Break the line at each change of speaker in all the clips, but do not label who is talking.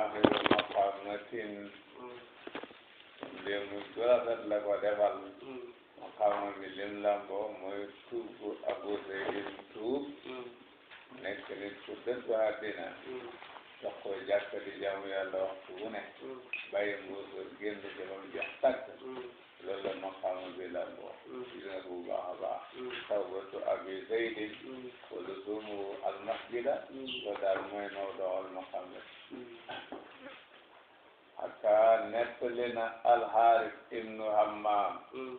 amiru maqamatin léemu jurafet la ko defal maqama mi lim lambo mooy tuub abu zeydin tuub nekk nit ku dëddu àddina jox ko jàkka di jaamu yàlla waxtu wu ne bàyyi nguur génn jëmam jox tàkk loolu la maqama bi lambo dina bu baax a baax tawbatu abi zeydin wa luzumu almasjida loolu daal mooy naw doxal maqama bi haka nettali na alxaaris ibnu hammaam mm.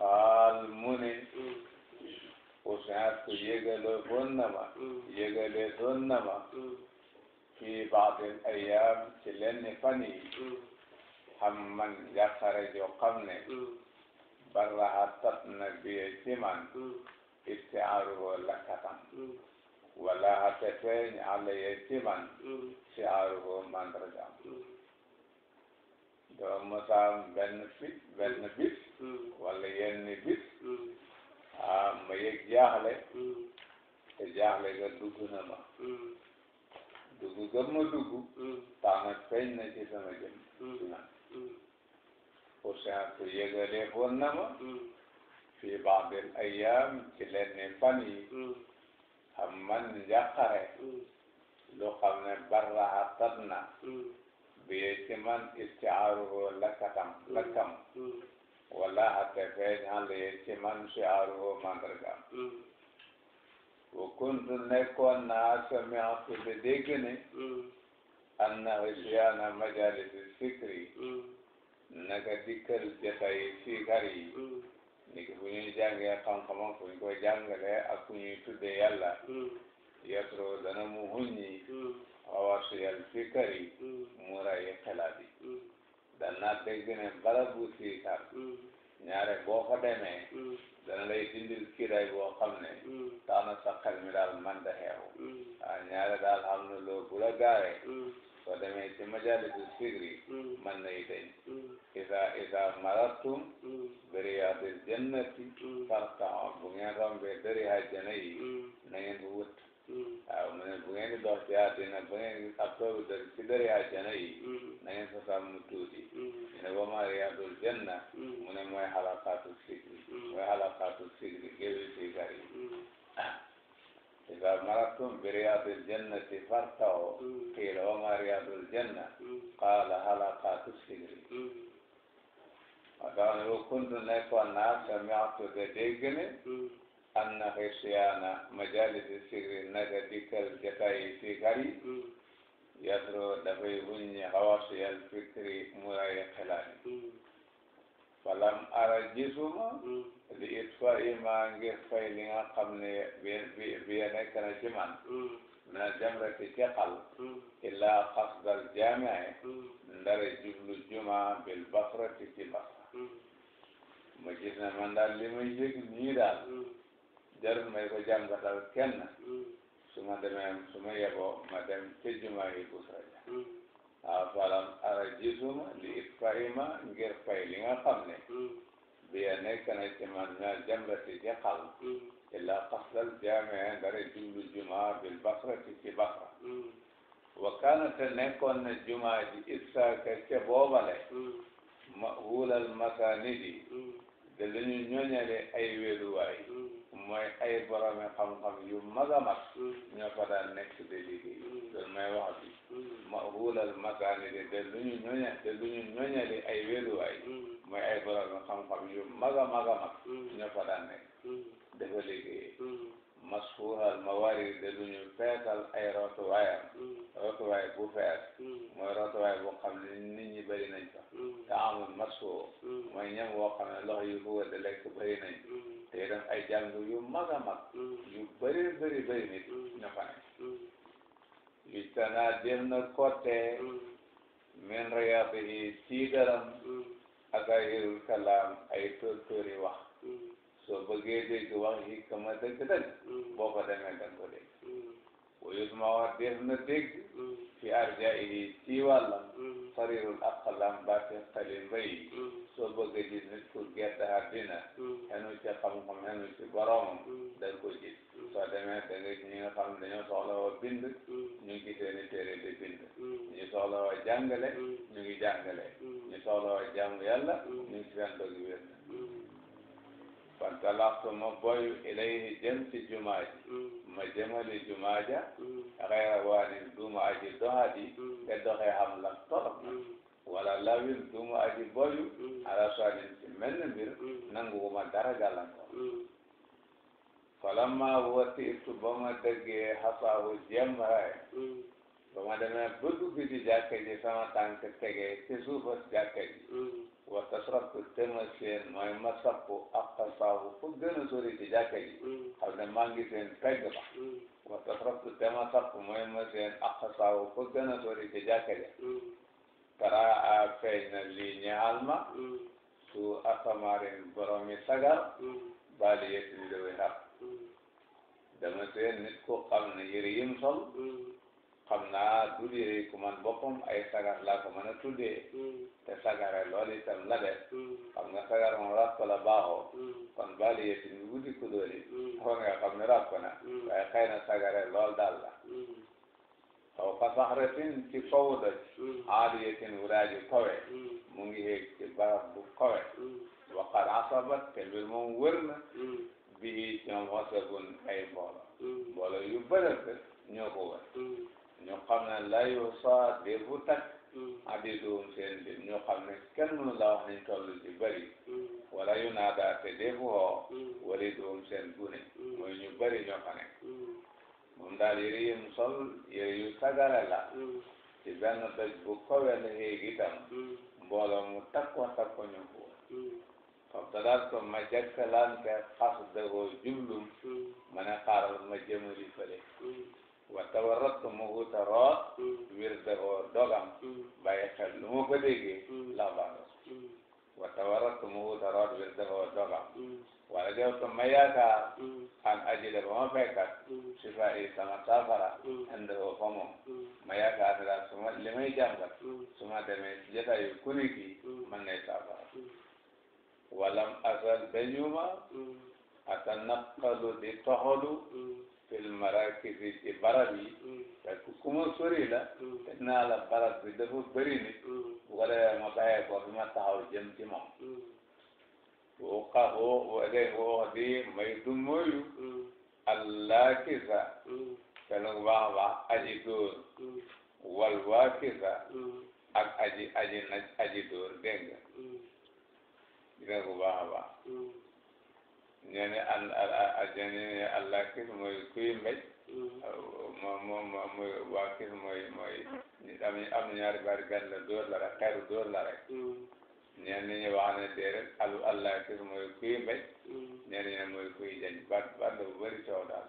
qaal mu ne mm. usinatu yégale woon na ma yégale doon na ma mm. fi baadil ayaam ci lenn fan yi xam man yàqare joo xam ne barraha tat na biye ci man istiaaruhu lakkatam wala ate feeñ ale ye ci man mm. si aaru ko mandargaam doo mosaam benn fit benn bis mm. wala yenn bis mm. ma yëg jaaxle te jaaxle e ga dugg na ma dugg ga ma dugg tax na feeñ na ci sama jëm ci man pour saan yëgalee woon na ma fii baax del ayaam fan yi xam man njàqare mm. lu xam ne barraha tat na mm. biye ci man istiaaruhu lakkatam lakkam mm. wala hatte feej han liye ci man shiaaruhu mandargam wa kuntu nekkoon naa samiatu di dégg ne anna hisiyaana majalisi sikri naka dikkal jatayi sikar yi léegi bu ñuy jàngee xam-xamam fu ñu ko jàngalee ak fu ñuy tuddee yàlla hmm. yetro dana mu huññi xawaasiyal hmm. fikari hmm. murayi xelaat yi dana dégg ne barabu siikar ñaare boo fa demee dana lay dindil kiiraay boo xam ne tax na sa mi daal man da ah, daal xam na loo bu la soo demee ci majalisu sigri man mm. nay deñ mm. isa isa maratum biriyaadil mm. jannati fartaan bu ngeen rombee dëri àjjana na ngeen ko wut waaw mu ne bu ngeen di dox ci àddina ba ngeen gis ab tooru dëri ci dëri àjjana yi na ngeen ko sàmm tuuti mu ne wama riyaadul janna mu ne mooy xalaqaatu sigri mooy xalaqaatu sigri إذا مررتم برياض الجنة فارتعوا قيل وما رياض الجنة قال حلقات السجن wadaan wu kunt nekkoon naa sami'tu de dégg ne anna xisiyaana majalis sigri naka dikkal jataay yi sikar yi yadro dafay wuññi xawasiyal fikri murayi xelaat yi falam ara gisuma hmm. li it fa ima ngir fay li nga xam ne bi bi nekk na ci man hmm. na jamra ci ceqal hmm. illa qasdal jaami'e ndare jublu juma bil basra ci ci basra ma gis ne man daal li may yëg nii daal jarul may ko jàngatal kenn su ma demee su ma yeboo ma dem ci juma yi busra ja afalam arajisuma li itfaima ngir fay li nga xam ne hmm. biya nekk na ci man a jamrati ci xal hmm. illa qasdal jaamee dara jublu jumaa bil basrati ci basra hmm. wa kaana te nekkoon na jumaa ji issaaka ca boobale ma huulal masaanidi de lu ñu ñoñale ay weeluwaay mooy ay borom xam-xam yu mag a mag ñoo ko daan nekk de liggéey mm. loolu may wax bi mm. ma wulal de de lu ñu ñoña de lu ñu ñoñali ay wéluwaay mm. mooy ay borom xam-xam yu mag a mag a mag ñoo masfuural mawaarid de lu ñu feesal ay rotuwaayam mm. rotuwaay bu fees mm. mooy rotuwaay bu xam ne nit ñi bëri nañ fa mm. te amul masfuu mooy ñam yu ko wër de lekk bëri nañ te itam yu mag yu bëri bëri bëri nit ñoo yu tanaa dem na kotte min rayaatihi ci daram ak ay hirul kalaam ay tóor tóori wax soo bëggee dégg wax yi kama dëgg dëgg boo ko demee ko dégg woyut ma war def na dégg fi arja yi ci wàllam sarirul aqlam baati xali mbay soo bëggee gis nit pour gerte àddina xenu ci xam-xam xenu ci boromam danga ko gis soo demee da nga ñi nga xam dañoo soxla waa bind ñu ngi seeni téere di bind ñu soxla waa jàngale ñu ngi jàngale ñu soxla waa jaamu yàlla ñu ngi seen dog wér fantalaxtu ma boyu ilayhi jëm ci jumaa ma jëmali jumaa ja xayra waanin duma doxadi te doxee xam lan wala lawin duma boyu ala soanin ci menn mbir nangu ma dara gàllankoor falamma wati itu ba ma dëggee xasaabu jemraay ba ma demee ba dugg ci jàkka ji sama tànk tegee ci suufa jàkka ji wata sarafu tema seen mooy ma sappo ak tasaawu fu gën a sori ci jàkka ji xam ne maa ngi seen pegg ba wata sarafu tema sappo mooy ma seen ak tasaawu fu gën a sori ci jàkka ji hmm. tara a feeñ na lii ñaal ma su hmm. asamarin boromi sagar baali yetin lewe xar dama seen ku xam ne yëre yim xam naa tuddee ku man boppam ay sagar lako ko mën a tuddee mm. te sagare loolu itam la def mm. xam nga sagar moom raf ko la baaxoo mm. kon bali yetin bi guddi ku dooli fo nga xam ne ko na waaye xëy na sagare lool daal la aw ka saxratin ci kaw doj aali yetin wuraaji kawe mu ngi yéeg ci barab bu kawe waqar asabat te mbir moom wër na bii ñoom wasagun ay mboolo mboolo yu bëri ñoo ko wër ñu xam ne layu saa defu takk mm. adidoom seen lim ñu xam ne kenn mënu la wax nañ toll ci bëri mm. wala yu naa daa te defu hoo mm. wali doom seen gune mooy ñu bëri ñoo fa nekk moom daal yëre yim sol yëre yu sagale la ci benn doj bu kowe la xéeg itam mbooloo mu takko takko ñu ko fabtalaat ko ma jakkalante xas dagoo jublum ma ne xaaral ma jëmali fële wata warrat mu wuta root wir dagoo dogam bàyyi xel lu ko déggee la baalo wata warrat mu wuta root wir dagoo dogam wala jow to ma yaakaar an ba ma fekkat sifa i sama saafara ande woo fa moom ma yaakaar ne daal suma li may jàngat suma demee man nay saafara walam asal beñuma ata naqalu di toxolu fil marakizi ci barab yi parce que ku ma sori la te naa la barab bi dafa bëri nit bu ko defee ma bàyyee ko fi ma taxaw jëm ci moom woo xa woo wade woo di may du mooyu allah kisa felug baax a baax aji dóor wal waa kisa ak aji aji naj aji dóor dégg nga dina ko baax a baax ñene al al ñene allah kis mooy kuy mbéj mm-hmm. moom moom mooy waa kis mooy mooy am am ñaari bari benn la dóor la rek xeeru dóor la rek ñenn mm-hmm. ñi wax ne déedéet allah kis mooy kuy mbéj ñenn mm-hmm. ñi mooy kuy jañ bat bat bu bëri coow daal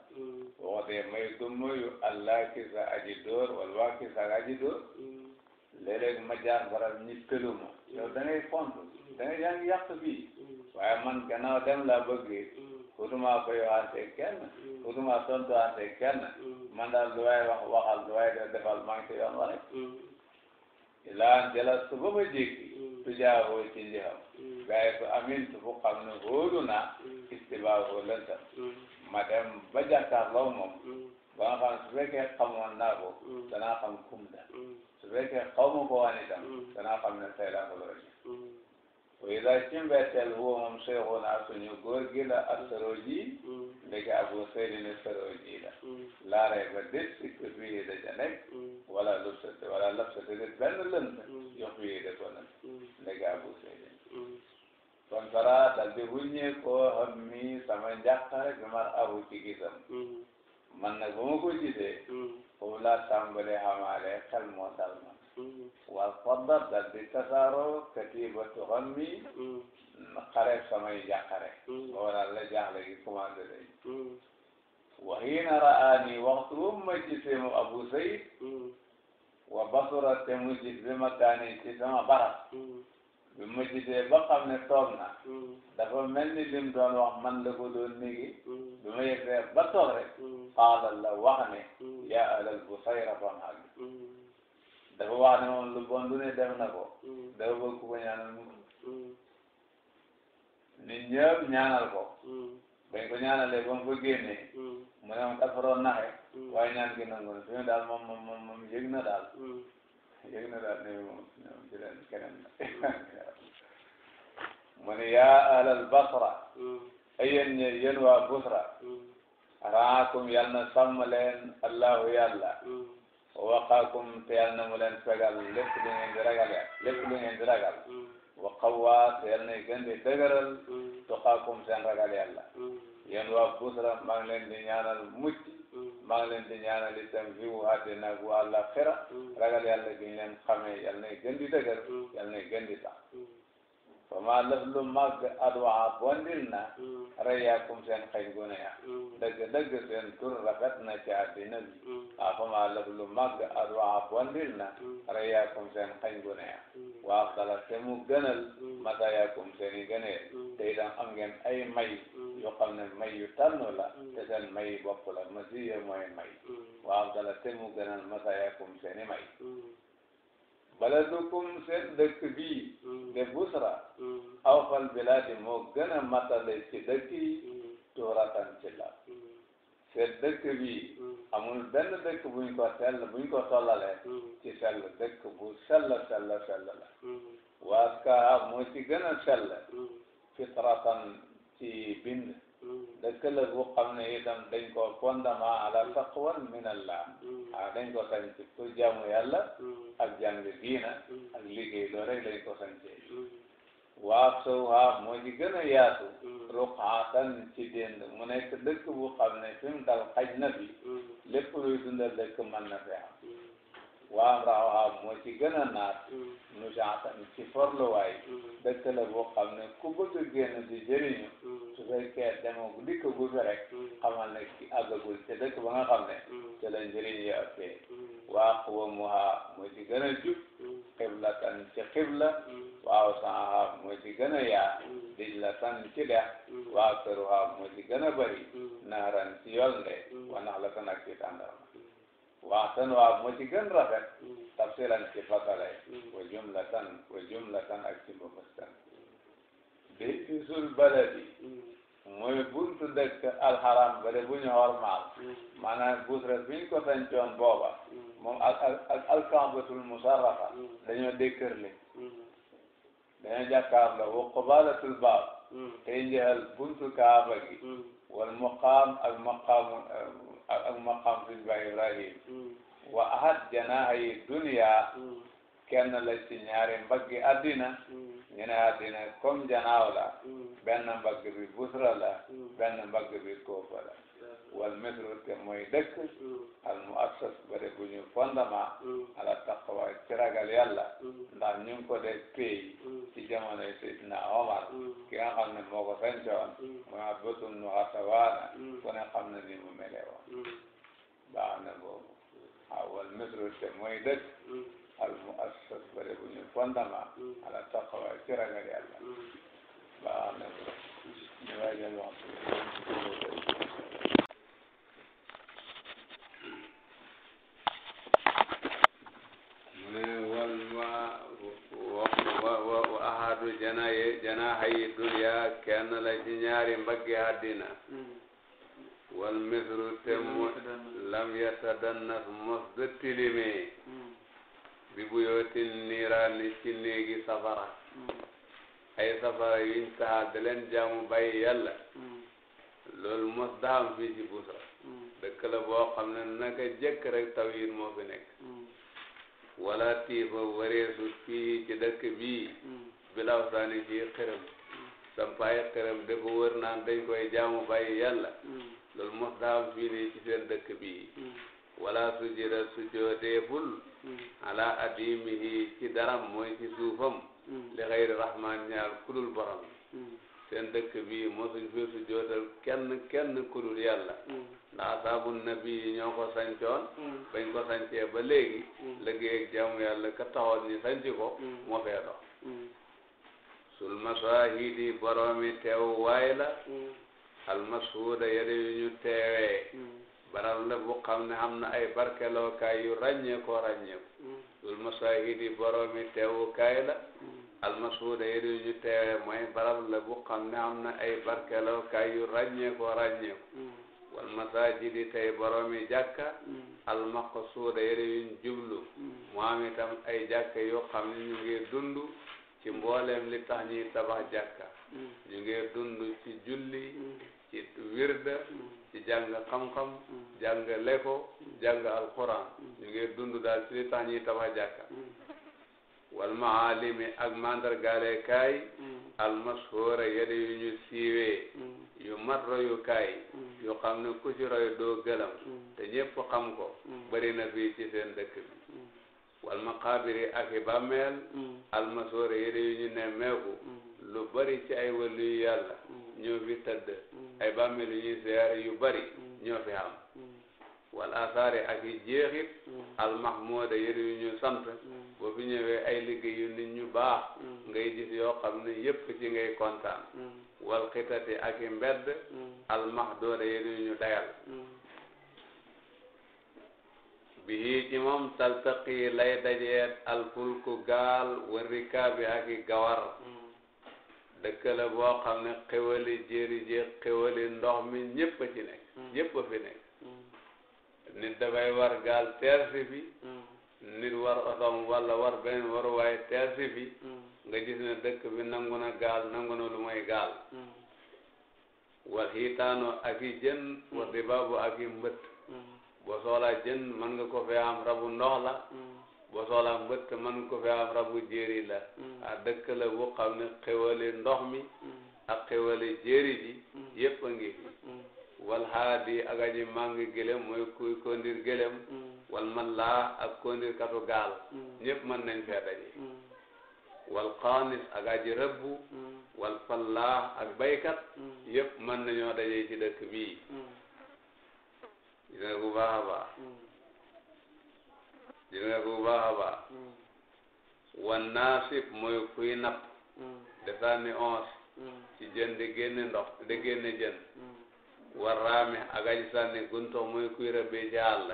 waxotee may allah kis aji dóor wala waa kis aji dóor léeg ma jaar baral ñi këluma yow da ngay font da ngay yaa ngi yàq bii mm. waaye man gannaaw dem laa bëggee xutuma mm. koy waxante kenn xutuma mm. tontuwante kenn man daal lu waay wax waxal lu waay defal maa ngi ci yoon wa rek ilaa jalastu ba ma jékki tujaahoo ci njëxam waaye su amintu fu xam ne hóodu naa istibaahu lëntam ma dem ba jàkkaarloo moom ba nga xam su fekkee xamoon naa ko. danaa kum la. su fekkee xaw ma ko waan itam. danaa ne tey laa ko loo ji. oui daal ci mbetteel woo moom seexoon naa suñu góor la ak ndeke abu seydi ne sarooji mm. la. laaree ba déet si kër bii da ca nekk. Mm. wala lëbsate wala lëbsate de benn lënd. yokk bii de ko lënd. ndeke abu seydi. Mm. kon dara daal di wuññee koo xam ni sama bi mar abu ci gisam. man nag ba ma ko gisee. Hmm. foofu laa tàmbalee xamaale xel moo dal ma. Hmm. wal fadda dal di tasaaroo katiba tuxan mi. Hmm. xare samay jàqare. ba waral la jaaxle gi commencé day. wa hiina raani waxtu bu ma gisee mu Abu Zayd. wa basura te mu gis bi ma kaani ci sama barab. bi ma gisee ba xam ne toog na hmm. dafa mel ni lim doon wax man la ko doon néegi hmm. bi ma yegsee ba toog rek hmm. xaala la wax ne yaa alal bu sayra fan xag dafa wax ne moom lu bon lu ne dem na ko dafa bëgg ku ko ñaanal mu nit ñëpp ñaanal ko bañ ko ñaanalee ba mu ko génnee mu ne moom dafa doon naxe waaye ñaan gi nangu na fi mu daal moom moom moom yëg na daal yëg na daal ne moom ñoom ci leen keneen mu ne yaa alal basra ayeen ñe waa busra raakum yal na sàmm leen allahu yàlla waqaakum te yal na mu leen fegal lépp lu ngeen di ragal lu ngeen di ragal wa yal na gën di tuqaakum seen ragal yàlla yéen waa busra maa ngi leen di ñaanal Mm. maa ngi leen di ñaanal itam jiwu àddina gu àllaaxira mm. ragal yàlla gi ñu leen xamee yal nay gën di dëgër mm. yal nay gën di sax fama lëf lu màgg adwaa bondil na rayaakum seen xañ gu ne dëgg dëgg seen tur rafet na ci àddina bi waa fama lëf lu màgg adwaa bondil na rayaakum seen xañ gu ne ya waa xala te mu gënal matayaakum seen i te itam am ngeen ay may yoo xam ne may yu tànnu la te seen may bopp la masiya mooy seen may baladukum seen dëkk bi mm. de busra mm. aw fal bilaadi moo gën a matale ci dëkk mm. tuuratan ci la seen dëkk bi amul benn dëkk buñ ko sell buñ ko tollale ci sell dëkk bu sell sell sell la waaska moo ci gën a sell fitratan ci bind dëkk la bu xam ne itam dañ ko fondement ala taqwan min allah a ah, dañ ko ci pour jaamu yàlla ak jàng diina ak liggéey loolu rek lañ ko sancee mm. waasow haa moo ci gën a yaatu mm. ruqaatan ci dénd mu nekk dëkk bu xam ne fi dal xaj na bi mm. lépp luy dundal dëkk mën na fi waa raw haa moo ci gën a naat nu jaatan ci forluwaay dëkk la boo xam ne ku bëgg a génn di jëriñu su fekkee demoo bu dikk gu fi rek xamal ne ki àggagul ci dëkk ba nga xam ne ci la njëriñ yi ëppee waa aqwamuha mooy ci gën a jub xiblatan ci xibla waaw sanha mooy ci gën a yaa dijlatan ci dex waa aktaruha mooy ci gën a bëri naaran ci yolnde wa naxlatan ak ci tàndarma waxtanuha mooy ci gën rafet tafsilan ci fasalay wa jumlatan wa jumlatan ak ci mbëfëstan bi isul baladi mooy buntu dëkk alxaram ba de bu ñu xormaal mm. maanaam busra bi ñu ko sancoon booba mm. moom ak ak alkaabatul musarrafa mm. dañoo dékkërle dañoo jàkkaarloo wa qabalatul baab tey njëxal buntu kaaba gi wal maqaam ak maqaamu ak maqaam suñu baay ibrahim wa ahad janaahi dunya kenn la ci ñaari mbaggi addina mm. ñu ne addina comme janaaw la mm. benn mbagg bi busra la mm. benn mbagg bi kóoba la wal misru te mooy dëkk al mu assas bare bu ñu fondement ala taqwa ci ragal yàlla ndax ñu ngi ko def pay ci jamono yi Seydina Omar ki nga xam ne moo ko sancoon mooy abbatum nu xasawaana ku ne xam ne ni mu mele woon baax na boobu waaw wal te mooy dëkk al mu assas bare bu ñu fondement mm. ala taqwa ci ragal yàlla mm. baax na ko ñu waajal waxtu mu ne wal ma wa wa ahadu janaaye janaahayi dunya kenn la ci ñaari mbaggi àddina mm. wal misru te mu lam yatadannas mos de tilime bi buyootin niiraani ci néegi safara mm. ay safara yuñ taal da leen jaamu bàyyi yàlla mm. loolu mos daa am ci Busra mm. dëkk la boo xam naka jëkk rek taw yi moo fi nekk wala tiifa wareesu fii ci dëkk bii bilaw saani ci xërëm sampaay xërëm dafa wër naan dañ koy jaamu bàyyi yàlla loolu mos daa am fii ci seen dëkk bii wala sujira sujoodeeful ala adimihi ci daram mooy ci suufam mm. li xayri rahman ñaar kudul borom mm. seen dëkk bi mosuñ fi kenn kenn kudul yàlla mm. ndax asaabu nabi ñoo ko sancoon bañ ko sancee ba léegi liggéey ak jaamu yàlla ka taxoon ñi sanc ko moo fee dox sul masahidi teew waay la al mashuuda yade yu ñu teewee barab la bu xam ne am na ay barkelookaay yu ràññeekoo koo ràññee mm. dul masahidi boroomi teewukaay la mm. almasuuda yi di teewee mooy barab bu xam ne am na ay barkelookaay yu ràññeekoo koo ràññee mm. wal masajidi tey boroomi jàkka almaqsuuda yi di ñu jublu mu am itam ay jàkka yoo xam ne ñu ngi dund ci mbooleem li tax ñuy tabax jàkka ñu ngi dund ci julli ci wirda ci jàng xam-xam mm. jàng leko mm. jàng alquran mm. ñu ngi dund daal ci li tax ñuy tabax jàkka wal maalimi ak mandargaale kaay almashhura yade yu ñu siiwee yu mat royu yu xam ne ku ci roy doo gëlam te ñépp xam ko bari na ci seen dëkk bi wal maqaabiri ak i bàmmeel mm. almasoore yére yu ñu nemmeeku mm. lu bari ci ay wàllu yu yàlla mm. ñoo fi tëdd ay bàmmeel yu ñuy siyaare yu bari ñoo fi am wal asaari ak i jeexit almahmuda yére yu ñu sant boo fi ñëwee ay liggéeyu nit ñu baax ngay gis yoo xam ne yépp ci ngay kontaan wal xitati ak i mbedd almahdooda yére yu ñu dayal bihi ci moom taltaqi lay dajeet alfulku gaal warikaabi ak i gawar mm. dëkk la boo xam ne xewali jéeri jéeg xewali ndox mi ñëpp a ci nekk mm. ñëpp a fi nekk mm. nit dafay war gaal teersi fi nit war otom walla war beneen waru waaye teersi nga gis ne dëkk bi nangu na gaal nangu na lu may gaal wal ak i jën wa ak i mbët boo soxlaa jën mën nga ko fee am rabu ndox la mm. boo soxlaa mbëtt mën nga ko fee am rabu jéeri la mm. a dëkk la bu xam ne xewale ndox mi mm. ak xewale jéeri ji yépp a ngi fi wal haadi ak aji màng gëlëm mooy kuy kondir gëlëm wal man laa ak kondir katu gaal ñépp mën nañ fee daje wal xaanis ak aji rëbbu wal fallaah ak baykat yépp mën nañoo daje ci dëkk bii gis nga ku baax a ku baax a baax wan naasib mooy kuy napp de sànni ci jën di génne ndox di génne jën war raami agaji sànni gunto mooy kuy rëbbee ci àll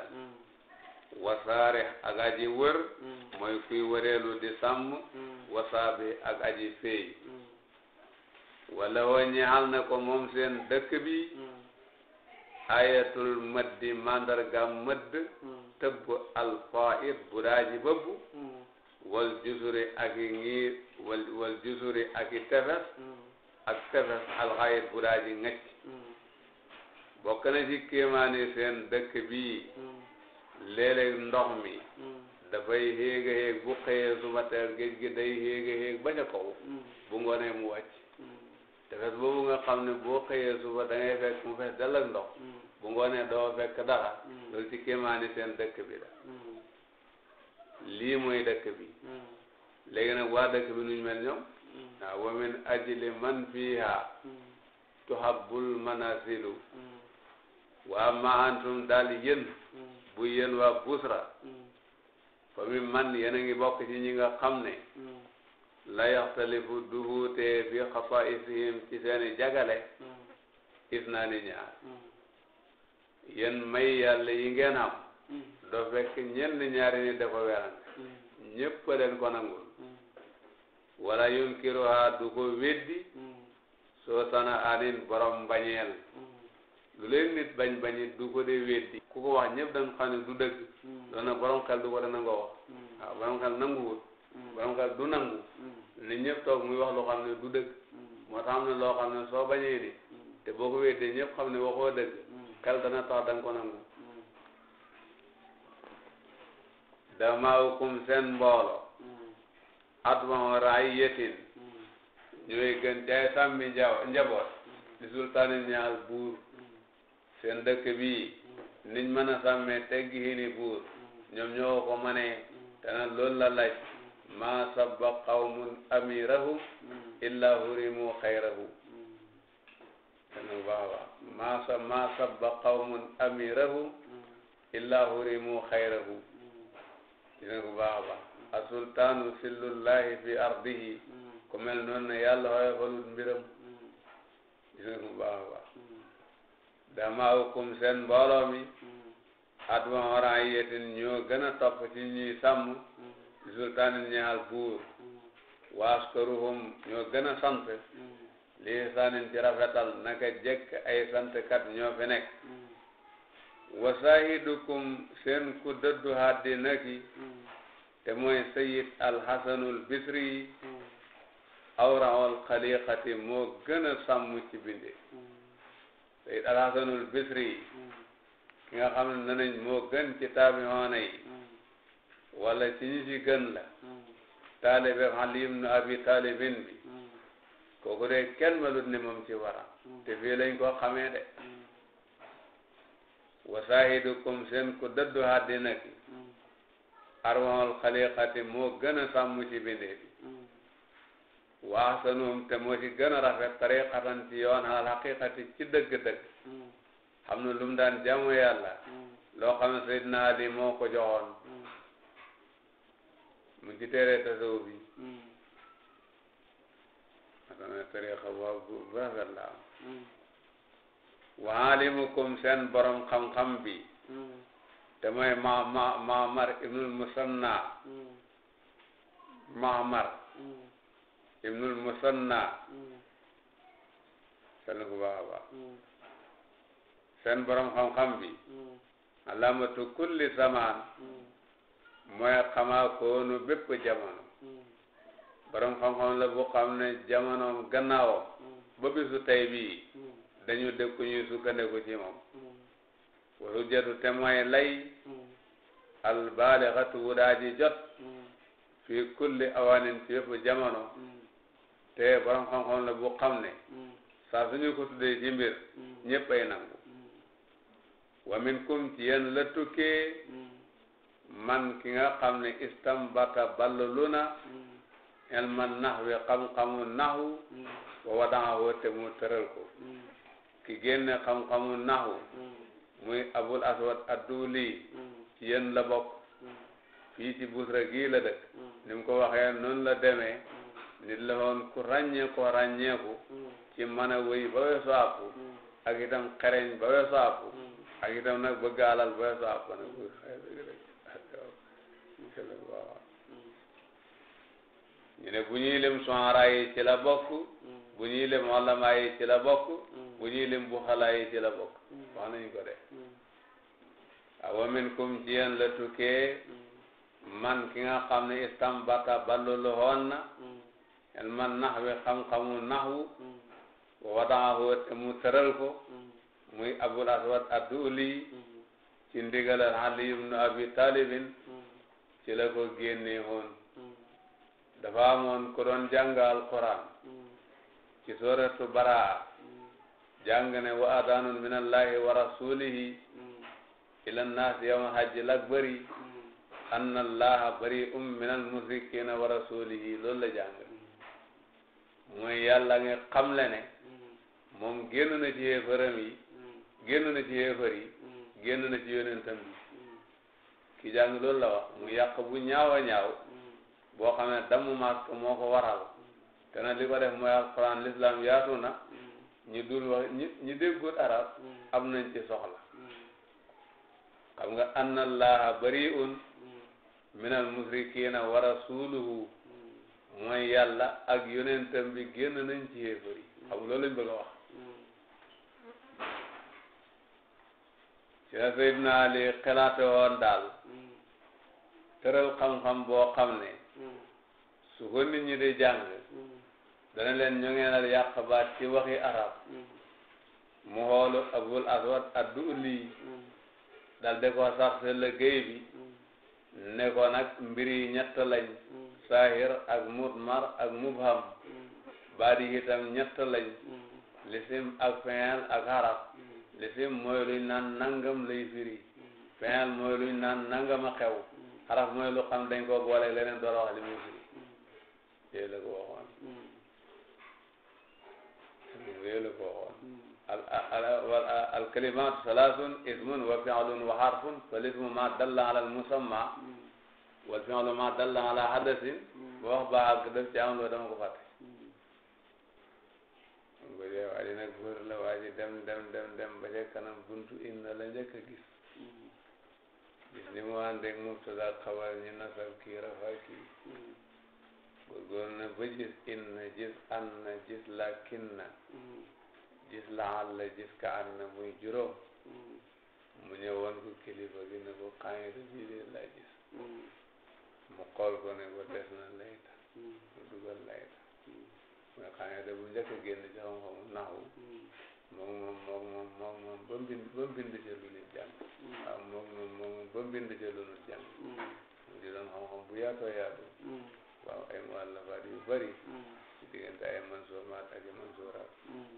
wasaare ak aji wër mooy kuy wëreelu di sàmm wasaabi ak aji feey wala wa ñaal na ko moom seen dëkk bi ayatul maddi mandarga mëdd hmm. tëbb alfaid buraaji bëbbu hmm. wal jusuri ak i ngiir wal wal ak i tefes hmm. ak tefes alxayit buraaji ngëcc bokk na ci kéemaani seen dëkk bii léeg ndox mi dafay héega héeg bu xëyee suba teel géej gi day héega héeg ba ca kaw bu ngoonee mu wàcc tefes boobu nga xam ne boo xëyee suba da ngay fekk mu fees dell ndox mm. bu ngoonee doo fekk dara mm. loolu ci kéemaani seen dëkk bi la mm. lii mooy dëkk bi léegi nag waa dëkk bi nuñ mel ñoom man fiha tuhabbul
waa
ma antum daal yéen bu yéen waa busra fa mi man yéen a ngi bokk ci ñi nga xam ne la yaxtalifu du wuute bi xasaisihim ci seeni jagale isnaani ñaar yéen may yàlla yi ngeen am doo fekk ñenn ñaari ni dafa werante ñépp a leen ko nangul wala yunkiruha du ko weddi soo tana anin borom mbañeel lu leen nit bañ bañit du ko dee weddi ku ko wax ñépp dañ xam ne du dëgg doona borom xel du ko dana nga wax waaw borom xel nanguwul borom xel du nangu mm. nit ñëpp toog muy wax loo xam ne du dëgg mm. moo tax am loo xam ne soo bañee mm. te boo ko wéetee ñëpp xam ne waxoo dëgg xel dana tax da nga ko nangu damawkum seen mboolo atmao raay yetin ñooy gën jaay sàmmi njaw njaboot di sultaani ñaal buur seen dëkk bi niñ mën a sàmmee teggi hini buur ñoom ñoo ko mënee te nag loolu la laaj ma sabba qawmun amirahum illa hurimu xayrahu baax a baax asultaanu sillullahi fi ardihi ku mel noonu ne yàlla xooy xolut mbiram dina ko baax a baax damaukum seen mbooloo mi
ci ñuy sàmm
li sultaanin ñaal buur waas ñoo gën a sant li saanin ci rafetal naka jekk ay sant kat ñoo fi nekk wasaahidukum seen ku dëddu àddina ki te mooy sayid alxasanul bisri yi awraxol xaliqati moo gën a sàmm ci binde sayid alxasanul bisri yi nga xam ne nañ moo gën ci taabihoona yi wala ci ñi gën la hmm. taalibe Ali ibn Abi Talibin bi hmm. kooku de kenn melut ni moom ci wara hmm. te fii lañ ko xamee de wasaahidukum seen ku dëddu àddina ki arwahul xaliqati moo gën a sàmm ci bindee bi waaxsanuhum te moo ci gën a rafet tariqatan ci yoon al xaqiqati ci dëgg-dëgg xam na lu mu daan jaamu yàlla loo xam ne Ali moo ko joxoon mu ngi teeree tasawuf bi naka na tariqa bu rafet la am hmm. waalimukum seen borom xam-xam bi hmm. te mooy ma ma Maamar ibnul Musanna hmm. Maamar ibnul Musanna seen ku baax a baax seen borom xam-xam bi alamatu kulli zaman mooy xamaa koonu bépp jamono borom xam-xam la bu xam ne jamonoom gannaawam ba bisu tey bii dañu dëkku ñuy sukkandiku ci moom wa hujjatu te mooy lay albaalixatu wudaaji jot fi kulli awanin ci bépp jamono te borom xam-xam la bu xam ne saa suñu ko tuddee ci mbir ñëpp nangu wa minkum ci yéen la tukkee man ki nga xam ne istambata ballalu na mm. elman nahwi xam-xamu nahu mm. wa wadaahu te mu tëral ko mm. ki génne xam-xamu nahu muy abul aswad adduli ci yéen la bokk fii ci busra gii la dëkk ni mu ko waxee noonu la demee nit la woon ku ràññee ràññeeku ci mën a wéy ba weesu àpp ak itam xereñ ba weesu àpp ak itam nag bëgg alal ba weesu àpp nag la waaw ñu ne bu ñuy lim ci la bokk bu ñuy lim olama yi ci la bokk hmm. bu ñuy lim buxala ci la bokk hmm. hmm. wax nañu ko de awa minkum ci yéen la tukkee man ki nga xam ne istambata ballulu hoon na en man naxwi xam-xamu naxwu wadaahu te mu tëral ko muy abul aswad adduuli ci ndigalal ali ibnu abi talibin ci la ko génnee woon mm. dafa amoon ko doon jàng alquran mm. ci suratu baraa mm. jàng ne wa adanun min allahi wa rasulihi ila nnaas yawma hajji lakbari anna allaha bari'un min almusrikina wa rasulihi loolu la jàng mooy yàlla nga xam le ne moom génn na ci yéefaram yi génn na ci yéefar yi génn na ci yonentam yi ki jàng loolu la wax mu yàq bu ñaaw a ñaaw boo xam ne damm mask moo ko waral te nag li ko def mooy alquran l'islam yaatu na ñi dul wax ñi ñi arab am nañ ci soxla xam nga anna allaha bariun min al musrikina wa mooy yàlla ak yonentam bi génn nañ ci yéefar yi xam nga loolu lañ bëgg a wax ci la Seydina Ali xalaate woon daal tëral xam-xam boo xam ne hmm. su ko nit ñi di jàng hmm. dana leen ñu ngeenal yàq baat ci waxi arab hmm. mu xoolu abul aswad addu ulli dal de ko sarse liggéey bi ne ko nag mbir yi ñett lañ saahir ak mudmar ak mubham baat yi itam ñett lañ lisim ak fenel ak xaraf lisim mooy luñ naan nangam lay firi fenel mooy luñ naan nangam a xew xaraf mooy lu xam dañ koo boole leneen door a wax li muy firi yooyu la ko waxoon yooyu la ko waxoon al al al kalimaatu salaasun ismun wa fi'lun wa harfun fal ismu ma dalla ala al musamma wal fi'lu ma dalla ala hadasin ba wax ba àgg def ci am loo dama ko fàtte bu dee waa ba ca kanam buntu inna la njëkk gis gis ni mu ànd ak mubtada xabar ñu nasal kii rafa kii góorgóor na ba gis in na gis an na gis lakin la gis ka an na muy juróom mu ñëwoon ko kilifa gi ne ko xaayida bii de laa gis mu xool ko ne ko des na mu dugal layta mooy xaayida bu njëkk a génn ci xam-xamu naxu moom moom moom moom moom ba mu bind ba mu bind ca lu nit jàng mm. waaw moom moom moom ba mu bind ca lu nit jàng mu mm. di doon xam-xam bu yaatoo yaatu mm. waaw ay muallafaat yu bari ci diggante ay mansuuraat ak ay mansuuraat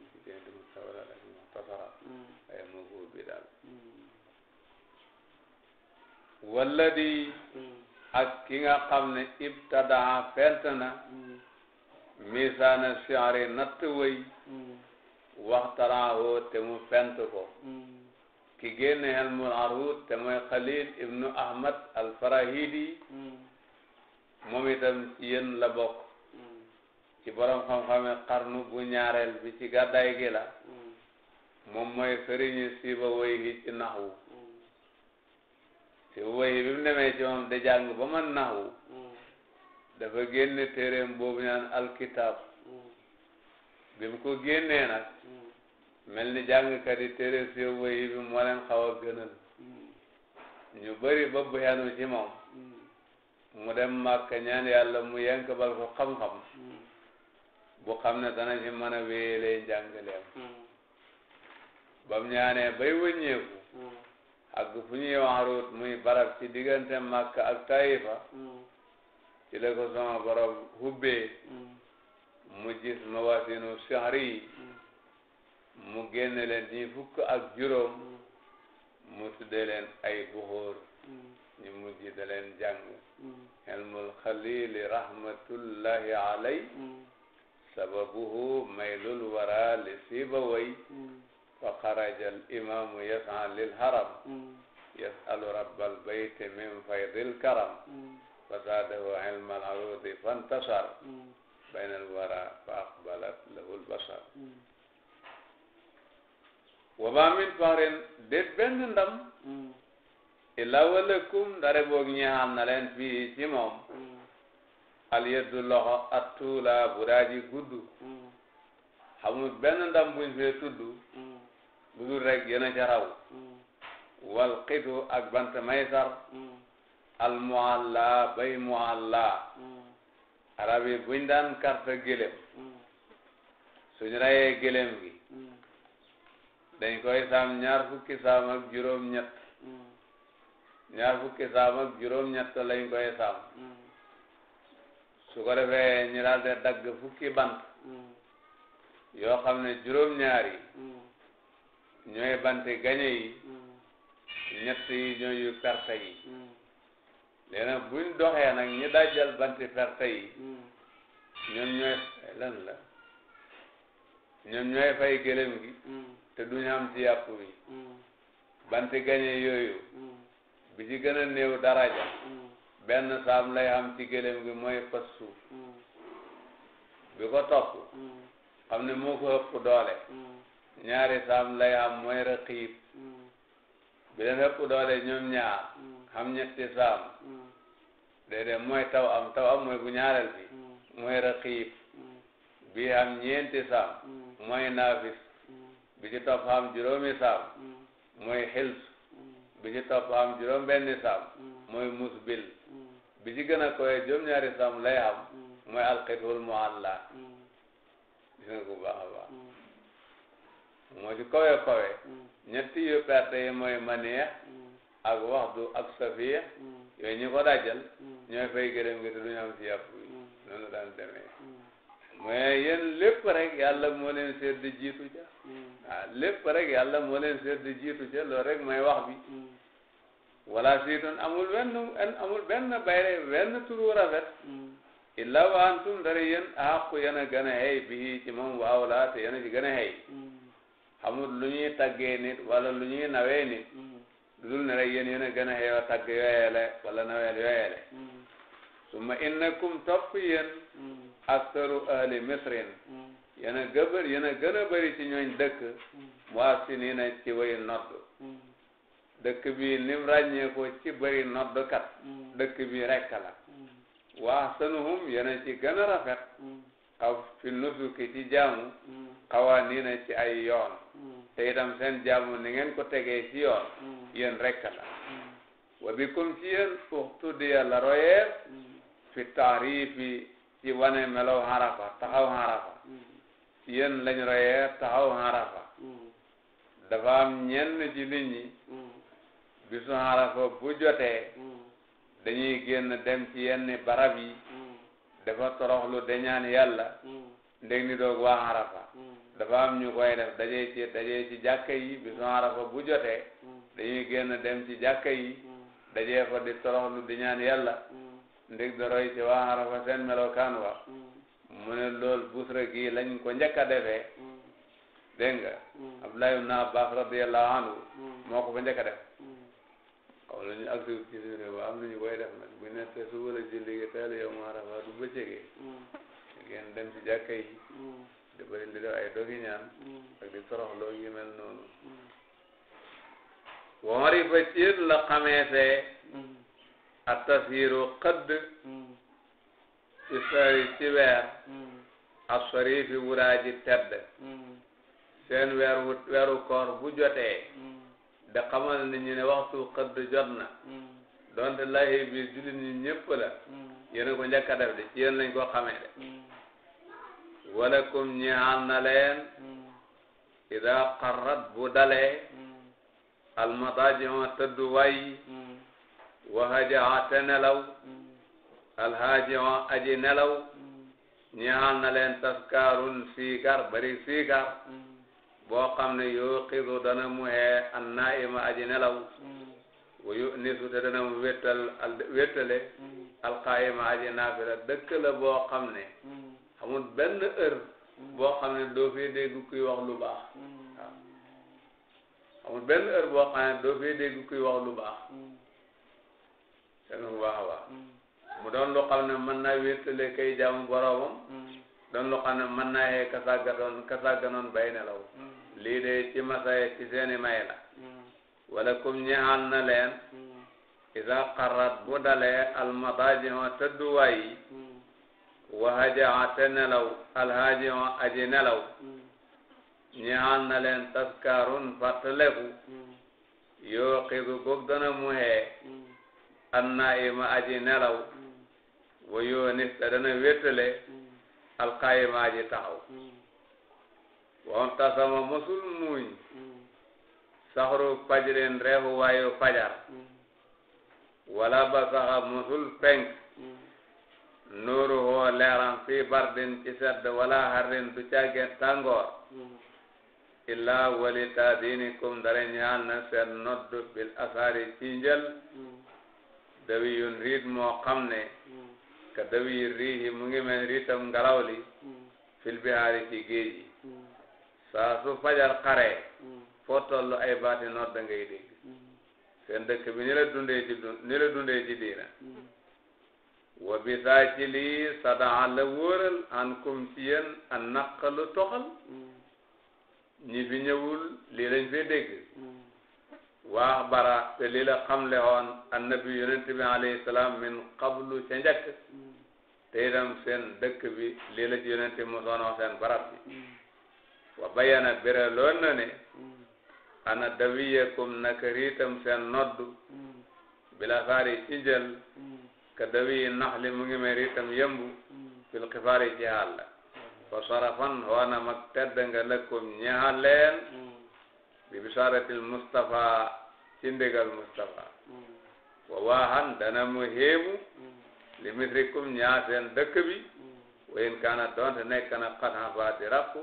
ci diggante mustawraat ak muxtasaraat ay mawquf bi daal walladi ak ki nga xam ne ibtadaa fent na misaana siyaare natt way waxtaraawoo te mu fent ko hmm. ki génne helmul arut te mooy Khalil ibnu Ahmad al-Farahidi
hmm. moom
itam ci yéen la bokk hmm. ci borom xam-xame xarnu bu ñaareel bi ci gàddaay gi la moom mooy sëriñu siiba woy gi ci naxwu siiba woy bi mu demee ci moom da jàng ba man naxwu dafa génne téeréem boobu ñaan alkitab bi mu ko génnee nag mel ni jàngkat yi téere si yóbbu yi bi moo leen ñu bëri ba bu yanu mu dem Màkka ñaan yàlla mu yenk bal ko xam-xam bu xam ne dana ci mën a wéyelee njàngaleem ba mu ñaanee bay wëññeeku ak fu ñuy waxaruut muy barab ci diggante Màkka ak Taïfa ci la ko sama borom hubbee mu gis mawaasinu sihri yi mu génne leen ñi fukk ak juróom mu tuddee leen ay buxóor ñu mujj da leen jàng xelmul xalili rahmatullahi alay sababuhu maylul wara li sibaway fa xaraja al imaamu yasa lil haram yasalu rabbal bayte min faydil karam fa zaadahu ilmal arudi fantasar baynal wara fa aqbalat lahul basar wa ma min faxrin benn ndam illa walakum ndare boog ñaal na fii ci moom al yeddu loxo attula bu daaji gudd xamul benn ndam buñ fee tudd lu dul rek yéen wal qitu ak bant maysar al mualla bay mualla arab yi buñ daan carte gélém suñu rayee gélém gi dañ koy saam ñaar fukki saam ak juróom-ñett ñaar fukki saam ak juróom-ñett lañ koy saam su ko defee ñu daal dagg fukki bant yoo xam ne juróom-ñaar yi ñooy banti gañe yi ñett yi ñooyu carte yi nee na buñ doxee nag ñu dajjal banti ferte hmm. ñoom ñooy lan la ñoom ñooy fay gëlëm gi hmm. te duñ am ci yàpp wi hmm. banti gañe yooyu bi ci gën a néew daraja benn saam lay am ci gëlëm gi mooy fas suuf bi ko topp xam ne moo ko doole ñaari saam lay am mooy raqiib bi leen ëpp doole ñoom ñaar xam ñetti saam déedéet mooy taw am taw am mooy bu ñaareel bi mm. mooy raqiib mm. bi am ñeenti saam mm. mooy naafis bi ci topp am juróomi saam mooy xils bi ci topp am juróom benni saam mooy musbil bi ci gën a koy juróom-ñaari saam lay am mooy alqitul mualla gis nga ko baax baax moo ci kawe kawe ñetti yu perte yi mooy maneex ak waxdu ak safiya yooyu ñu ko dajal mm. ñooy fay gërëm gi te du ñu am si yàpp yi mm. noonu daan demee mais mm. yéen lépp rek yàlla moo leen seet di jiitu ca ah lépp rek yàlla moo leen seet di jiitu ca loolu rek may wax bi wala siitoon amul benn amul benn bayre benn turu rafet illa wa antum dara yéen àqu yéen a gën a xëy bii ci moom waaw laa te yéen a ci gën a xëy xamul lu ñuy taggee nit wala lu ñuy nawee nit lu ne rek yen yéen a gën a xeew a tagg yooyele wala nawel yooyele hmm. summa innakum topp yéen aktaru ahli misrin hmm. yéen a gëbër yéen a gën a bëri ci ñooñ dëkk mu hmm. assinina ci way nodd dëkk bi nim ràññee ci bëri noddkat dëkk bi rekk la wa a ci gën a rafet xaw fi nusuki ci jaamu xawaa nii na ci ay yoon te itam seen jaamu ni ngeen ko tegee ci yoon mm. yéen rekk la mm. wa bikum ci yéen uxtu di yàlla royeef mm. fi taarifi ci wane melow harafa taxaw harafa ci yéen lañ royee taxaw harafa dafa am ñenn ci nit ñi bisu bu jotee dañuy génn dem ci yenn barab yi dafa toroxlu dañaan yàlla ndeg ni doog waa harafa dafa am ñu koy def dajee ci dajee ci jàkka yi bisu arafa bu jotee dañuy génn dem ci jàkka yi dajee fa di toroxlu di ñaan yàlla ndig doroy ci waa arafa seen melokaan wa mu lool busra gii lañ ko njëkk a defee dégg nga Abdullah ibn Abbas radiyallahu anhu moo ko fa njëkk a def xaw la ñu agsi ci suñu réew am nañu koy def nag bu nekk suba la julli gi teel yow mu arafa du dem ci jàkka yi di ko indi def ay dogi ñaan mm. ak di toroxloo yu mel noonu mm. woori ba ciir la xameesee mm. a tasiiru xëdd ci sari ci weer a sarifi wuraaji tedd seen weer wu koor bu jotee da xamal nit ñi ne waxtu xëdd jot na donte layi biir jullit ñi ñëpp la yéena ko njëkk def de ci yéen lañ koo walakum ñeexal na leen hmm. ida xarrat bu dalee hmm. almadajion tëdduwaay hmm. wahajaa te nelaw alhajion aji nelaw ñeexal na leen taskaarun siikar bari siikar boo xam ne yoo xidu dana muhee an naima aji nelaw wayu nisu te dana mu wéttal al wéttale alqaayima aji naafila dëkk la boo xam ne amul benn heure boo xam ne doo fee dégg kuy wax lu baax waaw hmm. amul benn heure boo xam ne doo fee dégg kuy wax lu baax seen hmm. bu baax baax hmm. mu doon lu xam ne mën naa wéetale kay jaamu boroomam doon lu xam ne mën naa yee kasaaganoon kasaaganoon bay nelaw lii de ci masaye ci seeni may la wala kum ñeexal na leen isa xarat bu dalee almadaji ma tëdduwaay yi wahaja te nelaw alhaaji aji nelaw ñaal na leen taskaarun fàttaleku yoo xiigu boog dana muhee annaa ima aji nelaw wa yoo nis te dana wéttale alqaayima aji taxaw wam tasama mosul muuñ saxru fajrin reefu waayu fajar wala ba saxa mosul penk nuuru hoo leeram fii bardin ci sedd wala harrin du caageen tàngoor illaa wali taadinikum dara ñaan na seen nodd bil asaari ci njël dawi riit moo xam ne ka dawi riihi mu ngi mel riitam ngelaw li fil bihaari ci géej saa su fajar xare foo toll ay baati nodd ngay dégg seen dëkk bi ni la diina wa bi daa ci lii sadaa la wóoral an kum ci an naqalu toxal ñi bi ñëwul lii lañ fee dégg waax bara te lii la xamle woon annabi yonent bi alayhi salaam min qablu ca te itam seen dëkk bi lii la ci yonent bi mosoon wax seen barab bi wa bayana bira loon na ne ana dawiyakum naka riitam seen noddu bila faari ci ka dawi nax li mu ngi mel itam yëmbu fil xifaari ci xàll fa sarafan waana mag tedd nga lëkkum ñaxal leen bi bisaratil Mustafa ci Mustafa wa waaxan dana mu héemu li misrikum ñaa seen dëkk bi wayin kaana doonte nekk na xat xafaati rakku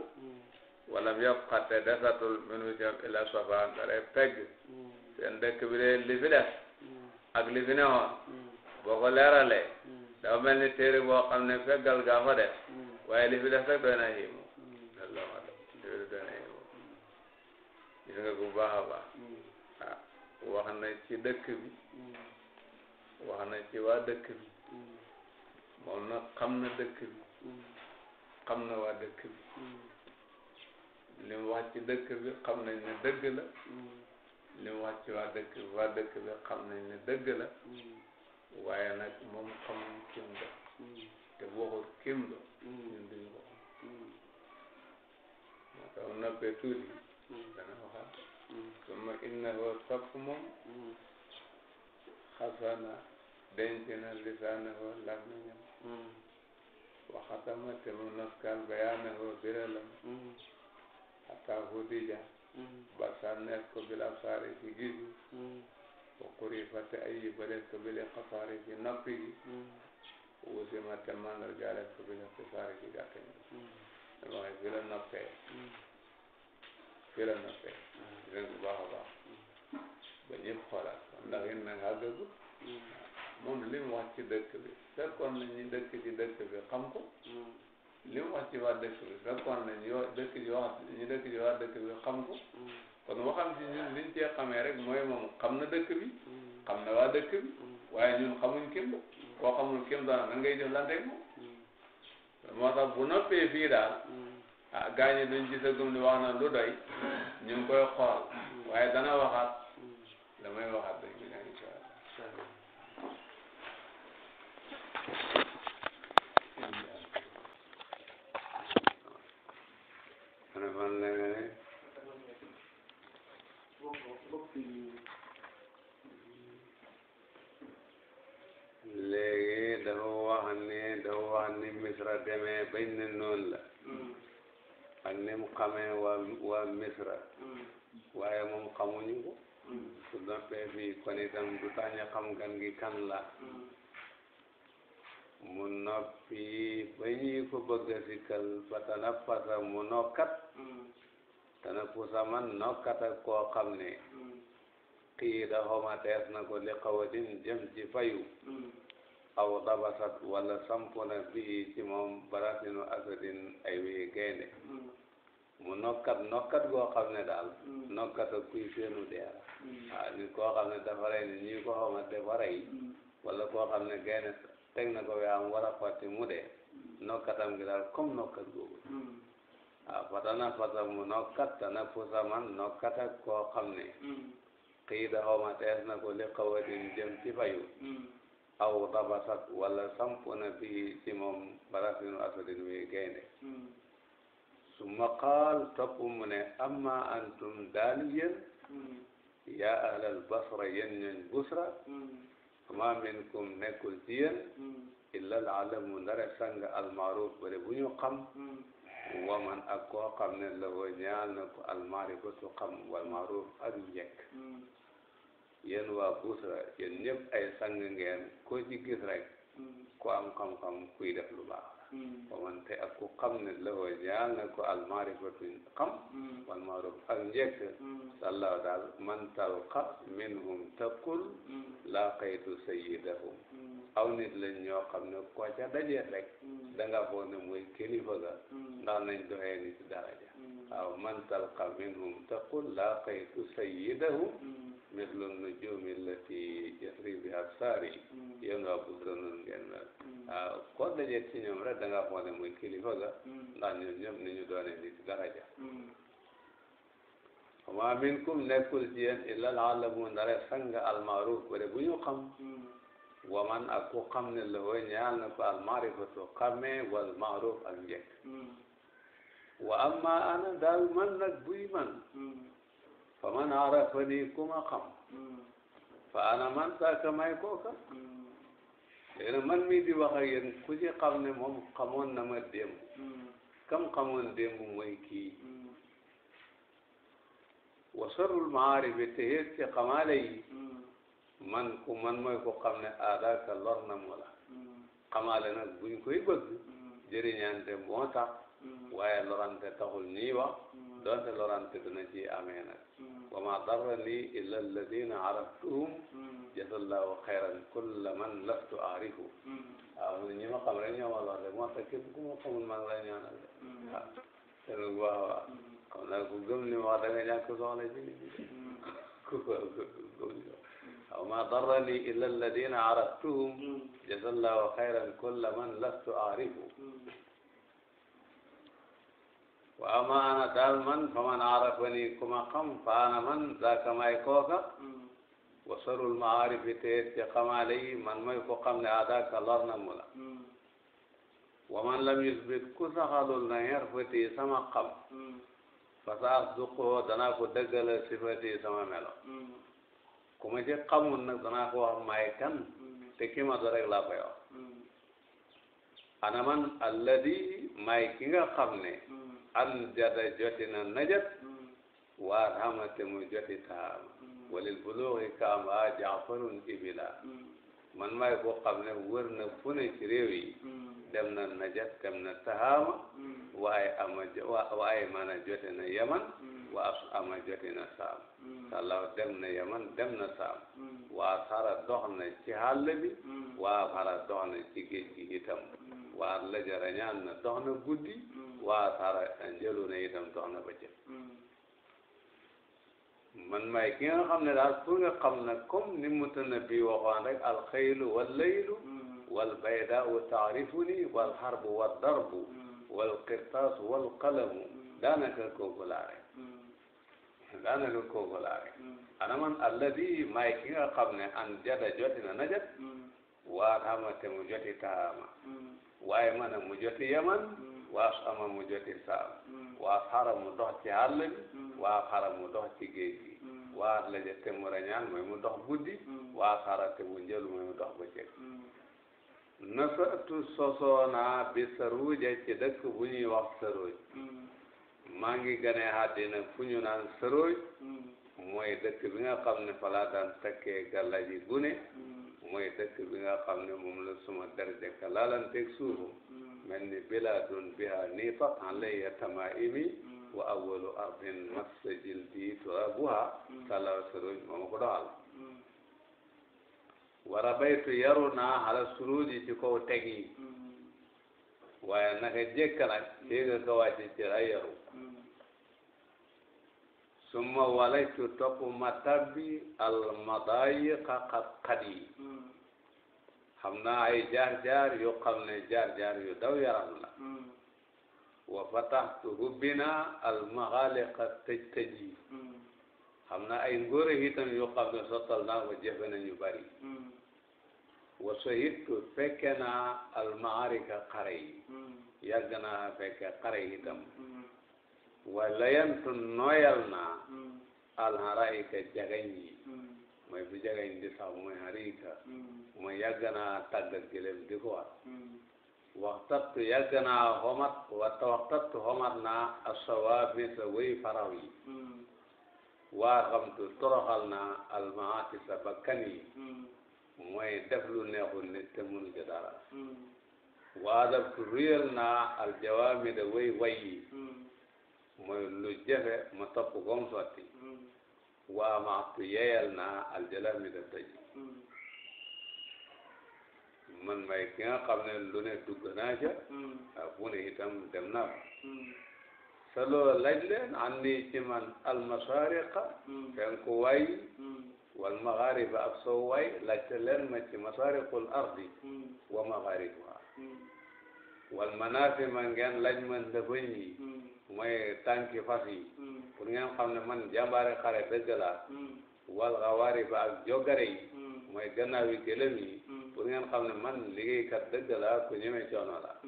wala mu yokk xatte desatul minu ila sofaan dara pegg seen dëkk bi de li fi ak li fi newoon boo ko leeralee hmm. dafa mel ni téere boo xam ne feggal gaa fa def hmm. waaye li fi def rek doy na himu hmm. loolu ma def li fi def doy na himu gis bu baax a baax ah, wax na ci dëkk wax na ci waa dëkk bi moom nag xam na dëkk bi xam na waa li wax ci dëkk bi xam nañ ne dëgg la li wax ci waa dëkk bi waa dëkk bi xam ne dëgg la waaye nag moom xam kim doon te bu waxul kim doon ñun duñu ko xam moo tax mu noppee tuuti dana waxaat summa innahu saqmu xasana denc na lisaanahu làmmiñam waxatama te mu naskal bayaanahu biralam xataa hudija ba sànneef ko bila saari ci gisu kuri fate ay yibalees ko bile xasaari ci noppi gi wusi ma te mandargaalees ko bile xisaari ci gàttañ gi dama ne fi la noppee fi la noppee dinañ ko baax a baax ba ñëpp xoolaat ko ndax yéen na wax ci dëkk bi fekkoon na ñu dëkk ci dëkk bi xam ko li wax ci waa dëkk bi fekkoon na ñu dëkk ci waa ñu dëkk ci waa dëkk bi xam ko kon waxam si ñun liñ cee xamee rek mooy moom xam na dëkk bi mm. xam na waa dëkk bi mm. waaye ñun xamuñ kim mm. la koo xamul kim daal nan ngay jëflanteeg moom moo tax bu noppee fii daal ah gars ñi dañ gisagum ni wax koy xool waaye dana waxaat la waxaat dañ ko jàng incha man la léegi dafa wax ne dafa wax ni misra demee bañ ne noonu la mm. ak ni mu xamee waa waa misra mm. waaye moom xamuñu ko mm. su doppee fii kon itam du tax xam gan gi kan la mu noppi ba ñuy ko bëgg a sikkal fatana fata mu nokkat dana pusa man nokkata koo xam ne kii da xomatees na ko li xawadin jëm ci fayu aw dabasat wala sampona bii ci moom barasinu asadin ay wii gaynde mu nokkat nokkat goo xam ne daal nokkat ak kuy seenu deera waaw nit koo xam ne dafa rey ne ñii ko xomat dafa rey wala koo xam ne gaynde teg na ko wee am war a xotti mu dee nokkatam gi daal comme nokkat googu ah fatana fata mu nokkat dana man nokkat ak koo xam ne. Hmm. xëy na na ko li xawatin jëm ci fayu. Hmm. aw rabasat wala sampo na bii ci moom barasinu asadin wi gaynde. Hmm. su ma qaal topp mu antum daal yéen. yaa ahlal basra yéen ñooñ busra. ma minkum nekkul ci yéen. illa al alamu ndare sang al maruf bare bu ñu waman ak koo xam ne la ko ñaal na ko almaarifatu xam wal maaruf ak njëkk hmm. yéen waa Busra yéen ñëpp ay sang ngeen koo ci rek hmm. ku am xam-xam kuy def lu baax hmm. waman te ak ku xam ne la ko ñaal na ko almaarifatu xam wal maaruf ak njëkk sallaw daal man talqa minhum taqul laqaytu sayyidahum aw nit lañ ñoo xam ne koo ca daje rek mm. danga foog ne mooy kilifa ga mm. ndax nañ doxee ni daraja mm. aw man talqa minhum taqul laqaytu sayyidahum mislu nujumi lati yasri bi absari yéen waa Busra noonu ngeen mel daje ci ñoom rek danga foog ne mooy kilifa ga ndax ñoom ñëpp ni ñu doonee daraja wa ma minkum nekkul ci yéen illa alamu ndare sang almaruf bare bu waman ak ku xam ne la woo ñaal na ko almarifatu xammee wal maaruf ak njëkk hmm. wa amma ana daal man nag buy man hmm. fa man arafa nii ku ma xam hmm. fa ana man saaka may kooka léegi nag man mii di wax ak yéen ku ci xam ne moom xamoon na ma démb kam xamoon démb mooy kii wa sarul maarifi te yéen ci xamaale yi man ku man mooy ku xam ne aadaaka lor na mu la xamaale nag buñ koy bëgg jëriñante moo tax waaye lorante taxul nii wax doonte lorante dina ci amee nag wa ma darrani illa alladina araftuhum jasallahu xayran kulla man lastu arifu waaw mu ma xam rek ñoo ma lor de ku ma xamul maa ngi lay ñaanal de waaw te nag waaw waaw ku gëm ku ko gëm wax aw ma darrani illa alladina araftuhum jazallahu xayran kulla man lastu arifu wa ama ana daal man fa man arafani ku ma xam fa ana man zaaka may kooka wa sarul maarifi te ci xamaale yi man may ko xam ne adaka lor na mu la wa man lam yusbit ku saxalul na yarfati sama xam fa sa asduqoo danaa ko dëggala sifati sama melo ku ma ci xamul nag danaa ko wax maay kan mm. te ki ma doon rek laa koy wax mm. ana man alladi maay ki nga xam ne mm. an jada joti na najat waa ramate mu joti taam walil buluuxi kaam a jaafarun ibila man maay koo xam ne wër na fu ne ci réew yi mm. dem na najat dem na tahama mm. waaye ama waaye mana jote na yaman mm. wa ama jote na saam sallaaw dem na yaman dem na saam waa sara dox na ci xàll bi waa sara dox na ci géej gi itam waa lajara ñaan na dox na guddi waa sara njëlu na itam dox na bëccëg man maay ki nga xam ne daal pour nga xam ne comme ni Mutanabbi waxoon rek alxaylu wal laylu mm. wal baydaau taarifuni wal harbu wal darbu mm. wal qirtaas wal qalamu mm. daanaka kooku laa rek daanaka kooku laa ana man alladi maay ki nga xam ne an jada joti na na jat waa xamate mu joti taama waaye man mu joti yaman waas ama mu joti saam mm. waas xara mu dox ci àll bi mm. waas xara mu dox ci géej gi mm. waas la jëtte mu rañaan mooy mu dox guddi waas xara te bu njëlu mooy mu dox bëccëg nasatu sosoonaa bi saruuja ci dëkk bu ñuy wax saruuj maa ngi gane àddina fu ñu naan saruuj mooy dëkk bi nga xam ne fa laa daan takkee gàllaji gune mooy dëkk bi nga xam ne moom la suma daraja ka laalanteeg suufu mm. mel ni bilaadun biha niifat alayya tamaimi mm. wa awwalu ardin massa jildi turabuha sala mm. suruj mooma ko doxal wara baytu yaru naa ala suruji ci kaw teg yi waaye naka jekka nag léegi nga wàcce ci ra yaru summa walaytu topp ma tabbi al madayiqa xat-xat yi xam naa ay jaar-jaar yu xam ne jaar-jaar yu daw yaram la wa fatahtu hubbina al maxaaliqa tëj-tëj yi xam naa ay ngóore itam yu xam ne sottal naa ko jëfe nañu bari wa shahidtu fekke naa al maarika xare yi yàgg naa fekke xare yi itam wala yantu nooyal naa hmm. alharayika jagañ yi hmm. mooy bu jagañ di sax mooy harika hmm. mooy yàgg naa tàggat gëlëm di ko war waxtattu yàgg naa xomat wata waxtattu xomat naa asawaabi sa wéy faraw yi waa xamtu toroxal naa almaati sa bakkan yi mooy def lu neexul nit te mënu ci dara waa daf tu ruyal naa aljawaami da wéy way yi mooy ma topp gom sotti mm. waa maxtu yeyal naa aljalaami daf mm. man may ki ne lu ne dugg naa ca mm. ak dem naa fa sa loo laaj leen an nii ci man almasariqa fenku wal maxaariba ak soo waay leen ma ci masariqul ardi wa maxaaribuha wal manaafi ma ngeen laaj ma ndëfañ yi mooy tànki fas yi hmm. pour ngeen xam ne man jàmbaare xare dëgg laa hmm. wal xawaari ba ak jogare yi hmm. mooy gannaaw yi gëlëm yi pour ngeen xam ne man liggéeykat dëgg laa ku ñeme coono la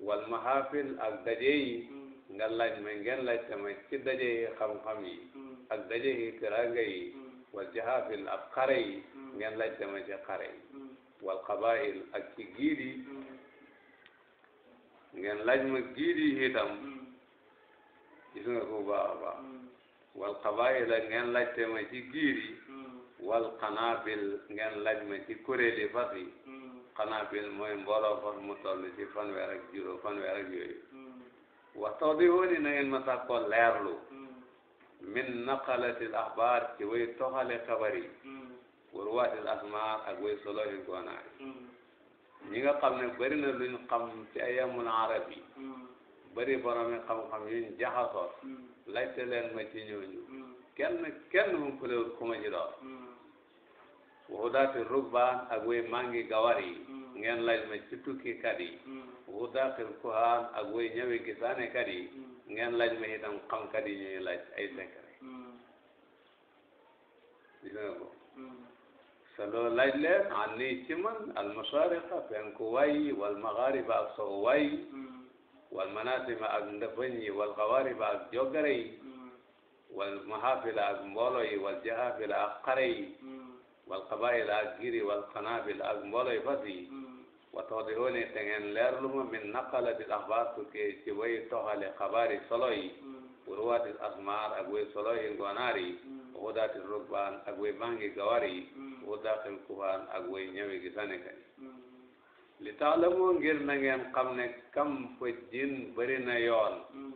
wal mahafil ak daje yi nga laaj may ngeen laaj tamit ci daje yi xam-xam yi ak daje yi teraanga yi wal jahafil ak xare yi ngeen laaj tamit ci xare yi wal xabail ak ci giir ngeen laaj ma giir yi itam gis nga ko baax a baax mm. wal qabaayil ngeen laajte ma ci giir mm. wal xanaabil ngeen laaj ma ci kuréeli fas yi xanaabil mm. mooy mbooloo fas mu toll ci fanweer ak juróom fanweer ak yooyu waxtoo di wooni na ngeen ma sàkko leerlu min naqalatil axbaar ci way toxale xabar yi warwaatil asmaar ak way solohi goonaari ñi nga xam ne bari na luñ ci ayamul arab bari boromi xam-xam yuñ jaxasoo hmm. laajte leen ma ci ñooñu hmm. kenn kenn mu fulewul ku ma ci doon hmm. wudaati rugbaan ak way mangi gawar yi ngeen laaj ma ci tukkikat yi wudaatil kuhaan ak way ñawi gisaanekat yi ngeen laaj ma itam xamkat yi ñuy laaj ay secret gis sa loo laaj leen an nii ci man almasariqa penku waay wal maghariba ak sow waay wal manasima ak ndëfañ yi wal xawaariba ak jogare yi wal mahafila ak mboolo wal jahafila ak xare wal qabaila ak giri wal xanaabila ak mboolo yi fas yi wa toxdihooni te ngeen leerlu ma min naqalatil axbaar tukkee ci way toxale xabaari solo yi waruwaatil asmaar ak way solo yi ngonaar yi waxudaatil rugbaan ak way bangi gawar yi waxudaatil kubaan ak way ñawi gisanikani li tax moo ngir na ngeen xam ne kam fëjjin bëri na yoon mm.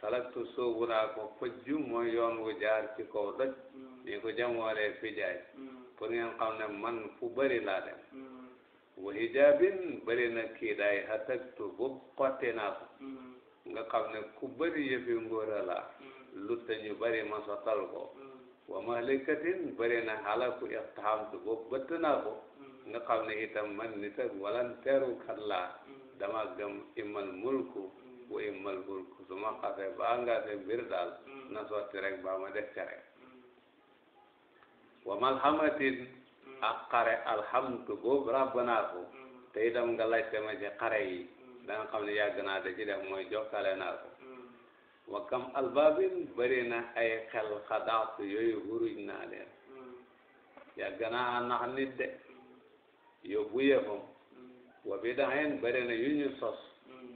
salaktu soobu naa ko fëjju mooy yoon wu jaar ci kaw doj mm. ni ko jamoolee fijaay mm. pour ngeen xam ne man fu bëri laa dem wa hijaabin bëri na kiidaay hataktu bu xotti naa ko nga xam ne ku bëri yëfi ngóora la lutta ñu bëri ma sotal ko wa mahlikatin bëri na halaku ixtahamtu bu bëtt naa ko nga xam ne itam man nit ak walanteeru kat laa mm. dama gëm imal mulku wa mm. imal mulku su ma xasee ba engagé mbir daal mm. na sotti rek ba ma def ca rek wa malhamatin ak xare alhamdu boobu ràbb naa ko te itam nga laajte ci xare yi da nga xam ne yàgg naa da mooy jokkale naa ko wa kam albabin bëri na ay xel xadaat yooyu huruj naa leen yàgg naa nax nit de yóbbu yéefam wa bidaxeen bëri na yu ñu sos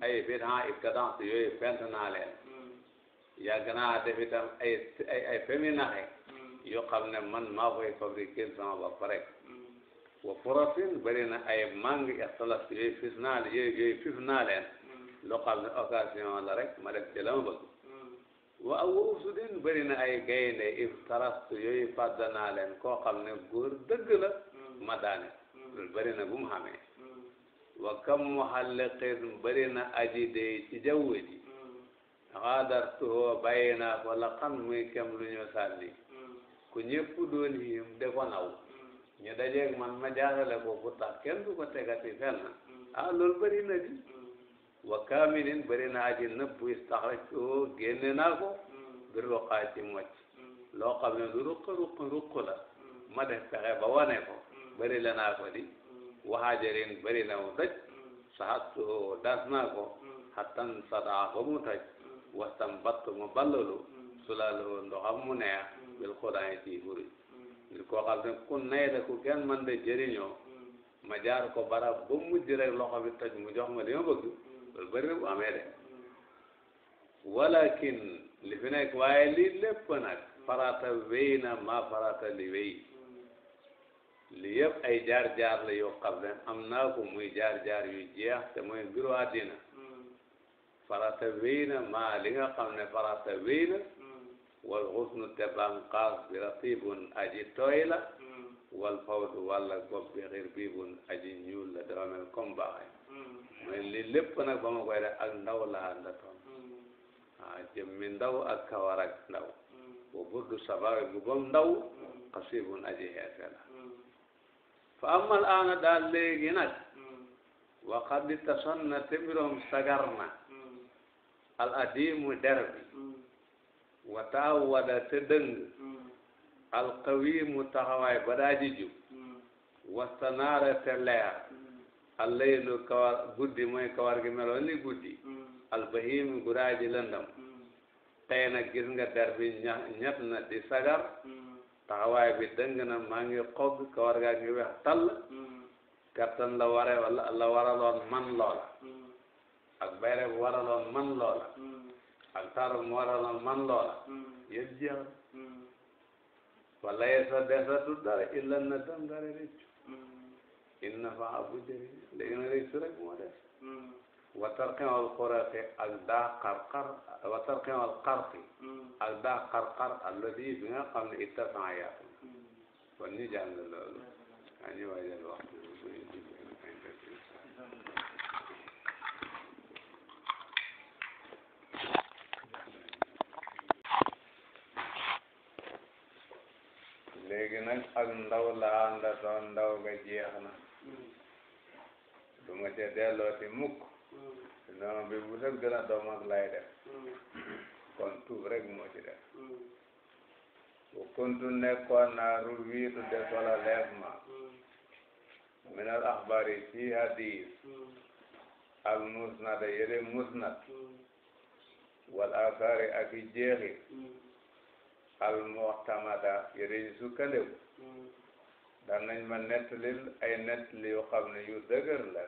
ay bidaxa ibtidance yooyu fent naa leen yàgg ay ay ay féminaxe ne man maa koy fabriqué sama ba pare wa furasin bëri na ay mang ixtilas yooyu fis naa leen yooyu yooyu loo xam ne occasion la rek ma def ci la ma bëgg wa din bëri na ay gaynde iftarastu yooyu fàdd naa leen koo xam ne góor dëgg la ma daane loolu bëri na bu mu xamee wa kam muhalliqin bëri na aji dee ci jaww ji xaadartuhoo bàyyi naa ko la xam muy kem lu ñu sànni ku ñëpp doon hiim de ko naw ñu dajeeg man ma jaarale ko fu tax kenn du ko tegati fenn ah loolu bëri di wa kaamilin bëri na aji nëbbu istaxrajtuhoo génne naa ko bi ruqaa ci mocc loo xam ne lu ruq ruq ruq la ma def ba wane ko bari la naa ko di mm. waxaajarin bëri na mu toj mm. saxatu das naa ko mm. xattan sadaa ko mu toj wastan battu mu ballalu sulalu ndoxam mu neex bil xodaan ci buri ngir koo xam ne ku nay la ku kenn man de jëriñoo ma jaar ko barab ba mujj rek loxo bi toj mu jox ma li ma bëgg loolu bëri na bu de walakin li fi nekk waaye lii lépp nag farata wéy na maa farata li wéy li yëpp ay jaar jaar la yoo xam ne am naa ko muy jaar jaar yu jeex te mooy mbiru àddina farata wéy maa li nga xam ne farata wéy na wal xusnu te bànqaas bi ratibun aji tooy la wal fawdu walla gob bi xirbibun aji ñuul la dafa mel comme baaxee mooy li lépp nag ba ma koy ak ndaw la àndatoon ah jëmmi ndaw ak kawar ak ndaw bu burdu sabawi bu bam ndaw xasibun aji xeefe la fa amal ana daal léegi nag hmm. waqad tasanna temirom sagar na hmm. al adimu der bi hmm. wa taawada te dëng al qawimu taxawaay ba daa ji wa sanaara te leer al laylu kawar guddi mooy kawar gi meloon guddi al bahimu guraaji lëndam tey nag gis nga di sagar taxawaay bi dëng na maa ngi xog kawar gaa ngi weex tàll kattan la waree wala la waraloon man loola ak bayre bu waraloon man loola ak taar bu waraloon man loola yëpp jeex wala yesa desatu dara illa na tam dara réccu inna fa abu jëri léegi na réccu rek moo des watar xemal xurati ak daa qarqar watar xemal qarti mm. ak daa qarqar alladi bi nga xam ne ittasan yaatu mm. kon ñu jàng loolu a ñu waajal waxtu léegi nag ak ndaw la ànda soon ndaw ga jeex na mm. du ma ca dellooti mukk Hmm. non bi bu doon gën a doom ak lay def hmm. kon tuub rek moo ci def hmm. bu kuntu nekkoon naa ruwiitu de sola leef ma minal axbaari ci hadis al musnada yële musnad wal asaari ak i jeexi al muxtamada yële yi sukkandeku daan nañ ma nettalil ay nettali yoo xam ne yu dëgër la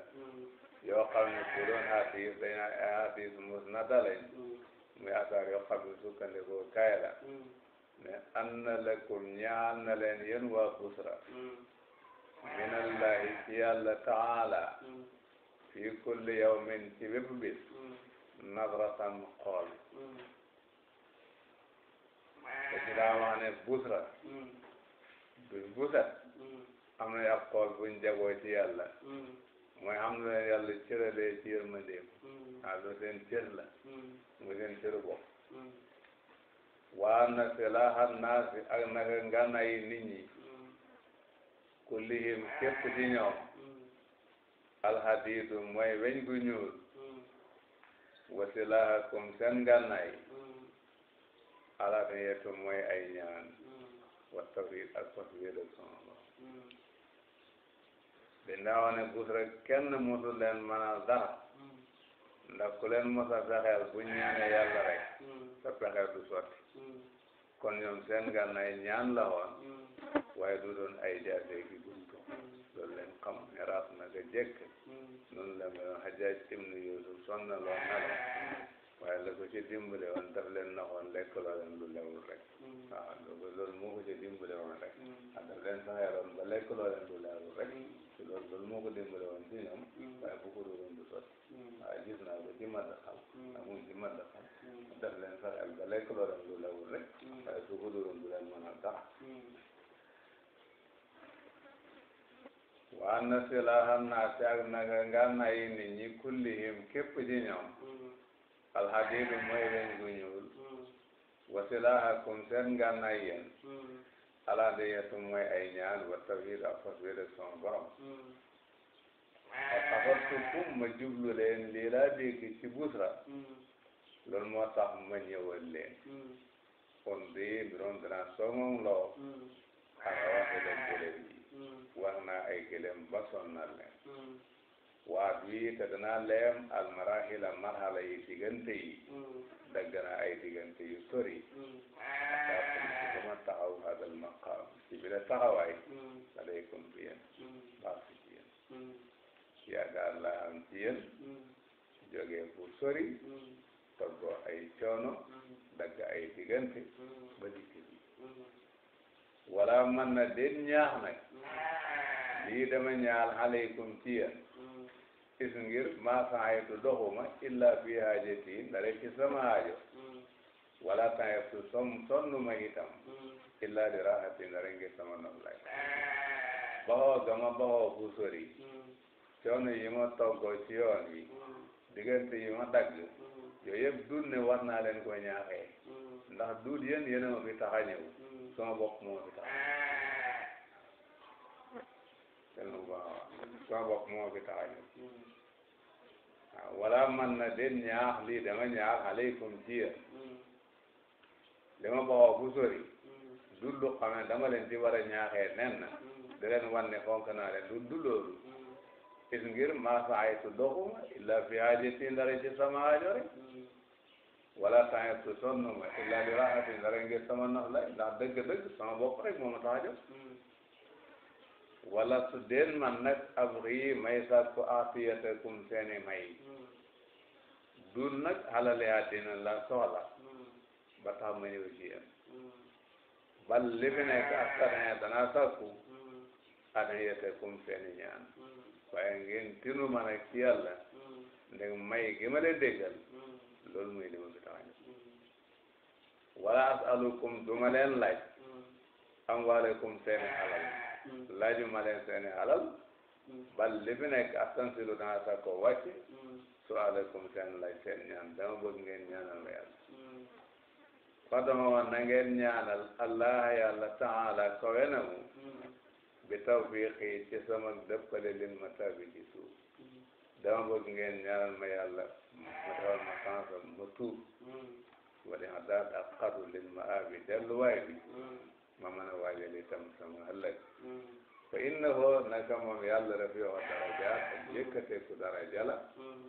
yoo xam ne ku doon hadis day ah, na ay hadis musnad lañ muy asar yoo xam ne sukkandikoo kaay la mais an leen yéen waa Busra minallahi ci yàlla taala fi kulli yawmin ci bépp bis nadratan xool
te ci daa Busra
duñ busat am na ab xool buñ jagoo ci yàlla mooy am na leen yàlla cëralee ci yërmandeem mm. ah loolu seen cër la mooy mm. seen cëru bopp mm. waa na selaaxal naa si ak naka ngànnaay nit ñi ku lihim képp ci ñoom alhadiidu mooy weñ gu ñuul wa silaahakum seen ngànnaay alafiyatu mooy ay ñaan wa tawhiid ak pas wéeru sama
borom
dinaa wane guus rek kenn mosu leen manal dara ndax ku leen mos a fexeel bu ñaanee yàlla rek sa pexe du sotti kon ñoom seen gànnaay la woon waaye du doon ay jaase gi buntu loolu leen xam xeraat na nga mm. la meloon Hajjaj ibnu Yusuf sonnaloon na la waaye la ko ci dimbale woon daf leen naxoon lekk loo leen lu lewul rek mm. waaw loolu loolu moo ko ci dimbale woon rek mm. a daf leen saxeeroon ba lekk loo leen lu lewul rek mm. loolu loolu moo ko dimbale woon ci ñoom waaye bu ko doon du sotti waaw gis naa ko ci màdd xam amul ci màdd xam daf leen saxeel ba lekk loo leen lu lewul rek waaye bu ko doon du leen mën a tax waa na silahan naa caag naga nga nayi nit ñi kullihim képp ci ñoom alhadiidu mooy weñ gu ñuul wasilaahakum seen ngànnaay yéen alaadiyatu mooy ay ñaan wa tawhid ak fas wéeru son borom a xafartukum ma jublu leen lii laa dégg ci busra loolu moo tax ma ñëwal leen kon bii mbiroom dana songong loo xanaa waxe leen gëlëm yi wax naa ay gëlëm ba sonnal waa bii te danaa leem almarahila marhala yi diggante yi. Mm. dagg naa ay diggante yu sori. Mm. asalaamaaleykum dama taxaw hadal maqaam ci bi la taxawaay. Mm. aleykum ci yéen. baax ci yéen. yaakaar laa am ci ay coono. dagg ay diggante. ba dikk bi. wala man na den ñaax nag. lii dama ñaal aleykum ci yéen. is ngir maa saayatu doxuma illa fi haajati ndare ci sama aajo mm. wala taayatu som sonnuma itam mm. illa di raxati ndare ngir sama noflay eh. baxoo gama baxoo bu sori mm. coono yi ma toggoo ci yoon wi diggante yi ma dagg yooyu yëpp dul ne war naa leen ko ñaaxee ndax dul yéen yéen a ma fi tax a ñëw sama bopp moo fi tax eh. kenn du moo fi tax a ñëw man na den ñaax lii dama ñaax aleykum ci yéen li ma baaxoo bu du lu xam ne dama leen ci war a ñaaxee nen na di leen wan fonk naa leen du du loolu is ngir maa saaytu doxuma illa fi haajati ndara ci sama aajo rek wala saaytu sonnuma illa li raaxati ndara ngir sama naf lay ndax dëgg-dëgg sama bopp rek moo ma tax a wala su deen man nag abri may sàkku afiyatakum seeni may hmm. du nag xalale àddina la soxla hmm. ba tax ma ñëw ci yéen hmm. bal li fi nekk askan danaa sàkku afiyatakum seeni ñaan waaye ngeen tinu ma nag ci yàlla ndeg may gi ma leen déggal loolu muy li ma fi tax a ñëw wala asalukum du ma leen laaj amwaalekum laaju ma leen seeni alal bal li fi nekk astansilu naa sa ko wàcce su aleykum seen laaj seen ñaan dama ngeen ñaanal ma yàlla
fadama woon na
ngeen ñaanal allah yàlla taala kowe na mu bi tawfiqi ci sama dëppale lin ma tabi ci ngeen ñaanal ma yàlla ma tawal ma sansa ma tuub wala daal lin ma abi delluwaay bi ma mën a waajal itam sama ëllëg hmm. fa innahu naka moom yàlla daf yoo darajaat ak yëkkateeku daraja la hmm.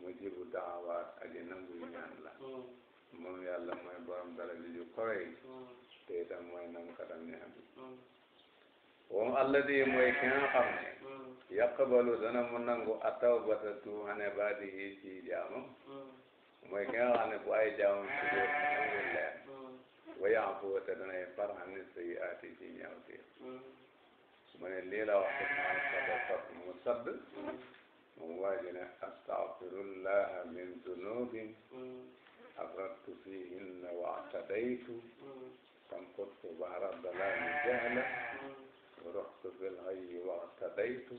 mujibu daawaat aji nangu ñaan la hmm. moom yàlla mooy borom daraja ju kowe yi te itam mooy nangu katam ñaan moom alladi mooy ki nga xam ne yaqbalu dana mu nangu atawbata tuubane baadi yi ci jaamam mooy ki nga xam ne bu ay jaamam ci góor nangu leen waaye am fu wate danay par an say aati ci ñaaw téef su ma ne lii la wax naa sada sab mu sadd moom waa ji ne astaghfirullaha min dunubin abrattu fihinna wa atadaytu tanquttu bahra dalali jahla wa ruxtu fil hayyi wa atadaytu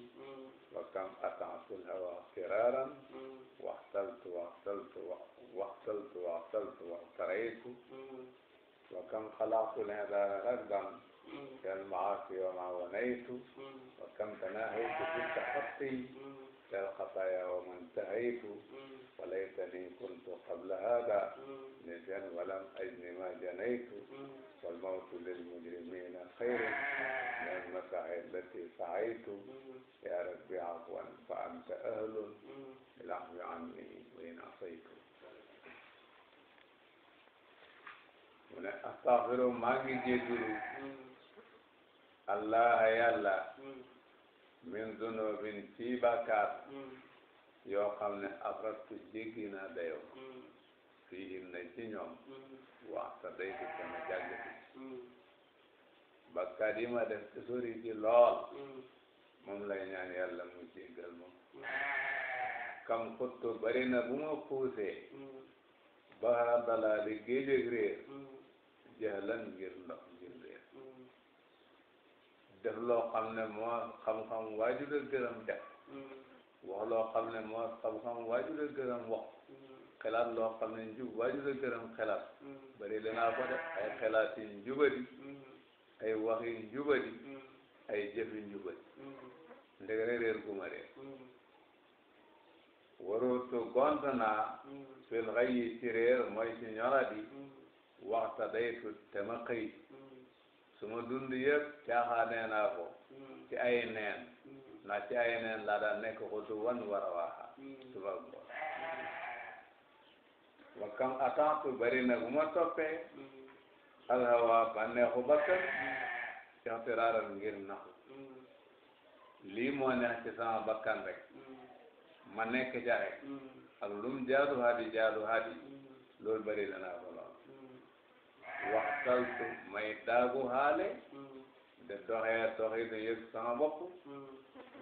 wa kam atatu lhawa firaran waxtaltu waxtaltu waxtaltu waxtaltu waxtaraytu وكم خلعت العذاب غربا كالمعاصي وما ونيت وكم تناهيت في التخطي كالخطايا وما انتهيت وليتني كنت قبل هذا نجا ولم أجن ما جنيت والموت للمجرمين خير من المتاع التي سعيت يا رب عفوا فأنت أهل العفو عني وإن عصيت mu ne astaghfiru maa ngi jégalu allah yàlla min zunubin ci bàkkaar yoo xam ne afrattu jéggi naa dayoo fii him na ci ñoom
waxta day di sama jàggati
bàkkaar yi ma def ci sori ji lool moom lay ñaan yàlla mu jéggal moom kam xuttu bari na bu ma puusee ba dalaali géej jahlan ngir ndox ngir def loo xam ne moo xam-xam waaju la gërëm def wax loo xam ne moo xam-xam waaju la gërëm wax xelaat loo xam ne njub waaju la gërëm xelaat bari danaa ko def ay xelaat yi njubadi ay wax yi njubadi ay jëf yi njubadi ndege na réer fil xay yi ci mooy ci ñoradi waxta day tut te ma xëy suma dund yëpp naa ko ci ay neen na ci ay neen laa daan nekk xutu wan war a waaxa suba ngoon wa kam ataatu bari na bu ma toppee alhawa bànneexu bakkan ixtiraaram ngir naxu
lii moo neex
ci sama bakkan rek ma nekk ja rek ak lum jaadu hadi jaadu hadi loolu bari na naa ko
waxtaltu may daagu haale
de doxee doxi de yëg sama bopp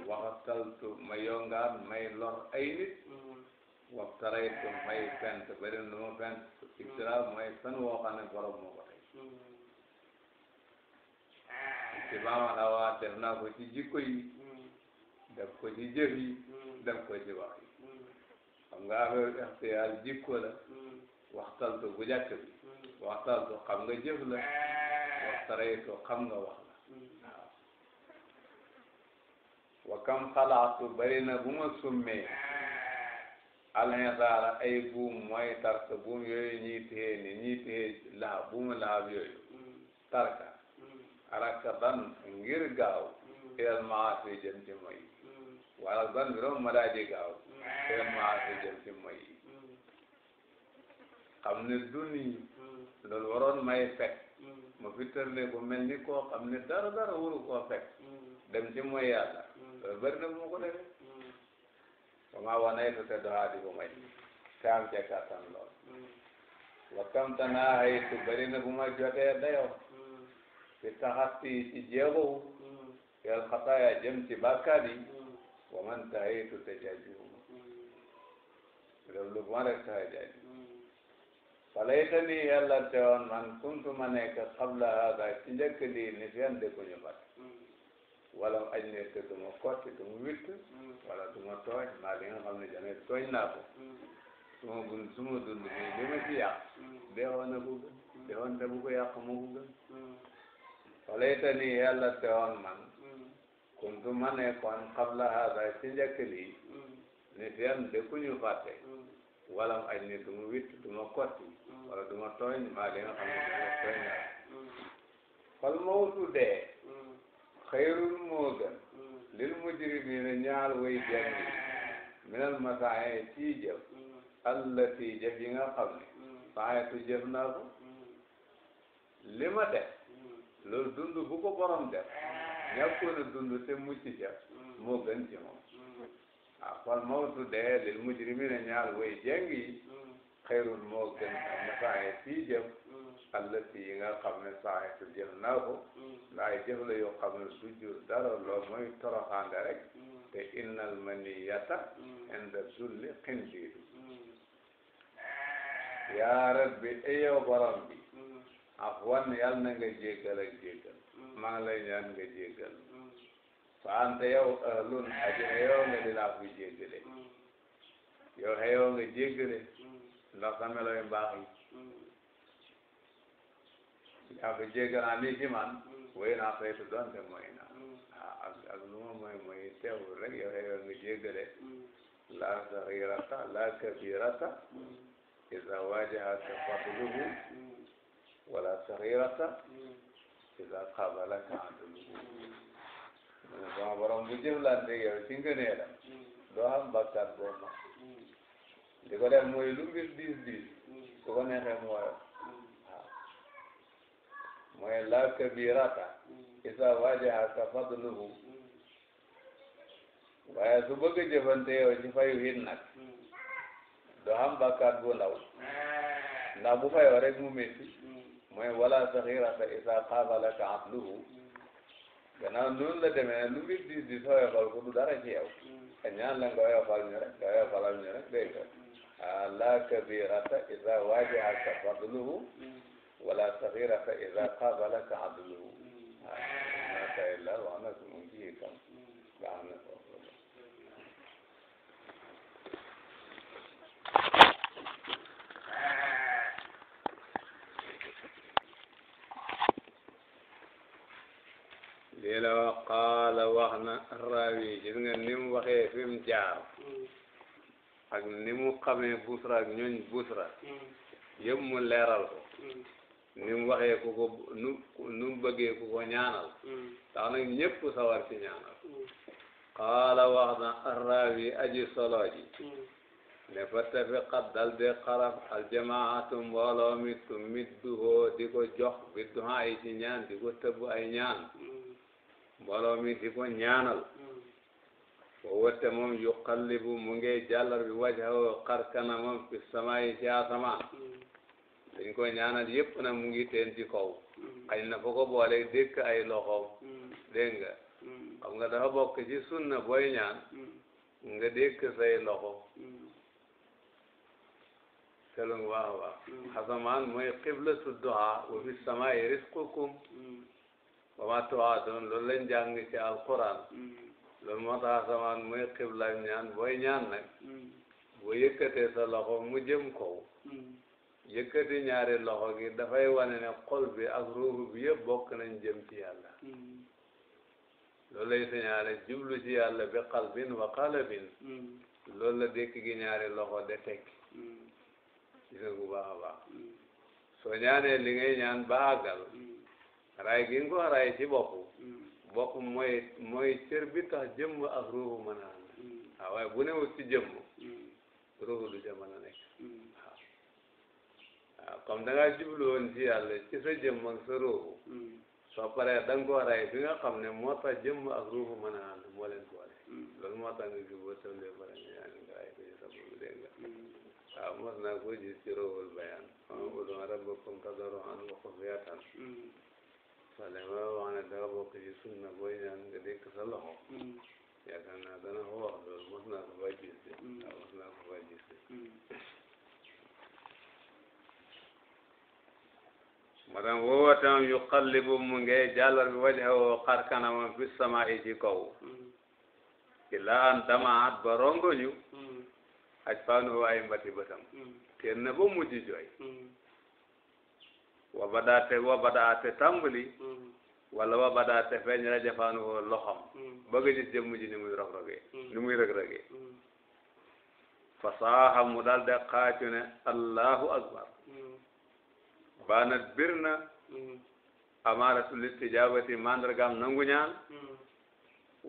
waxtaltu ma yongaan may lor ay nit waxtaraytu may fent bari lu ma fent iftira may fen woo xam ne borom moo ko tey ci baama xawaa def naa ko ci jikko yi def ko ci jëf yi def ko ci wax yi xam nga affaire ixtiyaar jikko la waxtaltu bu jàkk waxtaan su xam nga jëf la waxtaray su xam nga wax la wa kam xalaatu bari na bu ma summee alxinsaara ay buum mooy tarka buum yooyu ñuy téye ni ñuy téye laxab buumu laxab yooyu tarka araka dan ngir gaaw ilal maasi jëm ci moy wala ban birom ma daa ji gaaw ilal maasi jëm ci moy xam ne duni loolu waroon may fekk ma mm. fittarle ko mel ni koo xam ne dara dara waru koo fekk mm. dem ci mooy yàlla mm. loolu bëri na ma ko defee wamaa wanay to te doxaa di ko may te am ca lool wakam tanaa haytu bëri na bu ma jotee dayo fi taxatti ci jeexowu yal xataaya jëm ci bàkkaat yi waman tahaytu te jajjuuma loolu lu ma rek taxa jajju falaytani yàlla teewoon man kuntu nekk qabla hada ci njëkk ni fiyan de ñu mat wala mu aj ne te du ma wala du ma tooñ maa li nga ne jamee tooñ naa ko suma gun suma dund bi li ma ci yàq deewoon man kuntu ma nekkoon qabla hada ci njëkk lii ni ñu fàtte walam aj ni du ma witt du ma kotti wala du ma tooñ maa li nga xam ne du ma tooñ dara fal mawtu dee xayrul moo gën lil mujrimina ñaar way jàng minal masaaye ci jëf allati jëf yi nga xam ne saxee tu jëf naa ko li ma def loolu borom def ñàkkoon a dund te mucc jëf moo gën fal mawtu dee lil mujrimina ñaar way jeng yi xayrun moo gën na saxee fii jëf allati yi nga xam ne saxee su jëf naa ko ndax jëf la yoo xam ne du jur dara loo mooy toroxaande rek te innal maniyata inda zulli xindiiru yaa rabbi eyow borom bi afwan yàlla na nga jéggal ak jéggal maa ngi lay ñaan nga jéggal fa anta yow ahlun aji xeyoo nga di laa koy jéggale yow xeyoo eh, nga jéggale ndax sa melo yu mbaax yi yaa ko jéggal a nii mm. mm. mm. ci man wéy naa saytu ak ak lu ma mooy mooy teewul rek yow xeyoo nga jéggale saxirata laa kabirata isa waajahaka fadluhu wala saxirata isa qabalaka adluhu sama borom bu jëflante yow ci ngënee la doo am bakkaat boo ma li ko def mooy lu mbir diis diis su ko neexee mu woyof
waaw
mooy la kabirata isa wajahaka fadluhu waaye su bëgg a jëfante yow ci fayu hin nag doo am bakkaat bu ndaw ndax bu fayoo rek mu métti mooy wala saxirata isa xaabalaka abluhu gannaaw noonu la demee lu mbir diis diis oyofal ko du dara ci yow te ñaan la nga oyofal ñu rek nga oyofalal ñu rek dégg nga mm. ah laa kabirata iza waajaaka fadluhu mm. wala saxirata iza qaabalaka adluhu mm. ah macha allah wax na ko moom ji lii la wax qaala wax na raawi gis nga ni mu waxee fi mu jaar ak ni mu xamee busra ak ñooñ busra yëpp mu leeral ko ni mu ku ko nu nu mu ku ko ñaanal tax nag ñëpp sawar ci ñaanal qaala wax na raawi aji solo ji ne fa tafiqat dal de xarab al jamaatu mbooloo mi tumidduhoo di ko jox bi duhaa ci ñaan di ko tëbb ay ñaan mbooloo mi di ko ñaanal wa wette moom yu qallibu mu ngi jàllar bi wajhahu xar kanamam fi samaayi ci asamaan dañ ko ñaanal yépp na mu ngi teen ci kaw xañ na foo ko boole dékk ay loxoom dégg nga xam nga dafa bokk ci sunna booy ñaan nga dékk say loxo selung waax waax asamaan mooy qiblatu duhaa wa fi samaayi risqukum wa ma tuwaadun loolu lañ jàng ci alquran hmm. loolu moo tax asamaan muy xibla ñaan booy ñaan nag hmm. boo yëkkatee sa loxo mu jëm kaw hmm. yëkkati ñaari loxo gi dafay wane ne xol bi ak ruuhu bi yëpp bokk nañ jëm ci yàlla loolu lay signalé jublu ci yàlla bi qalbin wa qalbin loolu la dékk gi ñaari loxo de tekki gis nga baax baax soo ñaanee li ngay ñaan ba àggal raay gi nga ko raay ci bopp mm. bopp mooy mooy cër bi tax jëmm ak ruuxu mën a ànd mm. waaw waaye bu newul ci jëmm mm. ruuxu du ca mën a nekk waaw waaw comme da ngaa jublu woon ci yàlla ci sa jëmm ak sa ruuxu soo paree da nga koo raay bi nga xam ne moo tax jëmm ak ruuxu mën a ànd moo leen boole loolu moo tax nga juboo tëmlee bara nga ñaan nga raay ko ci sa bopp dégg nga waaw mos naa koo gis ci wala ma wax ne dafa bokk ci sunna booy ñaan nga dékk sa loxo yaakaar naa dana ko wax loolu mos naa ko faa gis de waaw mos naa ko faa gis de madam woowa tam yuqallibu mu ngay jàllar bi wajhahu xar kanamam fi samaa'i ci kaw ilaa an damaat ba rongoñu mm. mm. aj faanu ay mbati bëtam mm. kenn na ba mujj jooy wa badaa te wa badaa mm-hmm. wa badaa te feeñ la jafaanu woo loxam mm-hmm. ba ni muy rog mm-hmm. ni muy rëg-rëgee fasaaha mu daal de xaacu ne allahu akbar baanat bir na amaaratul istijaabati mandargaam nangu ñaan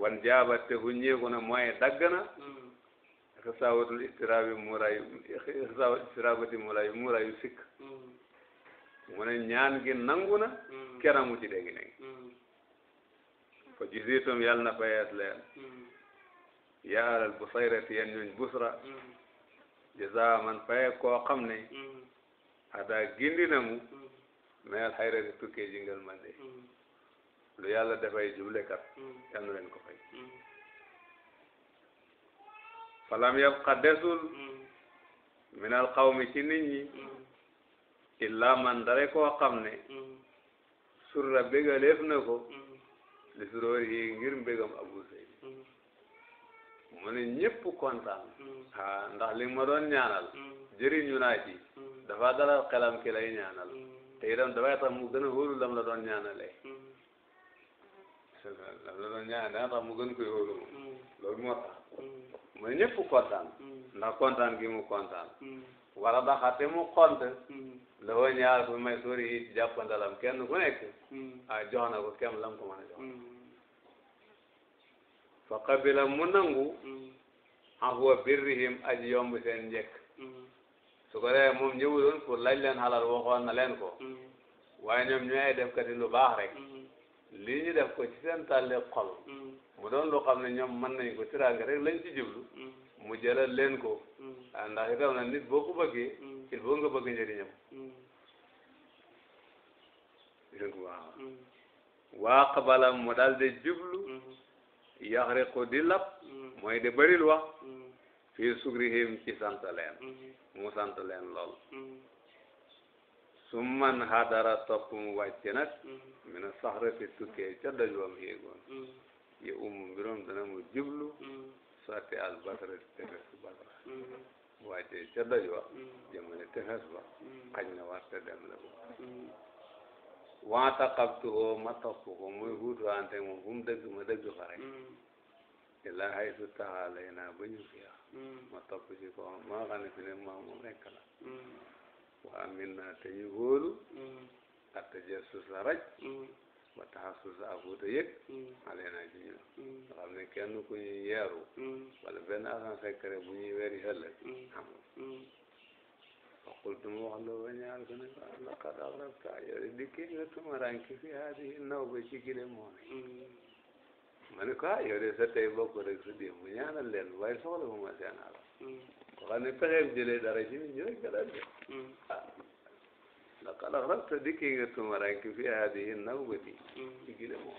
wan jaabat te fu ñeeku na mooy dagg na xisaawatul istiraabi muuraayu xisaawatul istiraabati muuraayu muuraayu sikk mu ne ñaan gi nangu na mm. kenn mu ci dégg nekk mm. fa jisiitum yàlla na fayees leen mm. yaa alal busayrati yéen ñooñ busra jazaa man faye koo xam ne xadaa gindi na mu meel xayrati tukkee jingal man de lu yàlla dafay jublekat yal na leen ko fay falam yabqa desul minal xawmi ci nit ñi illa man dare koo xam ne surra bégaleef na ko li suróor yi ngir mbégam Abu Zayd mu ne ñépp kontaan ah ndax li ma doon ñaanal jëriñu naa ci dafa dalal xelam ki lay ñaanal te itam dafay tax mu gën a hóolu lam la doon ñaanalee lam la doon ñaanal dana tax mu gën koy hóolu moom loolu moo tax mu ne ñépp kontaan ndax kontaan gi mu kontaan wala baxate mu xont hmm. la woo ñaar bu may sóor yi ci kenn ku nekk ah jox na ko kenn lam ko mën a jox hmm. fa qabila mu nangu afwa birrihim aji yomb seen njëkk su ko defee moom ñëwuloon pour laaj leen xalal waxoon na leen ko waaye ñoom ñooy def kati lu baax rek lii ñu def ko ci seen tàlli xol mu doon lu xam ne ñoom mën nañ ko tiraanga rek lañ ci jublu mu jëlal leen ko mm. ah ndax itam na nit boo ko bëggee mm. il faut nga bëgg njëriñam mm. dégg waaw waa qabala mu daal di jublu yaxriqu di lap mooy di bëril wax fii sugrihim ci sant leen mu sant leen lool summan hadara topp mu wàcc nag mina fi tukkee ca doj wam yéegoon ya umu mbirom dana mu jublu sotti al basara tefes basara wàccee ca doj wa mm-hmm. jëmale tefes ba mm-hmm. xañ na warte dem la boobu
waata xabtu ko mm-hmm. ma
topp ko muy huutu ante moom fu mu dëgg ma dëgg fa rek ila haytu taxaalay naa ba ñu fiya ma topp ci ko maa xam fi ne maa moom rekk la waa min te ñu wóolu atta jeesu sa raj ba taxa suusa ak wuta yëg mm. xale naa ci ñun mm. nga xam ne kenn ku ñuy yeeru mm. wala benn agent secret bu ñuy weri xëllëg amul qultu mu wax la wañaal ko ne ko laqad agrabta yow de dikkee nga tumaranke fi haadihi naw ba ci gile moome ma ne ko ah yow de sa tey bokk rek sa démb bu ñaanal leen waaye soxla bu ma seen alal ko xam ne pexeem jëlee dara ci nit ñi rek nga daal ah laqad axrajta dikki nga tumuraanke fi haadihi nawbati ci gile moom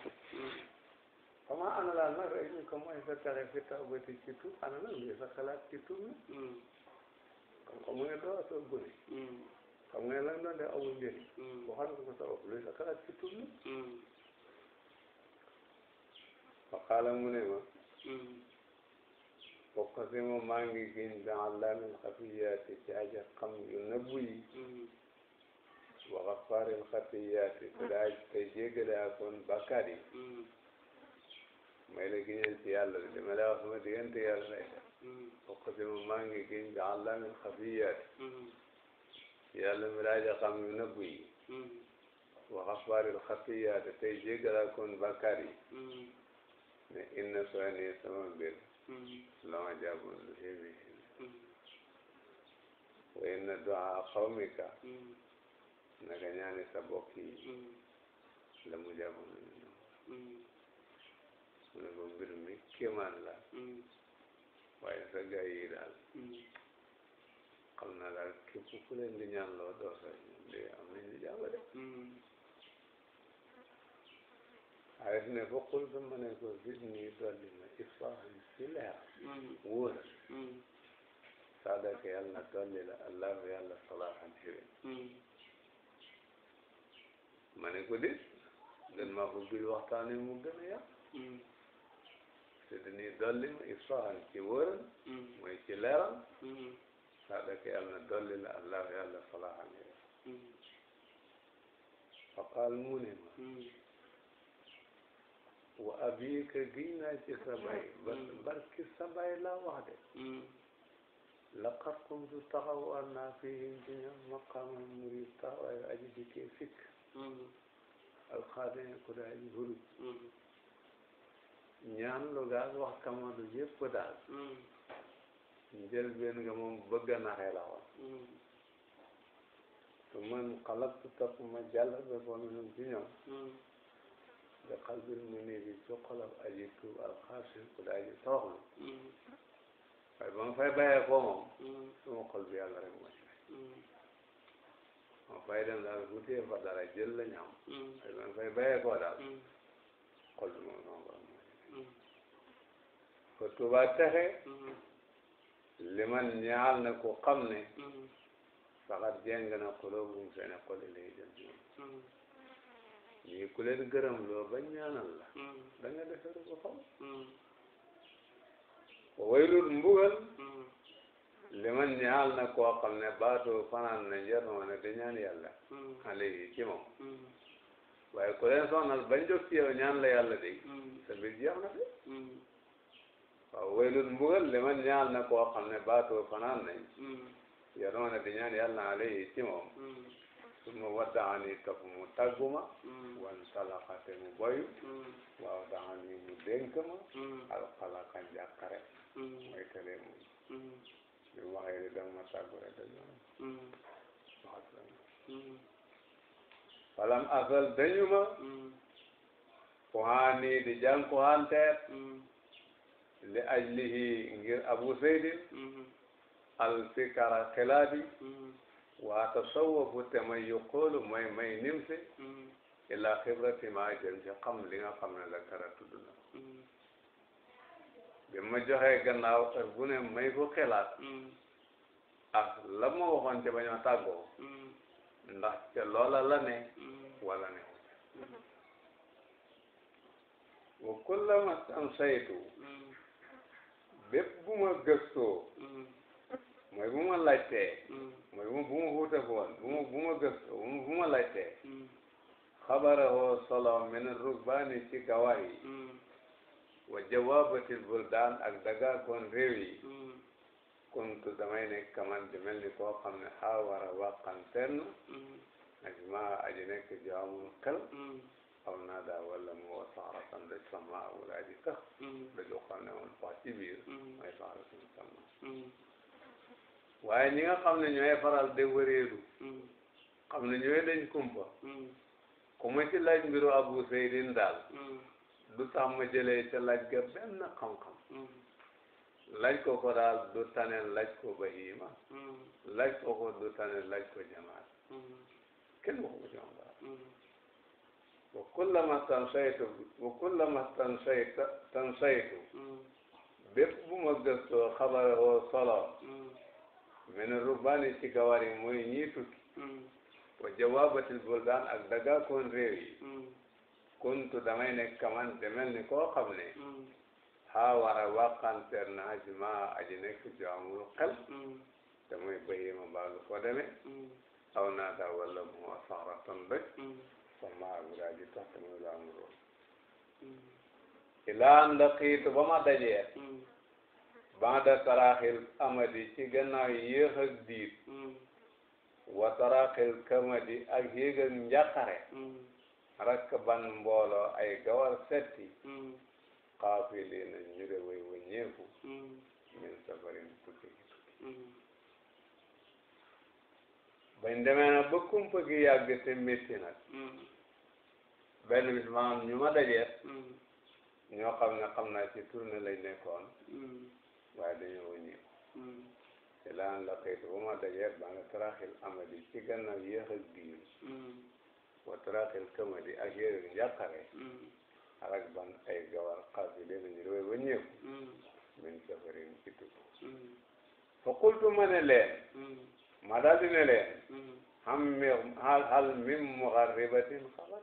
fama ana laal nag rek ñu ko mooy sa texe fi tawbati ci tuub ana lan ngay sa xalaat ci tuub na comme xam nga doo soo gone xam nga lan doon def amul njëriñ waxal ko sa bopp luy sa xalaat ci tuub na fa qaala mu ne ma bokk si maa ngi giñ bi àllaamin xafiyaati ci aja xam yu nëbbu yi wa xafaaril xatiyaati daaj tey jéggale akoon bakkaar yi may la giñal ci yàlla li ma la wax sama diggante yàlla lay def bokk si ma maa ngi giñ bi àllamin xafiyaati yàlla mi daaj a xam yu nëbb yi wa xafaaril xatiyaati tey jéggale akoon bakkaar yi ne inna soo ni sama mbir la ma jàppoon lu xewi wa inna duaa qawmika naka ñaani sa bokk yi mm. la mu jàmm mu ne ko mbir mi kéemaan la mm. waaye sa gars yi daal mm. xam naa daal képp ku leen di ñaan loo doo sa di am nañ di jàmm de Arif ne ko qul fi ma ne ko zidni dolli ma ifaahan ci leer wóor sadaka yàlla dolli la allahu yàlla salaahan xirin ma ne ko dit gën maa ko bil waxtaan yi mu gën a yàq te dañuy dolli ma isfahan ci wóoral mm. mooy ci leeral mm. saa dëkk yàlla na dolli la allah yàlla falaaxan yow mm. faqaal mu ne ma wa abi ka giñ naa ci sabay barki sabay laa wax de laqad kuntu taxaw an naa fihim ci ñoom maqaaman murid taxawaay aji dikkee sikk alxaadee ku daal di huruj ñaan lu gaag wax kamadu yëpp da mm-hmm. njëlbeen nga moom bëgg a naxe la woon su man xalaktu topp ma jàllabe ko minum ci ñoom da mm-hmm. xalbil mu ne bi ci xolab aji tuub alxaasin ku daal di tooxlu waaye ba ma fay bàyyee ko moom mm-hmm. suma xol bi yàlla rek moo ma fay dem daal bu téye fa dara jël la ñam hmm. ay man fay koo daal hmm. hmm. ko tuba texe li man ñaal na ko xam ne faxat jeng na xulóobum seeni xol ilay jëm ci moom ñii ku leen gërëm loo ba ñaanal la da nga defaru ko xam waylul mbugal li man ñaal na koo xam ne baatu fanaan na njarnoo ne di ñaan yàlla xale mm. ah, yi ci moom mm. waaye ku leen soxnal bañ jóg ci yow la yàlla mm. sa mbir jeex na de waaw waylun mbugal li man ñaal na koo xam ne baato fanaan nañ yarnoo ne di ñaan yàlla xale ah, yi ci moom suma waddaani topp mu tagguma wan talakate mu boyu waaw daani mu dénk ma alxalaka njàqare mooy tele mu bi mu waxee ni danga ma tàggu rek a ñoom falam asal dañu ma ku haani di jàng ku mm. li ajlihi ngir abu seydin mm-hmm. al fikara xilaabi mm-hmm. waa tasawwafu te may yuqoolu may may nimsi mm-hmm. ila xibrati ma jëm ci li nga xam ne la kara tudd bi ma joxee gannaaw heure bu ne may ko xelaat mm. ak ma waxoon ca ba ñoo tàggoo mm. ndax ca la ne mm. wala ne wa kullama samsaytu bépp bu ma gëstoo ma laajtee mooy bu ma xuutakoon bu ma bu ma gëstoo bu ma laajtee xabarahoo solo min rukbaani ci gawaay wa jawaabatil buldaan ak daga kon réew mm. kuntu damay nekk kaman di mel ni koo xam ne xaawara waqan tenn mm. nag ma aji nekk ju amul mm. aw naa daa walla mu wa saxara tan daj sama wala aji sax daju xam ne woon sax ci biir mooy saxara tan sama waaye ñi nga xam ne ñooy faral de wëreelu xam ne ñooy dañ kumpa ku ma ci abu seydin daal du tax ma jëlee ca laaj ga benn xam-xam mm-hmm. laaj ko ko daal du tane laaj ko bahima mm-hmm. laaj ko ko du tane laaj ko jamaat
mm-hmm. kenn waxu ko ci moom dara
wa kullama tanshaytu wa kullama tanshayta tanshaytu bépp bu ma gëstoo xabare woo solo min rubbani ci gawari mooy ñii tukki wa jawaabatil buldaan ak dagaa koon réew yi kuntu damay nekk ni koo xam ne mm. haa wara waqanteer na ajma aji nekk ju amul xel mm. te muy bahima mbaalu ko deme mm. aw naa daa walla mu asaxra ton doj sama aguraa ji tax te muy lu amul woon ilaa an ba ma dajee banda taraxil amadi ci gannaaw yéex ak diit wa taraxil kamadi ak yéeg ak njàqare rakban mbooloo ay gawar setti qaafiliina hmm. ñu de way wëññeeku hmm. min safarin tukki tukki hmm. bañ demee na ba kumpa gi yàgg te métti nag benn bis ma am ñu ma dajeet ñoo xam ne xam naa ci tourné lañ nekkoon waaye dañoo wëññeeku te laan la xëytu bu ma dajeet ba nga taraxil amadi ci gannaaw yéex ak wa taraaxil kamali ak yére yu njàqare xarak ban ay gawar xaafile nañu réew ba ñëw min safarin ci tukki fa qultu ma ne leen ma ne leen xam mi hal min muxarribatin xabar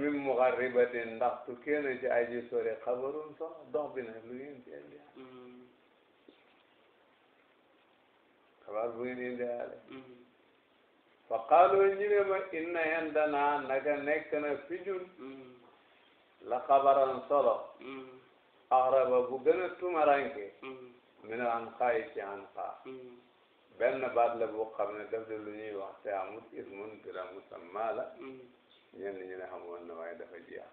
min muxarribatin ndax tukkee na ci aji sore xabarun sax dox bi nag lu ngeen ci indi xabar bu ngeen indi fa qaaloo ñu ne ma inna indana naka nekk na fi ñun mm. la xabaran solo mm. axraba bu gën a mm. min an xaayi ci an benn baat la bu xam ne daf de lu ñuy wax te amut ismun bila musamma la ñenn ñu ne waaye dafa jeex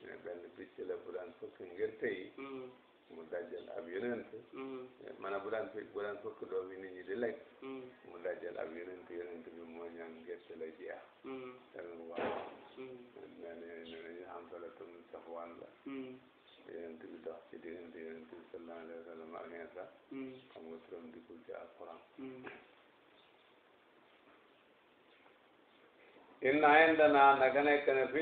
ñu ne benn picc la bu daan fëkk ngir tey mu dajal ab yonent mm. ma ne bu daan fekk bu daan fëkk doom yi nit ñi di lekk mm. mu dajal ab yonent yonent bi moo ñaan gerte la jeex mm. tenen waaw nee na nee nañu xam sala tam safwaan la yonent bi dox ci diggante yonent bi sallallahu alayhi wa sallam ak Insa xam nga turam dikul ci alquran inna indana naka nekk na fi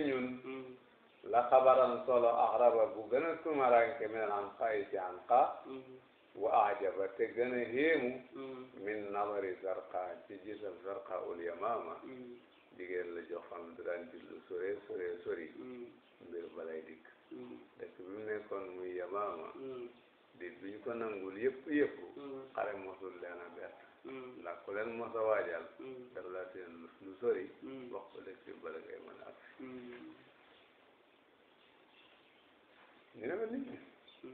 la xabaran solo axraba bu gën a tumaranke min an xay ci an xa mm-hmm. wa te gën a héemu mm-hmm. min namari zarqa ci gisam zarqa ul yamama mm-hmm. jigéen la jox xam du daan jublu sore sore mbir balay dikk dëkk bi mu nekkoon di biñ ko nangul yëpp yëpp xare mosul leen a bett ndax ku leen a waajal lu sori wax ko dëkk bala ngay mën a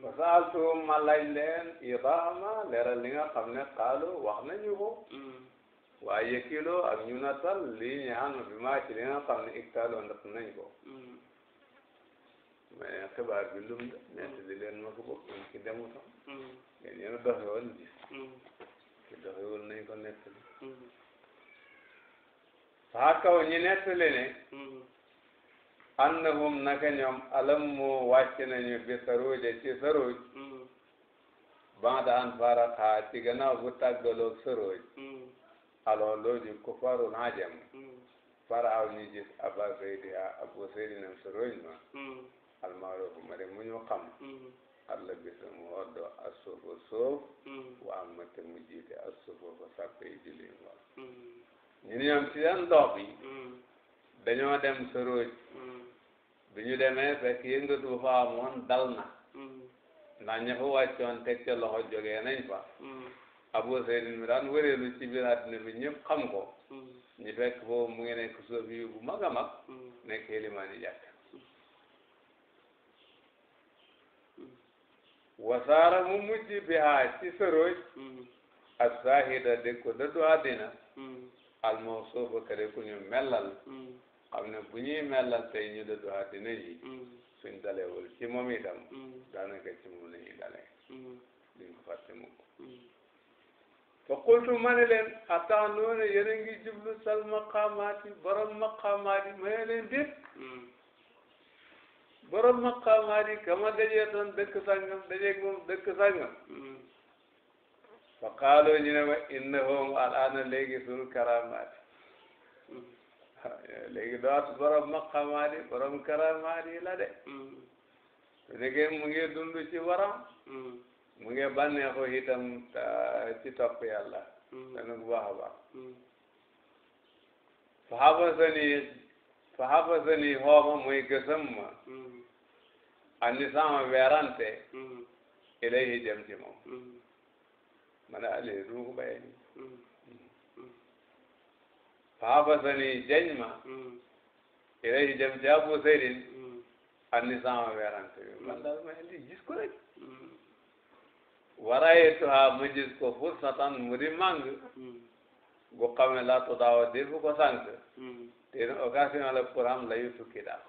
fasaaltu ma laaj leen idaama leeral li nga xam ne xaalo wax nañu ko hmm. waaye kilo ak ñu natal lii bi maa ci li nga xam ne iktaaloo ndat nañ ko hmm. mais xibaar bi lum de nett li ma ko bokk man ki demutoon ngeen hmm. yéen doxe woon gis ki doxe woon ko nett li saa kaw ñi nett li ne annahum naka ñoom alammu wàcc nañu bi saruuja ci saruuj mm. banda an faraqa ci gannaaw bu tàggaloog saruuj mm. alors loolu kufarul ajam mm. faraaw ñu gis aba seydiha abu seydinam saruuj ma almaarufu ma de mu ñu xam alla bisa mu oddo assuufu suuf wa amate mu jiite assuufu fa sàppe yi julli ñu ñoom ci seen dox bi dañoo dem sorooj mm. bi ñu demee fekk yëngatu fa amoon dal na mm. ndax ña fa wàccoon loxo jógee nañ fa mm. abu seydin mi daan wëreelu ci biir àddina bi ñëpp xam ko ñu fekk foofu mu ngi nekk sofi yu bu mag a mag nekk limaani jàkk wasaara mu mujj bi haa ci sorooj as saahida de ko dëddu almawsuufa kare ku ñu melal hmm. xam ne bu ñuy melal tey ñu dëddu àddina yi hmm. suñ dalewul ci moom itam hmm. daanaka ci moom la ñuy dalee duñ ko fàtte mukk fa qultu ma ne leen atanoona yéen a ngi jublu sal maqaamaati borom maqaamaati ma ne leen déet borom maqaamaati kama dajee doon dëkk sàngam dajee moom dëkk sàngam fa qaaloo ñu ne ma innahum al'aana léegi suñu karamaati léegi doot borom maqamaati borom karamaati la de su mm. nekkee mu ngi dund ci waram mm. mu ngi bànneexu itam ci topp yàlla dana mm. bu baax a baax fa xafasani fa xafasani xooma muy gësam ma ani sama weerante ilayhi jëm ci moom man ale du ko bayee
nii
fahabasani jañ ma ilay jëm ci abu seydin anni sama werante bi man daal ma indi gis ko rek waraye tuha ma gis ko fursatan mu di màng gu xame laa tudaawa def ko sànq te ne occasion la pour am layu tukki daal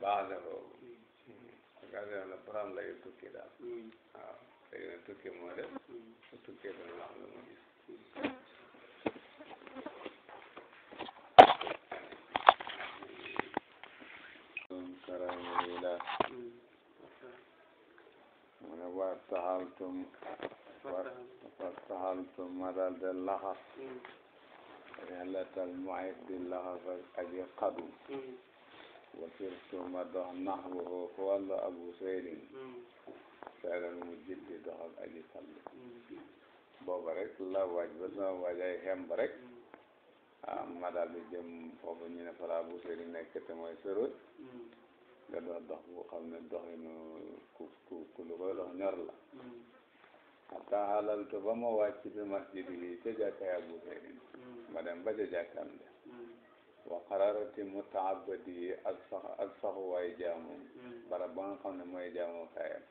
baax na loolu la pour am léegi nag tukki moo def su mu gis mu laxas rihlatal muhib di laxas ak aji xadu wasirtu ma dox naxwahu walla abu seydin seeran mu jiddi doxal aji falli booba rek la waaj ba sama waajay xemb rek ah ma dal di jëm foofu ñu ne fala bu seri nekk te mooy sëroj nga dox dox bu xam ne doxinu ku ku lu koy dox ñor la hatta halaltu ba ma wàcc bi masjid yi ca jàkkay Abu Seydin ma dem ba ca jàkkam de wa qararati mutaabadi ak sax ak saxuwaay bara ba nga xam ne mooy jaamu xayam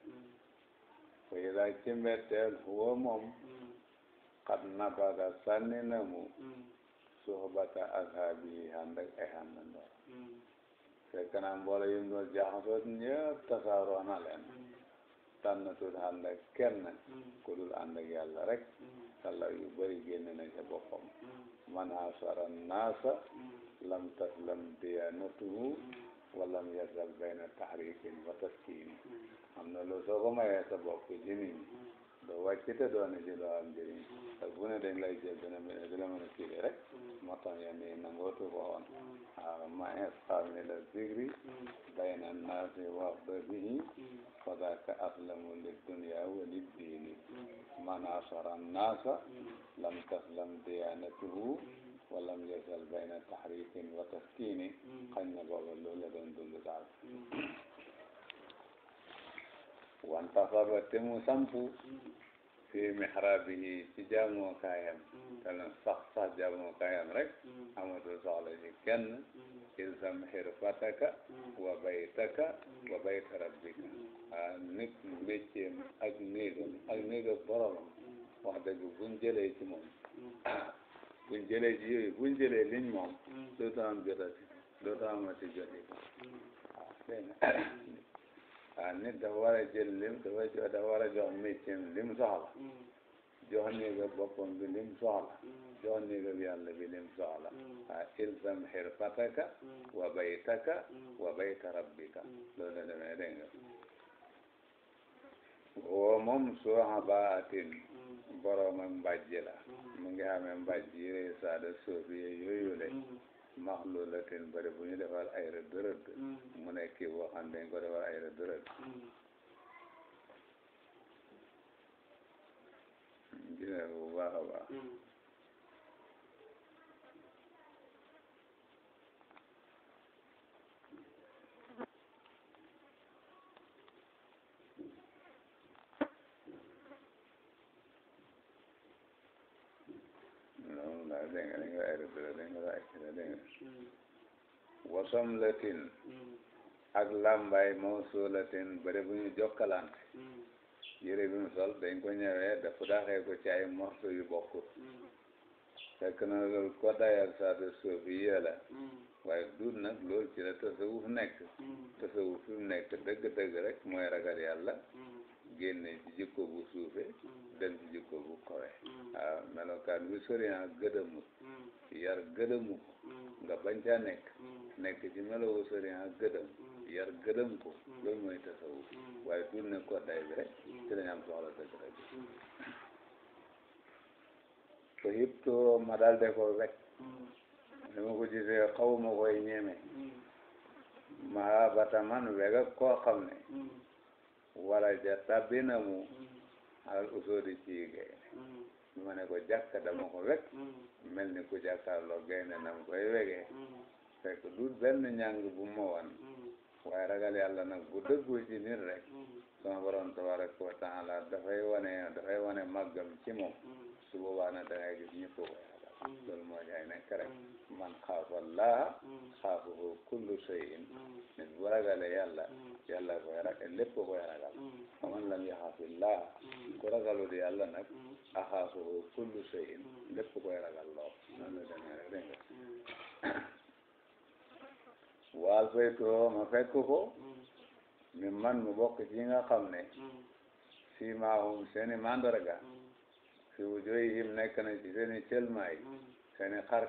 way daa ci mbetteel huwa moom xat na bada sànni na mu suxbata ashaabi yi ànd ak ay ànd ndoor fekk naa mboolo yum doon jaaxasoo ñëpp tasaaroo na leen tànnatul ànd ak kenn ku dul ànd ak yàlla rek salaw yu bëri génn na ca boppam man asara naasa lam taslam diyanatuhu walam yazal bayna tahrikin wa taskiin am na loo soo ko mayee sa bopp ci nit ñi doo wàcc am njëriñ ak bu ne dañ lay jël dina mel dina mën a kii rek moo tax yenn yi nangootu ko woon waaw ah, ma instar mi la zikri bayna naasi waxda bihi fadaka aslamu li dunia wa li diini man asara naasa lam taslam diyanatuhu walam yasal bayna tahrifin wa taskini xañ na booba loolu la doon dund daal wantasaba te mu sampu fi mihrabihi ci jaamoo kaayam te mm. sax sax jaamoo kaayam rek mm. amatul soxla ci kenn mm. ilzam xirfataka wa baytaka wa bayta rabbika a nit métier ak néegam ak néegam boromam wax dëgg buñ jëlee ci moom buñ jëlee ci yooyu buñ jëlee liñ moom dootoo am jotati dootoo amati joti ah nit dafa a jël lim dafa jox dafa war a jox métier lim soxla. Mm. jox néega boppam bi lim soxla. Mm. jox néega bi yàlla bi lim soxla. ah ilzam xirfataka. wa baytaka. wa bayta rabbika. loolu la demee dégg woo moom soo xabaatin boroomam mbàjj la. mu ngi amee mbàjj yi rey saada suuf maxlulatin bari bu ñu defal ay rëdd rëdd mm. mu nekk boo xam dañ ko defal ay rëdd rëdd mm. wasamlatin ak lambay mawsulatin bare bu ñu jokkalante yére bi mu sol dañ ko ñëwee dafa daxee ko ci ay morso yu bokkut fekk na loolu ko dayal saa de suuf yee la waaye duut nag loolu ci la tasawuf nekk tasawuf fi nekk dëgg-dëgg rek mooy ragal yàlla génne ci jikko bu suufe mm. dem ci jikko bu kawe waaw mm. ah, melokaan bi sorian ah, gëdëmut mm. yar gëdëmu ko nga bañ caa nekk nekk ci melowu sorian ah, gëdëm yar gëdëm ko loolu mooy tasawuf waaye dul ne ko day bi rek ci lañ am soxla dëgg rek ko yëpp tooroo ma daal de ko rek ni ma ko gisee xaw ma koy ñeme maa bataman wega koo xam ne wala ja na mu alal usoodi ci gaynde ma mm-hmm. ne ko jàkka dama ko mm-hmm. mel ni ku jàkkaarloo gaynde nam koy wegee mm-hmm. fekk du benn ñàng bu ma wan waaye ragal yàlla nag bu dëggoo ci rek sama borom tabaraka wa taala dafay wane dafay wane màggam ci moom su boobaa nag da ngay gis ñëpp ko loolu moo jaay nekk rek mm. man xaafa llaaha mm. xaafahu kullu shay'in mm. nit bu ragale yàlla yàlla koy ragal lépp koy ragal wa man lam yaxaafi llaaha ku ragalul yàlla nag axaafahu kullu shay'in lépp koy ragal loo noonu la demee rek dégg ma fekk ko mi man mu bokk ci nga xam ne simaahum seeni mandarga fi wujuhihim nekk na ci seeni cëlmaay seeni xar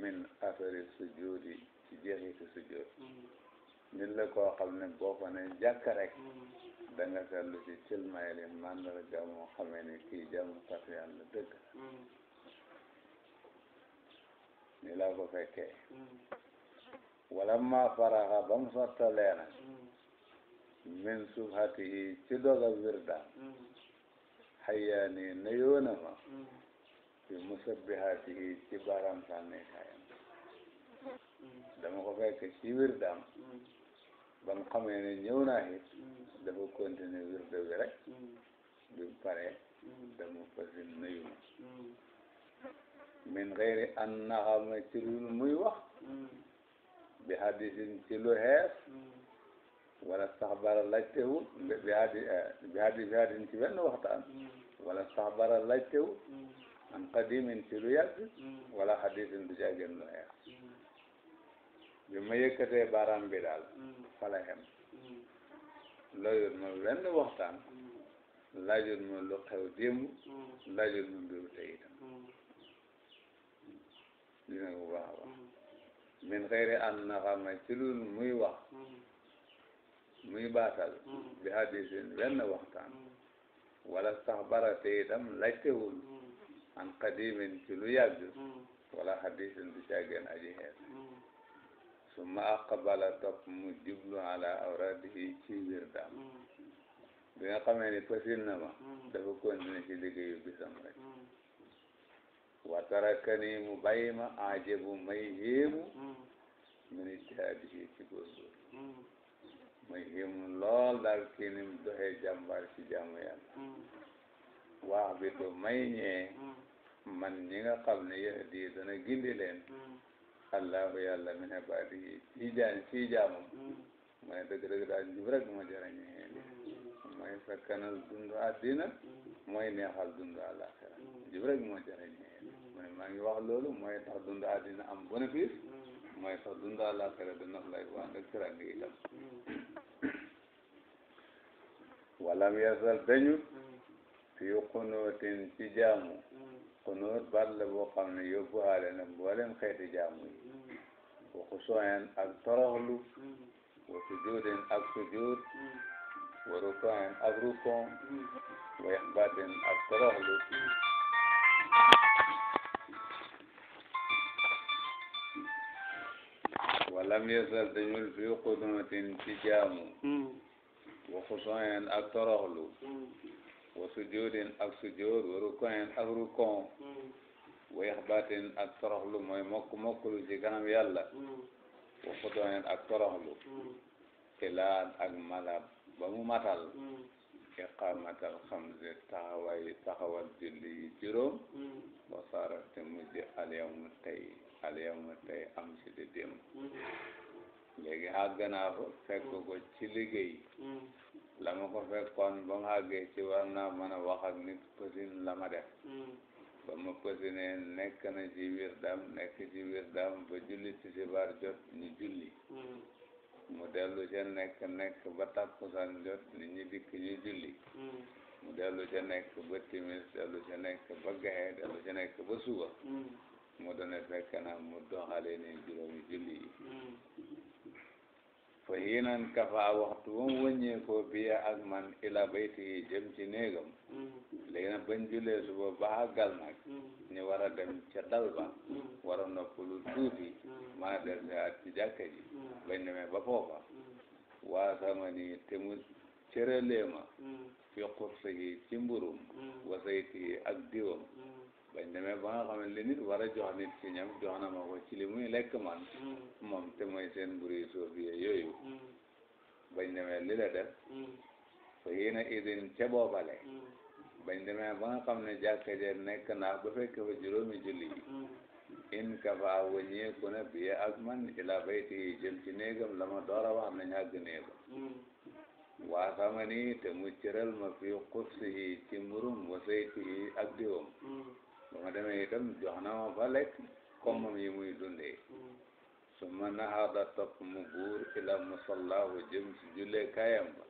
min afari sujudi ci jeexiti sujud nit la koo xam ne boo fa ne jàkk rek da nga seetlu ci cëlmaay li ne kii jaamu kat yàlla dëgg ni laa ko fekkee wala ma faraxa ba mu sottalee nag min subhatihi ci doga wirda xayyaani nuyoo na ma hmm. fi musabbihaatihi ci baaraam sànni kaayam hmm. dama ko fekk ci wirdaam hmm. ba nga xamee ne ñëw naa it dafa continuer wirde wi rek bi mu paree dama fasi nuyu ma min xëyri an naxama ci lu muy wax bi hadisin ci lu xees wala sax bara laajtewu bi hadi bi hadi eh, bi hadin ci benn waxtaan mm. wala sax bara laajtewu mm. an qadimin ci lu yàgg mm. wala hadisin du jàggeen lu neex bi ma yëkkatee baaraam bi daal fala xem laajut ma benn waxtaan laajut ma lu xew démb laajut ma mbiru tey itam min xëyri an naxama ci lul muy wax mu baatal mm. bi hadisin wenn waxtaan mm. wala sax bara te itam laajtewul mm. an qadimin ci lu yàgg wala hadisin du caageen aji xees summa aqbala topp mu jublu ala awradihi ci wirdam bi nga xamee ni fasil na ma dafa continuer ci liggéeyu bisam rek wa tarakani mu bàyyi ma ajabu may yéemu min ijtihaadihi ci góorgóorlu muy himu lool daal kii ni mu doxee jàmbaar ci jaamu yàlla mm. wax bi du may ñee mm. man ñi nga xam ne yahdi dana gindi leen mm. allahu yàlla min ibaadihi ci jaan ci jaamam mu ne dëgg dëgg daal jub rek ma jëriñee mooy sakkanal dundu àddina mooy neexal dundu àllaaxira jub rek ma jëriñee mu maa ngi wax loolu mooy tax dundu àddina am bénéfice mooy sax dundu àllaaxira du nof lay bu ànd ak teraanga itam walam yasal dañu fii xunóotin ci jaamu xunóot baat la boo xam ne yóbbu xaale na mboolem xeeti jaamu yi wa xusuuyan ak toroxlu wa sujuudin ak sujuud wa rukuuyan ak rukon wa yaxbaatin ak toroxlu lam yasal dañul fi xudumatin ci jaamu hmm. wa xusoyen ak toroxlu hmm. wa sujudin ak sujud wa rukoyen ak rukon hmm. wa ixbaatin ak toroxlu mooy mokk mokklu ci kanam yàlla wa xudoyen ak toroxlu ilaan ak malab ba mu matal iqamatal xamse taxaway taxawal julli yi juróom wa saara te mujj alyawmu tey alyawma tey am si di démb
mm-hmm.
léegi àgg naa ko fekk ko ci liggéey mm-hmm. la ma ko fekkoon ba mu àggee ci war naa a wax ak nit pësin la def mm-hmm. ba ma pësinee nekk na ci dam nekk ci wiir dam ba julli tisbaar jot ñu julli mu dellu ca nekk ba takkusaan jot nit ñi dikk ñu mu dellu ca nekk ba timis dellu ca nekk ba gaxee dellu ca ba suba mu doone na mu doxale ne juróomi julli yi hmm. fa hiinan kafa waxtu wam wëññee ko ak man ila bayti yi jëm ci néegam hmm. léegi nag bañ jullee suba ba àggal nag hmm. ñu war dem ca dal wara war a noppalu tuuti maa del at ci jàkka ji bañ demee ba foofa waa sama ni te mu cëraleema fi xursi ci mburum wasayt yi ak diwam bañ demee ba nga li nit war a jox nit ci ñam jox na ma ko ci li muy lekk man mm. moom te mooy seen mburu suuf bi yooyu mm. bañ demee li la def mm. fa yéena idin ca boobale bañ demee ba nga xam ne jàkka ja nekk naa ba fekk fa juróomi julli in kafa wëññeeku na biye ak man ila bayti yi jël ci néegam la ma door a wax na àgg néegam waa sama nii te mu ma fi xubsi yi ci mburum wa yi ak diwam ba ma demee itam jox na ma fa lekk koomam yi muy dundee su ma naxaada topp mu guur ila musallahu jëm si jullee kaayam ba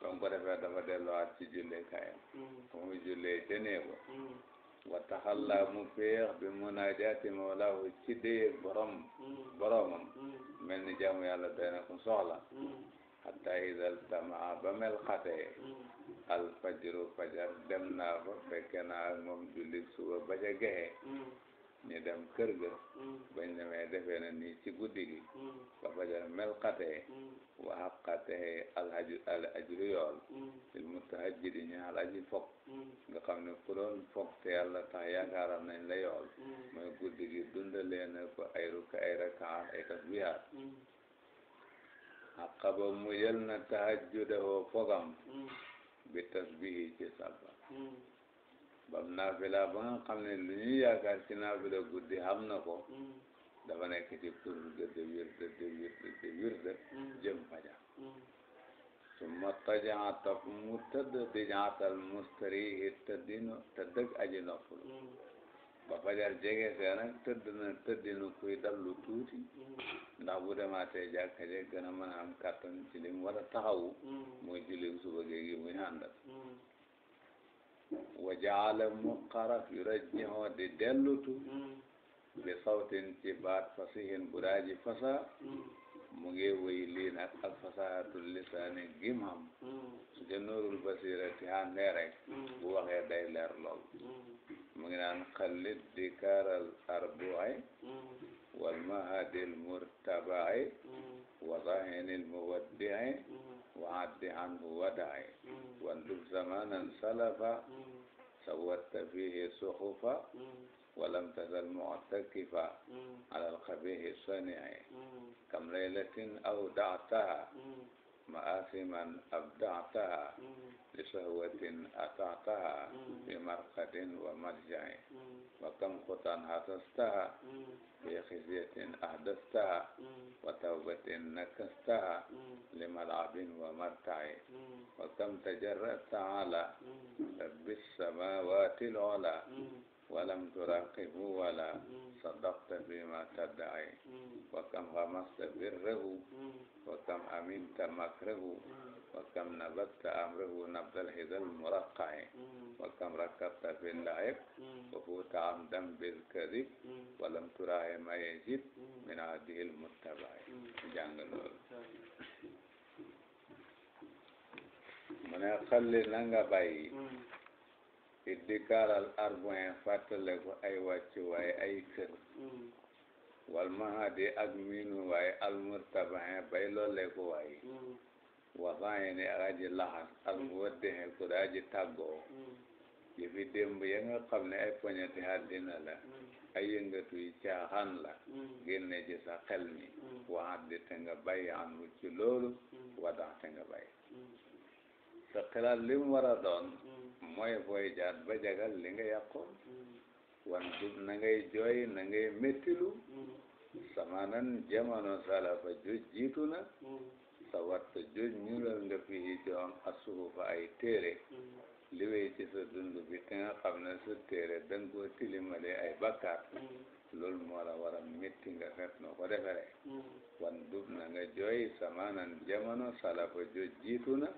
ba mu ko defee dafa delluwaat ci jullee kaayam ba mu jullee ca néeg ba wa taxalla mu féex bi munaajaati mawlaahu ci déyeg borom boromam mel ni jaamu yàlla dana soxla hatta izal tama ba mel xatee al fajiru fajar dem naa ba fekke naa ak moom julli suba ba ca gexe ñu dem kër ga bañ demee defee na nii ci guddi gi ba fajar mel xatee wa haq xatee al haju al ajru yool il mutahajjidi ñaal aji fokk nga xam ne ku doon fokk te yàlla tax yaakaaram nañ la yool mooy guddi gi dundalee na ko ay rukk ay rakaat ay tasbihaat aqaba mu yël na tahajjudahu fogam bi tasbihi ci sabba bam naafila ba nga xam ne lu ñuy yaakaar ci naafila guddi xam na ko dafa nekk ci kurga de wirde de wirde de wirde jëm fajar summa tajaa topp mu tëdd di ñaatal mustarihi tëddino tëddëg aji noppalu ba fajar jege see nag tëdd na tëddinu kuy dal lu tuuti ndax bu demaatee jàkka je gën a mën a am kàttan ci lim war a taxawu mooy mm. julli suba gi muy àndal mm. wa jaala mu xaraf yu rajjihoo di dellutu mm. bi sawtin ci baat fasihin bu daaji mu ngi wéy lii nag ak fasaatul lisaani gim xam su mm. ca nuurul basirati àndee rek mm. bu waxee day leer lool mm. mu ngi naan xalit di kaaral arbuay wal mahadil murtabaay wa zahinil muwaddiay wa addi anhu wadaay wandub zamanan salafa sawatta fihi suxufa walam tazal mu'takifa ala alxabihi sanii kam laylatin awda'taha maasiman abda'taha li sahwatin ata'taha fi marqadin wa marja'i wa kam xutan hasastaha fi xisyatin ahdastaha wa tawbatin nakastaha li mal'abin wa marta'i wa kam tajarra'ta ala rabbi samawati al-'ula walam turaqibu wala hmm. sadaqta bima tadda'i hmm. wa kam hamasta birrahu hmm. wa kam aminta makrahu wa kam nabatta amrahu nabdal hidal muraqqai wa kam rakabta fil la'ib wa futa amdan bil kadib wa lam turahi ma yajib min adil muttaba'i jàng loolu mu ne xalli na nga bàyyi iddikaaral arbain fàttale ko ay wàccu waay ay kër mm. wal mahadi ak miinu waay almurtabain bay lolle ko waay mm. wasaani ne aji laxas al mm. muwaddihe ku daa ji tàggoo yëfi démb ya nga xam ne ay poñati àddina la ay yëngatu yi caaxaan la génne ci sa xel mi waxaat di te nga bàyyi an mu ci loolu wadax te nga bàyyi sa xelaat li war a doon mm. mooy booy jaat ba jegal li nga yàqoon mm. wan dub na ngay jooy na ngay méttilu mm. samanan jamono salafa joj jiitu na sa watta joj ñuulal nga fi joom asuhufa ay téere li wéy ci sa dund bi te nga xam ne sa téere danga koo tilimale ay bakkaar loolu moo la war a métti nga fet noo ko deferee wan dub na nga jooy samanan jamono salafa joj jiitu na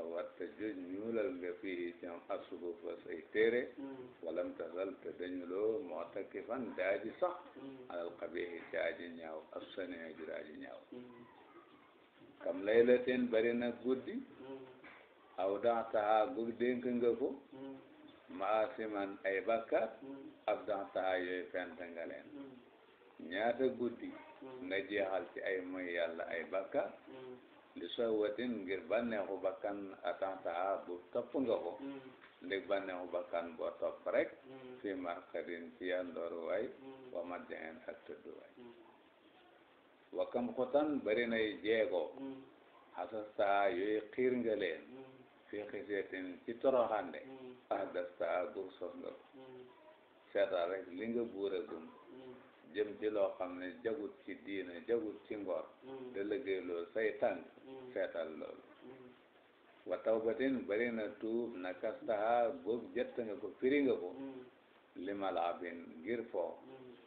sawar te joj ñuulal nga fii jam asuhufa say téere mm. walam tasal te dañuloo moo takki fan daaji sax mm. alal xabihi ci aji ñaaw ak sane ji daaji ñaaw mm. kam layla teen bari na guddi aw dax taxaa gug dénk nga ko maasiman ay bakkat ab dax taxaa yooyu fent nga leen ñaata guddi nga jeexal ci ay moy yàlla ay bakkat li soowatin ngir bànneexu bakkan atantaa ah, bu topp nga ko hmm. ndeg bànneexu bakkan boo topp rek hmm. fi markadin ci yandooru waay hmm. wa madjaen ak tëddu waay wa kam xutan bari nay jeego xasastaa yooyu xiir nga leen fi xiseetin ci toroxande ahdastaa bu sos nga ko seetal rek li nga buuragum jëm ci loo xam ne jagut ci diina jagut ci ngor mm. da liggéey loolu say tànk mm. seetal loolu mm. wa tawbatin bari na tuub na kastaha boobu jëtt nga ko firi nga ko limal abin ngir foo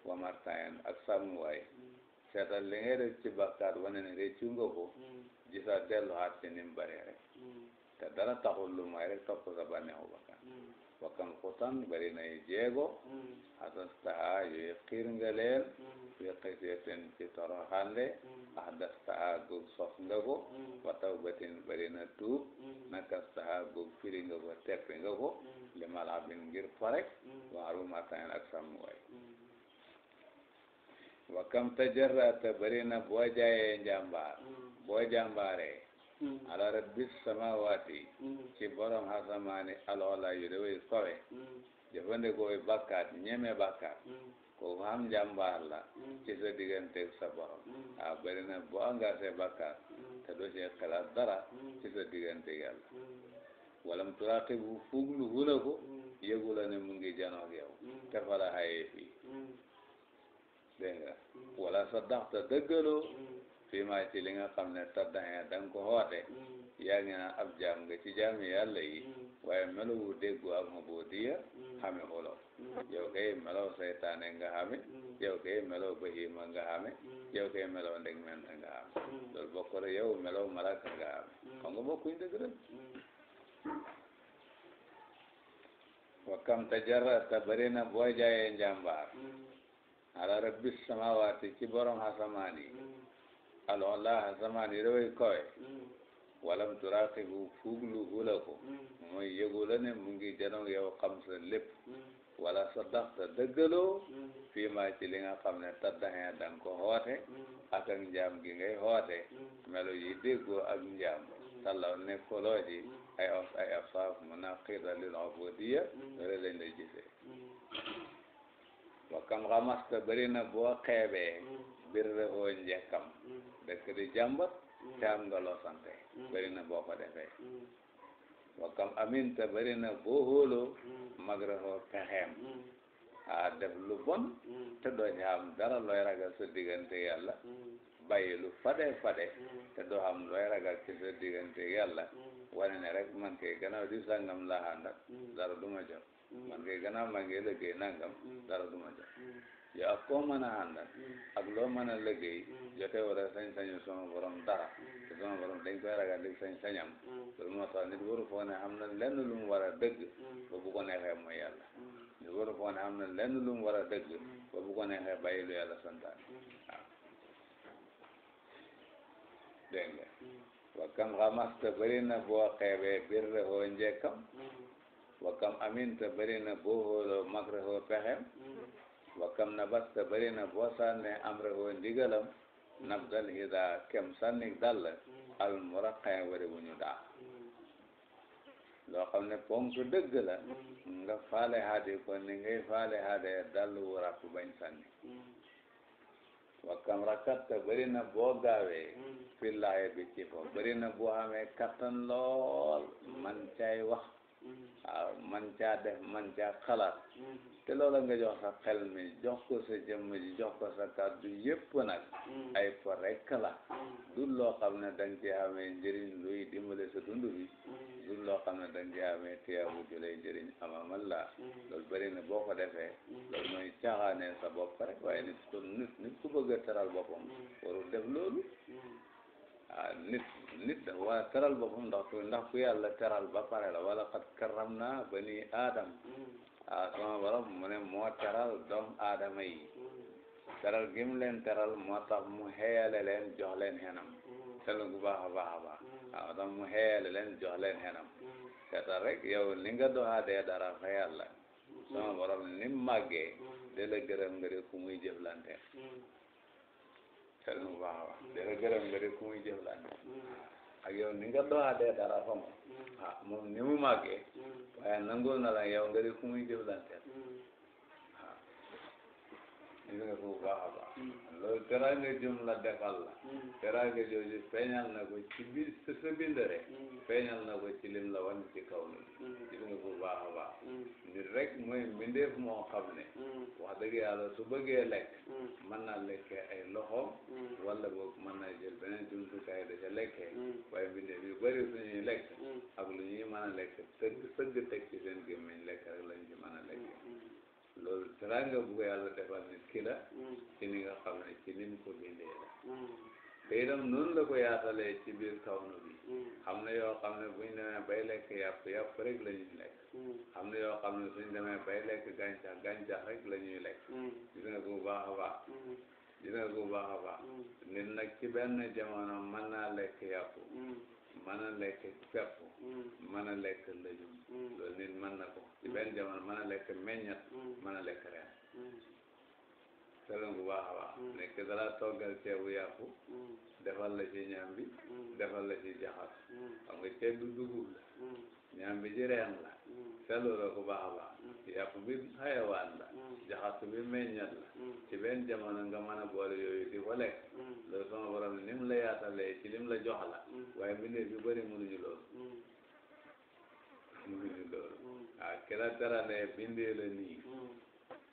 wa martayen ak sàmmuwaay seetal li ngay def ci bakkaar wane ne réccu nga ko gisa delluwaat ci nim bari rek te dara taxul lu rek topp sa bànneexu bakkaar wakkan xutan bari nay jéego mm. hadastaha yooyu xiir leen mm. fi xisiyatin ci toroxande mm. ahdastaha gug sos nga ko wa tawbatin bari tuub nakastaha gug firi nga ko teppi li malabin ngir forek waaru matan ak samway wakam tajarrata bari na boo jaayee njàmbaar boo jàmbaaree Mm. ala rabbi samawaati mm. ci borom xasamaani aloola yu daway sowe mm. jëfandikoo bakkaat ñeme bakkaat kooku xam njàmbaar la ci sa digganteeg sa borom a ah, bëri na boo engagé bakkaat te doo ci dara ci sa digganteeg yàlla walam turaqibu fuglu hula ko yëgu la ne mu ngi janoog yow te fa xayee fii dégg wala sa daxta dëggaloo fii maa ci li nga xam ne taddaxee da nga ko xoote mm. yaa ngi naan ab jaam nga ci jaami yàlla mm. waaye melo wu déggu ak mabudiya mm. xame xuloo yow kay melo seytaane nga xame yow kay melo bahima nga xame yow kay melo ndeg ment nga xame loolu bokk la melo malaka nga xame xam nga bokkuñ dëgg rek wa kam tajarrata bari na boo jaayee njàmbaar ci borom asamaan yi aloola zaman yi dafay kawe walam turaaqibu fuuglu hula ko mooy yëgu la ne mu ngi janoog yow xam sa lépp wala sa daxta dëggaloo fii maa ci li nga xam ne taddaxee da nga ko xoote ak ak njaam gi ngay xoote melo yi déggoo ak njaam tallaw ne kolooji ay of ay afaaf munaqida lil ubudiyya loolu lañ lay gisee wa kam xamasta bëri na boo xeebee bir o njekkam mm. dëkk di jàmbat mm. te am nga loo sante mm. bëri na boo ko defee kam aminta bëri na boo hóoloo mag rehoo pexeem a def lu bon te doo am dara looy ragal sa diggante yàlla bàyyi lu fade fade te doo xam looy ragal ci sa diggante yàlla wane ne rek man kay gannaaw di sangam laa dara du jot man kay gannaaw maa ngi liggéey nangam dara du jot yow ak koo mën a àndal mm. ak loo mën a liggéey mm. jote wala sañ-sañu sama borom dara mm. te sama borom dañ koy ragal di sañ-sañam loolu moo tax nit waru foog ne xam na lenn lu mu war a dëgg ba bu ko neexee mooy yàlla nit waru foog ne xam na lenn lu mu war a dëgg ba bu ko neexee bàyyi lu yàlla santaane waaw dégg nga wa kam na boo xeebee bir rehoo njekkam wa kam aminta bëri na boo xooloo mag rehoo pexem wakam na basta bari na boo sànnee amrahoo ndigalam nabdal hida kem sànnik dàll al muraqqa wari bu ñu daa loo xam ne ponk dëgg la nga faale haade ko ni ngay faale haade dàll wu ràpp bañ sànni wakkam rakatta bëri na boo gaawee fillaaye bi ci fo bëri na boo amee kattan lool man cay wax waaw man caa def man caa xalaat mm-hmm. te loola nga jox sa xel mi jox ko sa jëmm ji jox ko sa kàddu yépp nag mm-hmm. ay po rekk la mm-hmm. dul loo xam ne danga ci amee njëriñ luy dimbale sa dund bi dul loo xam ne danga ci amee tiyaabu ju lay njëriñ amamal la loolu bëri na boo ko defee loolu mooy caaxaanee sa bopp rek waaye nit ku nit ku bëgg teral boppam warul def loolu ah nit waa teral boppam ndax ku ndax ku yàlla teral ba pare la wala xat karam naa bani aadam hmm. ah sama borom mu ne moo teral doomu aadama yi hmm. teral gi mu leen teral moo tax mu xeeyale leen jox leen xenam hmm. teral gu baax a baax a baax ah, mu xeeyale leen jox leen xenam seetal rek yow ni nga doxaatee dara fa yàlla sama borom ni mu màggee de la gërëm nga de ku muy jëflante xel mu baax a baax dina gërëm nga de ku muy jëflante ak yow ni nga doxalee dara fa moom mm. ah moom ni mu màggee mm. waaye nangoo na la yow nga de ku muy jëflante mm. gis nga ko bu baax a baax hmm. loolu teraanga jum la defal la hmm. teraanga jooju feeñal na ko ci biir sa bind rek hmm. feeñal na ko ci lim la wan ci kaw la gis nga ko bu baax a baax nit rek mooy mbindeef moo xam ne wax dëgg yàlla su bëggee la mën naa lekkee ay loxoom wala boog mën naa jël beneen jumtukaay da ca lekkee waaye mbindeef yu bëri su ñuy lekk ak lu ñuy mën a lekk sëgg sëgg teg ci seen gémmiñ lekk rek la ci mën a loolu teraanga bu ko yàlla defal nit ki la mm. ci ni nga xam ne ci ni mu ko bindee la
mm. te itam noonu la
ko yaatalee ci biir kawnu bi xam mm. ne yoo xam ne buñ demee bay lekk yàpp yàpp rek la ñuy lekk xam ne yoo xam ne suñ demee bay lekk gàncax gàncax rek la ñuy lekk gis nga ko bu baax a baax gis nga ko bu baax a baax nit nag ci benn jamono mën naa lekk yàpp mën a lekk pepp mm. mën a lekk lëjum mm. loolu nit mën na ko mm. ci benn jamono mën lekk meññat mën a lekk ren selon bu baax a baax nekk dala toggal ceebu yàppu defal la ci ñaam bi defal la ci jaxas xam nga ñam bi ci la mm. seetlu la ko baax a baax yàpp bi xayawaan la mm. jaxasu bi meññat la mm. ci benn jamono nga mën a boole yooyu di ko lekk loolu sama borom ni mu la yaatalee ci lim la jox la waaye mbindeef yu bëri mënuñu loolu mënuñu loolu waaw ah, ki la teralee bindee la nii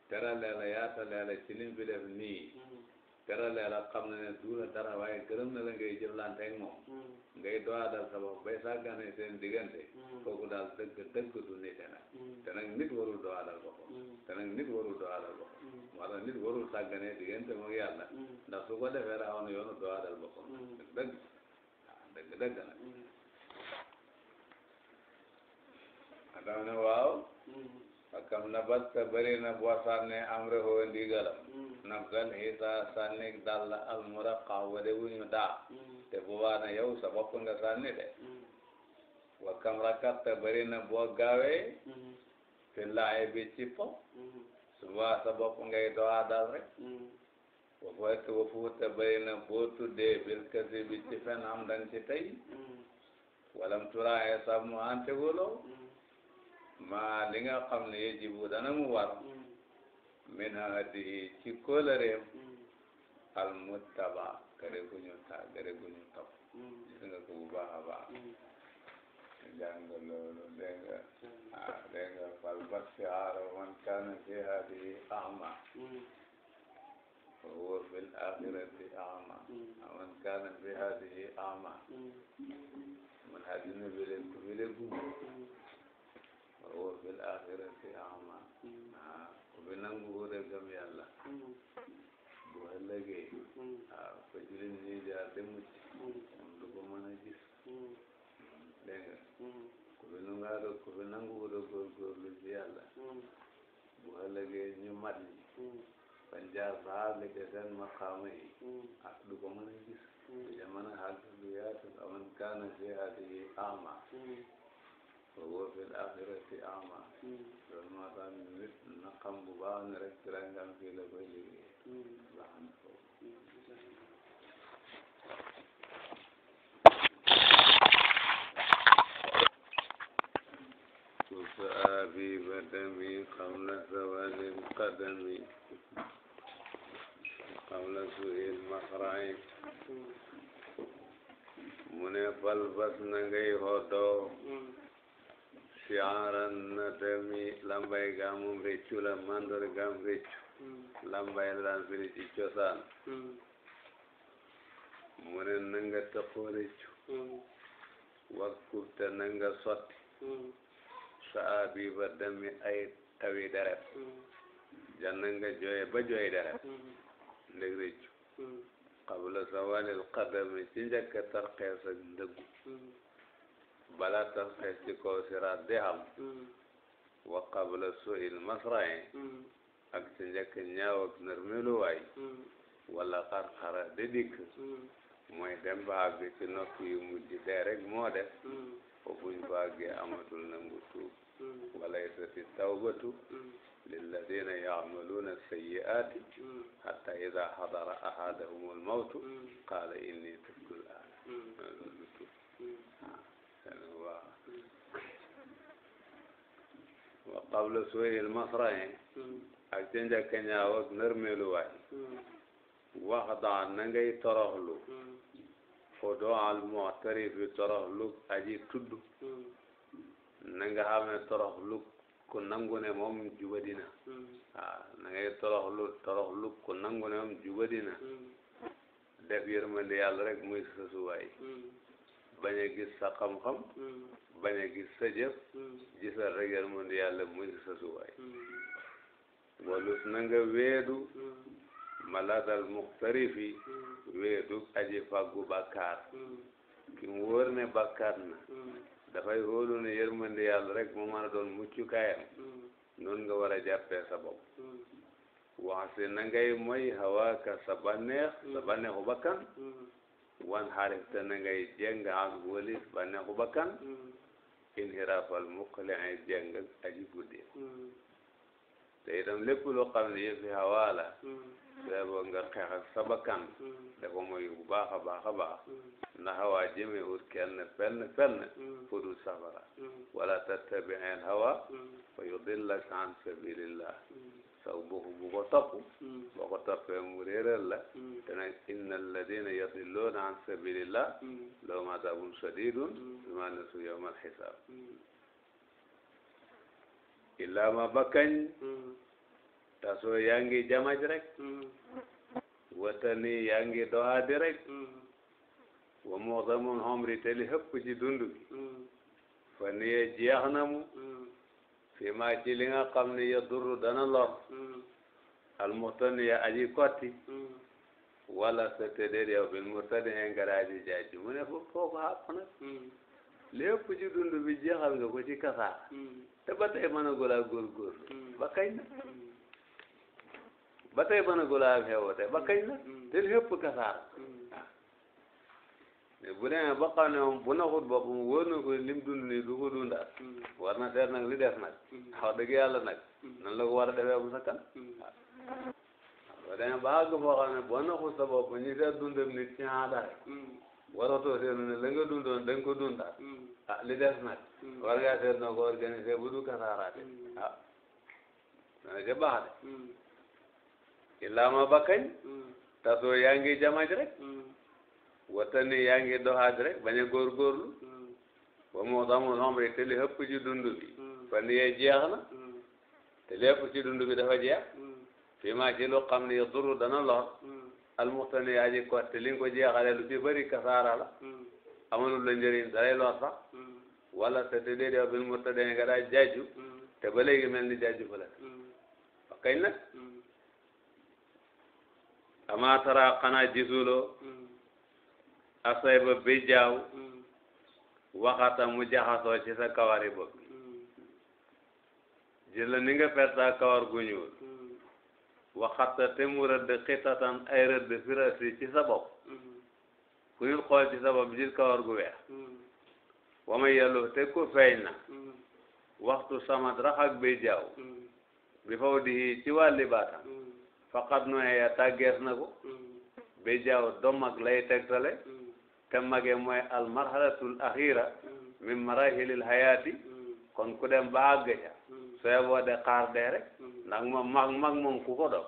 teralee la yaatalee la ci lim bi def nii terale la xam na ne duuna dara waaye gërëm na la ngay jëflante ak moom mm. ngay doya dal sa bopp bay sàggane seen diggante mm. kooku daal dëgg dëgg du nite nag mm. te nag nit warul doya dal boppam te nag nit warul doya dal boppam moo tax nit warul sàggane diggante moom yàlla ndax su ko defee raw na yoonu doya dal boppam dëgg dëgg dëgg dëgg nag adam ne waaw akam hmm. hmm. na batta bëri na boo sànne am rehoo ndigalam nafsan hisa sànnik dalla almuraqa wade wuñu daa te boobaa na yow sa bopp nga sànni de hmm. wa kam rakatta bëri na boo gawe fi laaye po subaa sa bopp ngay doxaa dal rek wa foote wa fuuta bëri boo tuddee bil kasi bi ci am dan ci tey walam turaaye sàmm ante wuloo maa li nga xam ne yajibu dana mu min hadi ci kóolareem al muttaba kare gu ñu ta kare gu ñu topp gis nga ko bu baax a baax jàng loolu dégg nga ah dégg nga ama fa huwa fi l axirati ama man kaana fi hadihi ama man hadina bi leen huwa fil aaxirati ama mm. ah ku fi nangu wuute gëm yàlla mm. bu ëllëgee ah fa jullit ñi jaar te mucc moom du ko mën a gis dégg nga ku fi nangu wuute ku fi nangu wuute góorgóorlu ci yàlla bu ëllëgee ñu mat ñi bañ jaar ba àgg ca seen maqaama yi ah du ko mën a gis du ca mën a xàgg du yaatu aman kaana fi fa huwa fil aaxirati a'maa hmm. loolu moo na xam bu baax rek teraangam fii la koy liggéey hmm. baax na foofu أبي بدمي قبل زوال القدم قبل سوء المخرع mu ne fal bas na ngay xoto hmm. siaran na demi lambay ga moom réccu la mandor gam réccu hmm. cosaan hmm. mu ne na nga taxoo réccu hmm. wakkub te na saa bi ba demi ay tawi deret janna nga jooye ba jooy deret ndeg réccu qabla zawalil qadami ci njëkk a tarxees ak ndëggu bala tas xees ci kaw siraat di am mm. wa qabla suil mm. ak ci njëkk ñaaw ak nërmeluwaay mm. wala xar-xara di dikk mooy dem yu mujj dee rek moo def fo buñ ba àggee amatul nangu tuub walaysati tawbatu lilladina yacmaluuna ida xadara ahadahum almawtu qaala inni tubtu l-aan wa qabla suwayil masrain ak ca njëkk ñaaw ak nërmeluwaay wax daan na ngay toroxlu fodoo al muxtarifi toroxlu aji tudd na nga xamee toroxlu ku nangu ne moom jubadina waaw na ngay toroxlu toroxlu ku nangu ne moom jubadina def yërmande yàlla rek muy sasuwaay bañ a gis sa xam-xam hmm. bañ a gis sa jëf hmm. gisal rek yërmande yàlla muy sa suwaay walus hmm. na nga weedu maladal muxtarifi weedu aji fàggu bàkkaar ki mu wóor ne bàkkaar na dafay hóolu ne yërmande yàlla rek moo mën a doon muccukaayam noonu nga war a jàppee sa bopp wax si na ngay moy hawaaka sa bànneex sa bànneexu bakkan wan xaarif te na ngay jeng an wëlis ba neexu bakkan mm. inhirafal muqli ay jeng ak aji guddi mm. te itam lépp loo xam ne yëfi hawaa la soo mm. boo nga xeex ak sa bakkan da ko mooy bu baax a baax a baax ndax hawaa jëmee wut kenn fenn fenn fudul safara wala tattabi al hawa fa yudillaka an sabilillah saw boobu bu ko topp hmm. boo ko toppee mu réeral la hmm. te nag inna alladina yadilluuna an sabilillah hmm. lahum azabun shadidun bima nasu yawma alxisaab ma bakkañ tasoo yaa ngi jamaj watani yaa ngi doxaadi wa muxdamun homri te li hëpp ci dund gi fa niye jeex fii maa ci li nga xam ne ya duru dana lor mm. almuhtani ya aji kotti mm. wala sa tëddee yow bil murtadi engaraaji jaaji mu ne foofu foofu xàpp nag mm. lépp ci dund bi jeexal nga ko ci kasaa te ba tey mën a gulaa góorgóorlu na ba tey mën a gulaa xewote na te lépp kasaa mais bu demee ba xam ne moom bu naxut boppam wóor na ko lim dund nii du ko dundaat war na seet nag li def nag wax dëgg yàlla nag nan la ko war a defee bu sakkan waaw bu demee ba àgg foo xam ne boo naxut sa bopp ñi seet dundam nit ci aada rek waratoo seenu ne la nga dundoon da nga ko dundaat ah li def nag war ngaa seet noo ko organisé bu du kasaaraate ah dana ca baax de illaa ma ba kañ tasoo yaa ngi jamaj rek watani yaa ngi doxaat rek bañ a góorgóorlu ba moo tax mu somb te li ëpp ci dund bi fan yee jeex na te li ëpp ci dund bi dafa jeex fii maa ci lu xam ne duru dana lor almuxtani yaa ji kotte li nga ko jeexale lu ci bëri kasaara la amalul la njëriñ dalay lor sax wala te te dee dee bil murtade nga daa jaaju te ba léegi mel ni jaaju fa la wa kañ nag mm. ama tara xanaa gisuloo asayba bi jaaw mm. waxata mu jaxasoo ci sa kawari bopp mm. ji la ni nga perta kawar gu ñuul mm. waxata te mu rëdd xitatan ay rëdd ci sa bopp ku ñu xool kawar gu weex ma yellu te ku feeñ na waxtu samat raxak bi jaaw bi faw di ci wàlli baatam faqat nooye ya tàggees na ko bi jaaw dom ak lay tegtale te mage mooy al marhalatul axira min marahilil hayati kon ku dem ba àgg ca soo de xaar dee rek ndax moom mag mag moom ku ko dog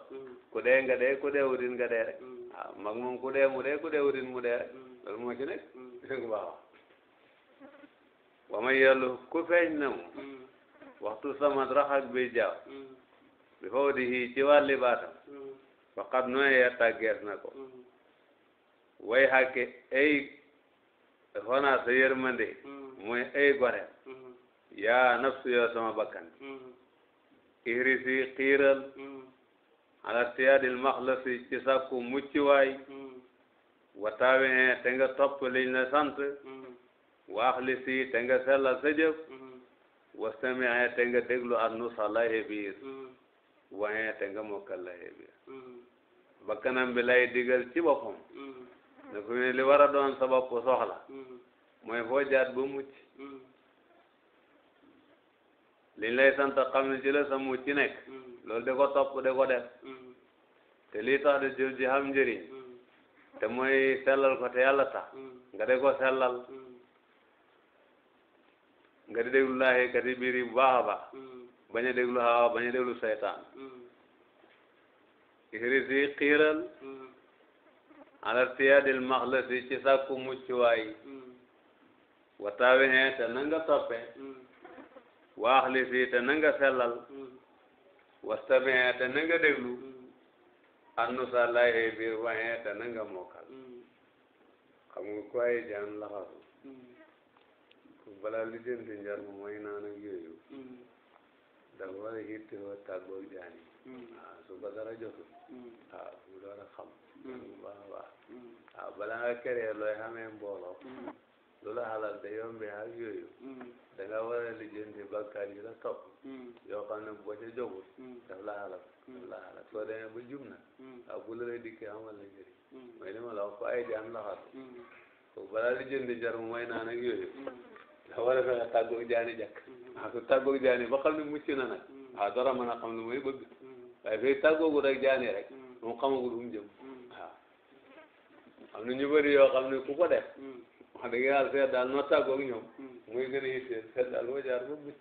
nga dee ku dee nga dee rek waaw mag moom mu dee ku dee mu dee rek loolu moo ci nekk dégg baax wa ma yellu ku feeñ na mu waxtu samat raxak bi jaaw bi faw di hii ci wàlli baatam faqat nooyee tàggees na ko way hakke ay xonaa sa yërmande mooy mm. ay gore mm-hmm. yaa nafsu yoo sama bakkan mm-hmm. ihrisi xiiral mm-hmm. ala tiyaadil maxlasi ci sàkku mucc waay wataawe te nga topp liñ la sant waaxlisi te nga sellal sa jëf wastamee te nga déglu ak nusa laye biir waxe te nga mokkal laye biir bakkanam digal ci boppam ne ko li war doon sabab bu soxla mm-hmm. mooy foo jaat ba mucc mm-hmm. liñ lay sant xam ne ci la sa mucc mm-hmm. loolu de ko topp de ko def te lii tax de jëf ji xam njëriñ te mooy sellal ko te yàlla tax nga de ko sellal nga di déglu laaxee kati biir yi bu baax a baax bañ a déglu hawa bañ a déglu saytaan ihris yi xiiral ala tiyaadil maxlasi ci sàkku muccuwaay wataawi hee te nanga toppe waaxlisi te nanga sellal wastabi hee te nanga déglu
annusa lay hee biir wa hee te nanga
mokkal xam nga ku ay jaan laxasu balaa lijjanti njar mu mooy naan ak yooyu dafa war a yittewoo Hmm. ah su ko dara jotul. ah bu doon a xam. bu baax a baax. ah loolu halal de yombe ak yooyu. da a lijjanti bakkaar yi la topp. yoo xam ne boo ca jógul. daf la halal daf bu la dikkee amal la njëriñ. mooy li ma la wax ko ay jaan laxatu. ko balaa lijjanti jar mu may naan ak yooyu. dafa war a fexe tàggoog jaani jàkk. ah su tàggoog jaani ba xam ne mucc na nag. ah, hmm. ah dara hmm. mën a waaye fii tàggoogu rek jaani rek hmm. moom xamagul fu mu jëm hmm. waaw am na ñu yoo xam ne ku ko def hmm. wax dëgg yàlla seet daal noo tàggoog ñoom muy gën a yitteel seet daal boo jaar ba mucc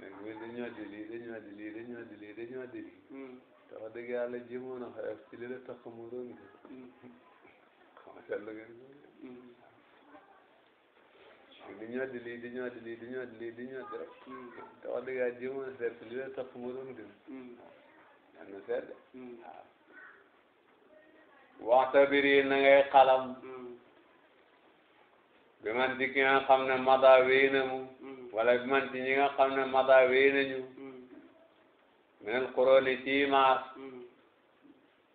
léegi dañoo di lii dañoo di lii dañoo di lii dañoo di lii te wax dëgg yàlla jéemoon a xeex ci li la tax a mu doon di ñëwaat di di ñëwaat di di ñëwaat di di ñëwaat rek. Mm. te wax dëgg a seet li mm. na seet mm. waxta biir yi na bi man ci ki nga xam ne madaa wéy mu. wala bi man ci ñi nga xam ne madaa wéy nañu. minal quroni ci maas.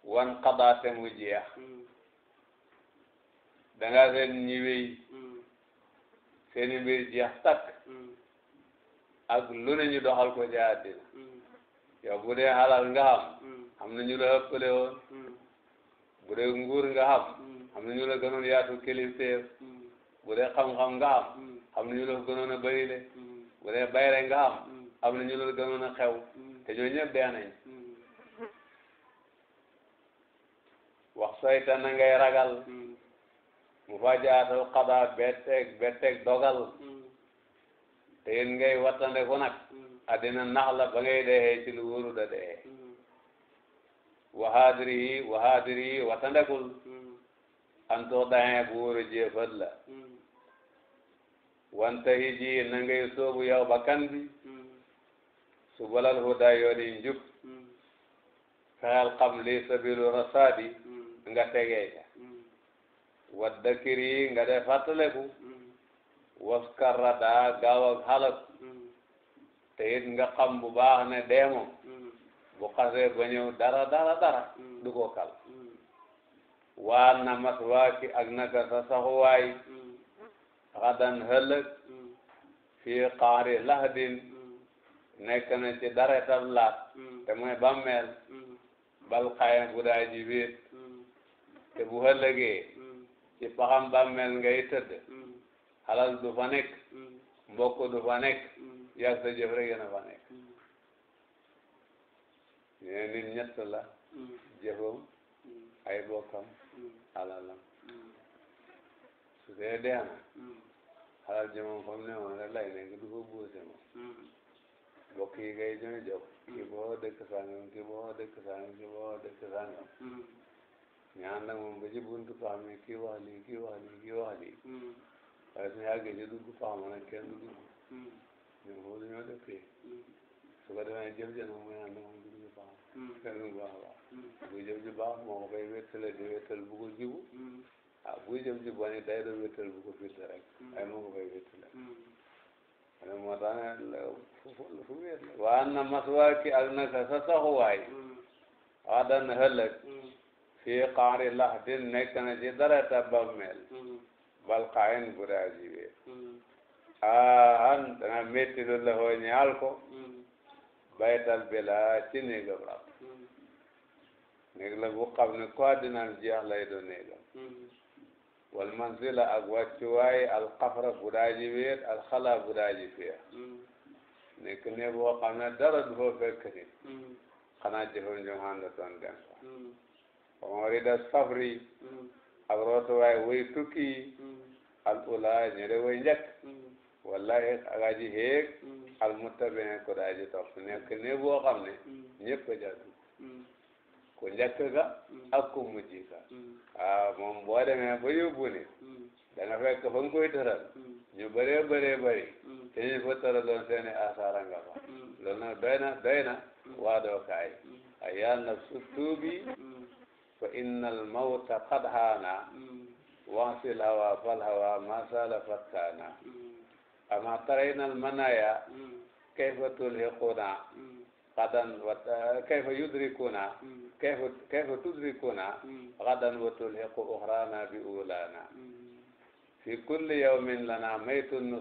wan xadaate mu jeex. da ngaa seen ñi wéy. seeni mbir jeex takk ak lu ne doxal ko ci àddina yow bu dee xalal nga xam am na ñu la ëppale woon bu dee nguur nga xam am na ñu la gënoon yaatu kilifteef bu dee xam-xam nga xam am na ñu la gënoon a bërile bu dee bayre nga xam am na ñu la gënoon a xew te na ragal mufajaatul qadaa betteeg betteeg dogal hmm. te it ngay wattandeku nag hmm. addina nax la ba ngay dee ci lu wóoru da dee hmm. wahaadiri wahaadiri wattandekul an too daxee bu wóoru jéefat la wante hiji na ngay soobu yow bakkan bi su balal huda yooni njub fexeel xam li sabilu rasaadi nga tegee wadda kiri nga def fàttaleku mm-hmm. waskar radaa gaaw ak mm-hmm. te it nga xam bu baax ne dee moom mm-hmm. bu xasee ba ñëw dara dara dara du ko na mas waa ki ak naka sa saxuwaay xadan hëllëg fii xaari lahdin nekk na ci dara tab laat te mooy bàmmeel bal xayam bu daa te bu hëllëgee ci paxam bàmmeel ngay tëdd xalal mm-hmm. du fa nekk mm-hmm. du fa nekk mm-hmm. sa jëf rek yéen a fa ñett la jëfam ay bokkam alalam su dee dee na xalal ji moom fa ne woon rek lay nekk du ko buuse yi ngay joxe ki boo dëkk sàngam ki boo dëkk sàngam ki boo dëkk sàngam ñu ànd ak moom ba ci buntu pax mi kii wax lii kii wax lii kii wax lii hmm. waaye suñu yàggee ci dugg pax ma nag kenn du dugg ñoom hmm. foofu dañoo dëkkee hmm. su ko defee jëf ja nag muy ànd ak moom dugg ci pax ma kenn du baax baax buy jëf ju baax moo ko koy wéttale di wéttal bu ko jibu ah buy jëf ju bon it day doon wéttal bu ko filte rek waaye moo ko koy wéttale ane moo tax ne fu mu wéet la waa na maswaaki ak naka sa saxuwaay wax daan hëllëg fii xaari lax din nekk na ci dara ta bammel bal xaayin bu daa jiwee aan dana métti lu la hoo ñaal ko baytal bi laa ci néegam rab néeg la bu xam ne ko addinaam jeex lay doon néegam wal mansila ak wàccuwaay al xafra bu daa ji wéet al xala bu daa ji féex nekk ne boo xam ne dara du fa fekk nit xanaa jëfam jom handa toon dem fa Omorida Safri. Mm. ak rootuwaay way tukki. Mm. al ula ñere way njëkk. Mm. wallahi ak aji heeg. al mutabin ku daa ji topp nekk ne boo xam ne. ñëpp a ku njëkk ga. ak mu mujj ga. ah moom boo demee ba yóbbu ne. da nga fekk fa ñu bëree bëree bëri. te ñu fa tëraloon seen i asaara nga fa. loolu nag doy waa doo kaay. ay yàlla tuubi. fa inna al mawta qad haana mm. wansil hawa fal hawa ma sala fattaana mm. ama tarayna al manaya mm. kayfa tulhiquna gadan wa kayfa yudrikuna kayfa kayfa tudrikuna gadan wa tulhiqu uxrana bi ulana fi kulli yawmin lana maytun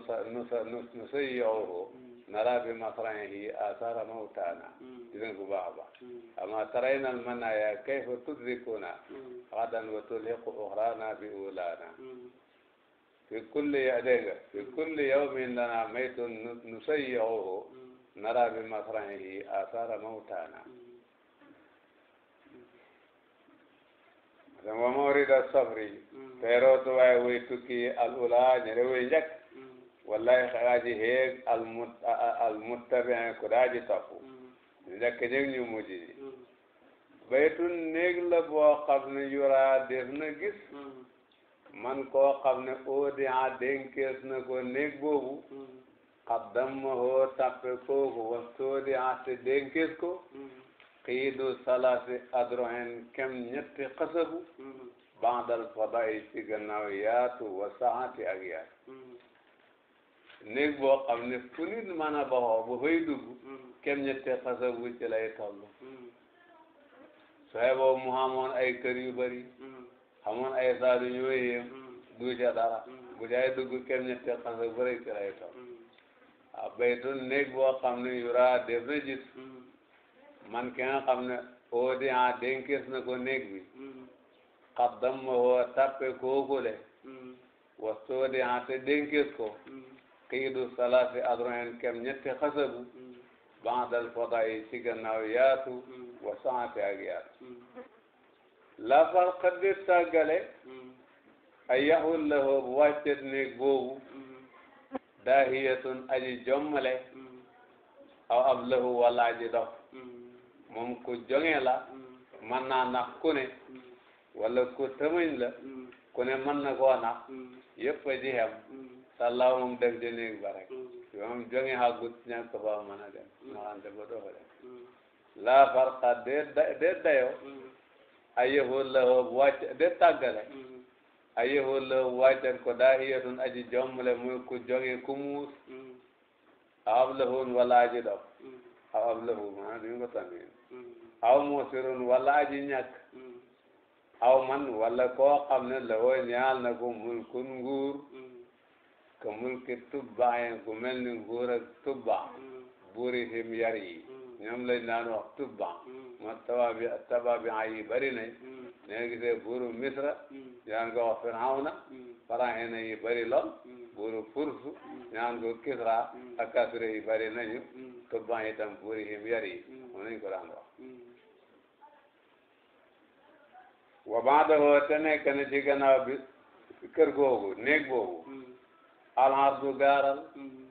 nusayyuhu nara bi masrahi asara mawtana gis nga bu baax a baax ama tarayna al manaya kayfa tudrikuna xadan wa tulhiqu uxrana bi ulana fi kulli ya dégg nga fi kulli yawmin lana maytun nusayyixuhu nara bi masrahi asara mawtana wa mawrida sabri teeroo tuwaay way tukki al ula ñere way njëkk wallahi xaraaji heeg al mut ku daaji topp ñu mm-hmm. njëkk ñëg ñu mujj yi mm-hmm. baytun néeg la boo xam ne yuraa def na gis mm-hmm. man koo xam ne audian dénkees na ko néeg boobu xaddam ma hoo tappe kooku wastu audian te dénkees ko xiidu salaasi adrohen kem ñetti xasabu bandal fada yi ci gannaaw yaatu wa saxaati ak néeg boo xam ne fu nit mën a baxoo bu fay dugg mm-hmm. kenn ñetti xasa bu ci lay toll mm-hmm. soxe boobu mu xamoon ay kër yu bëri mm-hmm. xamoon ay saal yu ñoo yéem du ca dara bu jaay dugg kenn ñetti xasa bu rëy lay toll waaw baytun néeg boo ne yuraa def na gis man ki nga xam ne oo di a dénkees na ko néeg bi xaddam ma woo tappe kookule wastoo di a te ko qiidu salaasi adroen kem ñetti xasabu mm. bandal foda yi ci gannaaw yaatu mm. wa saate ak yaatu mm. la farqa di tàggale ay yaxul la hoo bu wàccet néeg boobu aji jommale aw ab lahu wala aji dof moom ku jonge la mën naa nax ku ku tëmëñ la ku ne koo nax yëpp ji xem sallaaw moom def ci néeg ba rek moom jonge xagut ñàkk ba mën a dem hmm. naxante ba doo fa dem hmm. laa farqa dee dayoo hmm. a yëfoo la hoo bu wàcc dee tàggale a yëfoo la hoo bu wàccal ko daa hiyatun aji jommale muy ku jonge ku muus aw ab lahoon wala aji dog aw ab lahoo maanaam duñu ko tànnee aw moosirun wala aji ñàkk aw man wala koo xam ne la hoo ñaal na ko mulkun nguur ka mulki tubbaayin ku mel ni nguur ak tubbaan buuri himyar yi ñoom lañ daan wax tubbaan moo tababi tababian yi bari nañ ne nga gisee buuru misra ñaan ko wax firawna faraxina yi bari lool buuru fursu ñaan ko kisra ak yi bari nañu tubbaan itam buuri himyar yi moom lañ ko wa baadahoo te nekk na ci gannaaw bi kër googu néeg boobu alxas bu gaaral mm-hmm.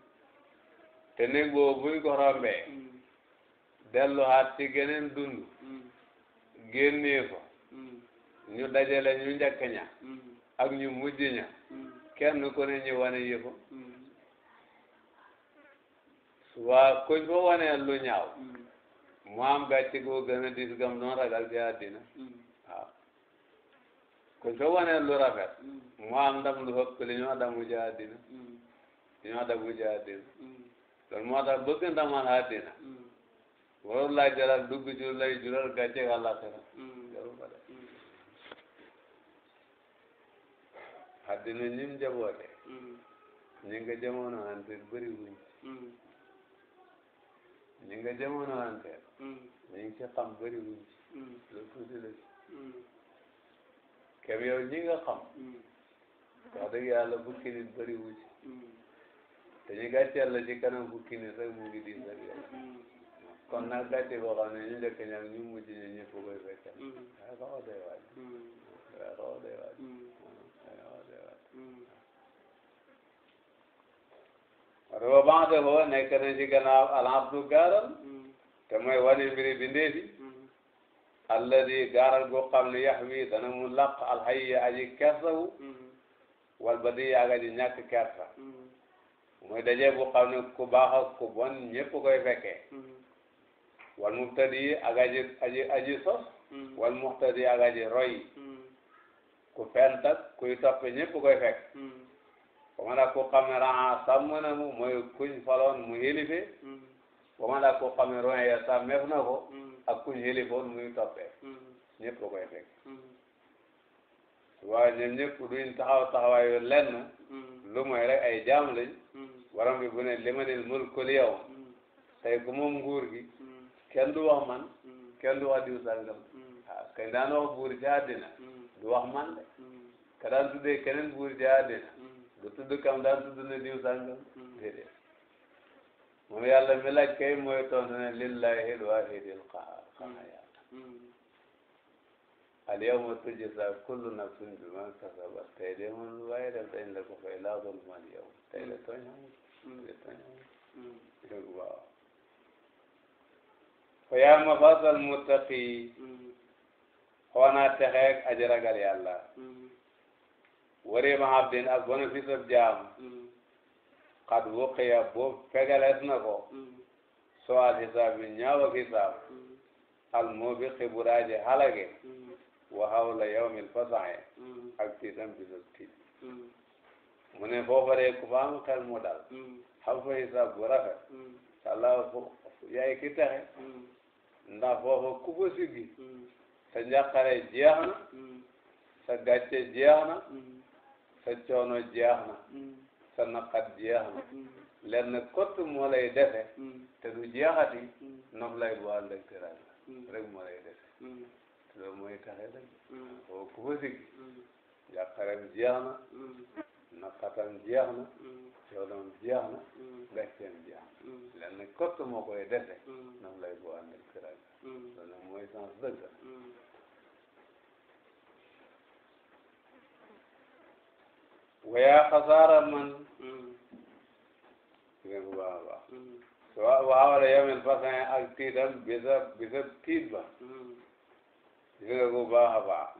te néeg boobu buñ ko rombee mm-hmm. delluwaat ci geneen dund mm-hmm. génnee fa ñu dajale ñu njëkk ña ak ñu mujj ña kenn ku ne ñu wane yëfa waa kuñ fa wanee lu ñaaw mu am gàcce goo gën a dis gam doon ragal ci ku ko wanee lu rafet mu am ndam lu ëpp li ñoo damu ci àddina li ñoo damu ci àddina loolu moo tax bëgg ndamal àddina warul laa jaral dugg ci lay jural gàcce ak àllaaxira àddina ñim jaboote ñi nga jamono anteel bëri wuñ ñi nga jamono anteel ñi ngi ci xam bëri wuñ ci lu tuuti la kem yow ñi nga xam mm. wax dëgg yàlla bukki nit bëri wu ci mm. te ñu gàcceel la ci kanam bukki nit rek mu ngi diis ak yow mm. kon nag gàcce boo xam ne ñu njëkk ñam ñu mujj ñu ñëpp koy fekkal waaye xaw a day waaj waaye xaw a day waaj waaye xaw a day waaj roba bante foo nekk na ci gannaaw alhamdu gaaral te mooy wane mbiri bindee fi alladi gaaral gu xam ne yax wi dana mu laq alxayya aji kersawu mm-hmm. wal badi ak aji ñàkk kersa mm-hmm. mooy dajee bu xam ne ku baax ku bon ñépp koy fekkee mm-hmm. wal mubtadi ak aji aji sos wal muxtadi aji roy ku fent kuy toppe ñépp koy fekk ba ma nag ku xam ne raa sàmm na mu mooy kuñ faloon mu yélife wama la ko xamee royen ya meef na ko mm. ak kuñ téléphone muy toppee mm. ñëpp la koy fekk mm. waaw ñoom ñëpp duñ taxaw taxawaayu lenn lu mooy rek ay jaam lañ waram bi bu ne limanil mulku yow tey ku moom nguur gi kenn du wax man kenn du wax diw sàngam waaw ah, kañ daan wax buur ci àddina du wax man de ka daan tuddee keneen buur ci àddina du tudd kam daan tudd ne diw sàngam déedéet moom yàlla mi la kay mooy tontu ne lillahi lwahidil qahar xanaa
yàlla
al yawma tujza
kullu nafsin bima kasabat tey de moom lu waaye def dañ la ko fay laa zulma al yawm tey de tooñ amul fa yaa mafasal muttaqi xoonaa texeeg aji ragal yàlla mm-hmm. warima abdin ak bona fi sab jaam mm-hmm. xad wuqiya boobu fegalees na ko mm. so al hisaab yi ñaaw ak hisaab mm. al mubiqi buraaji halage mm. wa hawla yawmil fasaxe ak tiitam bisas tiit mu ne foofaree ku fa am xel mu dal xam fa hisaab bu rafet fo yaay ki texe ndax foofa ku fa siggi sa njàqare jeex na sa gàcce jeex na sa coono jeex na sa naqat jeex na mm. mm. lenn kott moo lay defe mm. te du jeexati nof lay bu ànd ak teraanga rek moo lay defe te loolu mooy taxe dëgg oo ku fa sig jàqaram jeex na naqatam jeex na coonoom jeex na gàcceem jeex na lenn kott moo koy defe nof bu ànd ak teraanga loolu mooy man dégg nga baax a baax waaw waaw wala yemeen façon ak tiitam bisa bisa tiit ba dégg nga ko baax a baax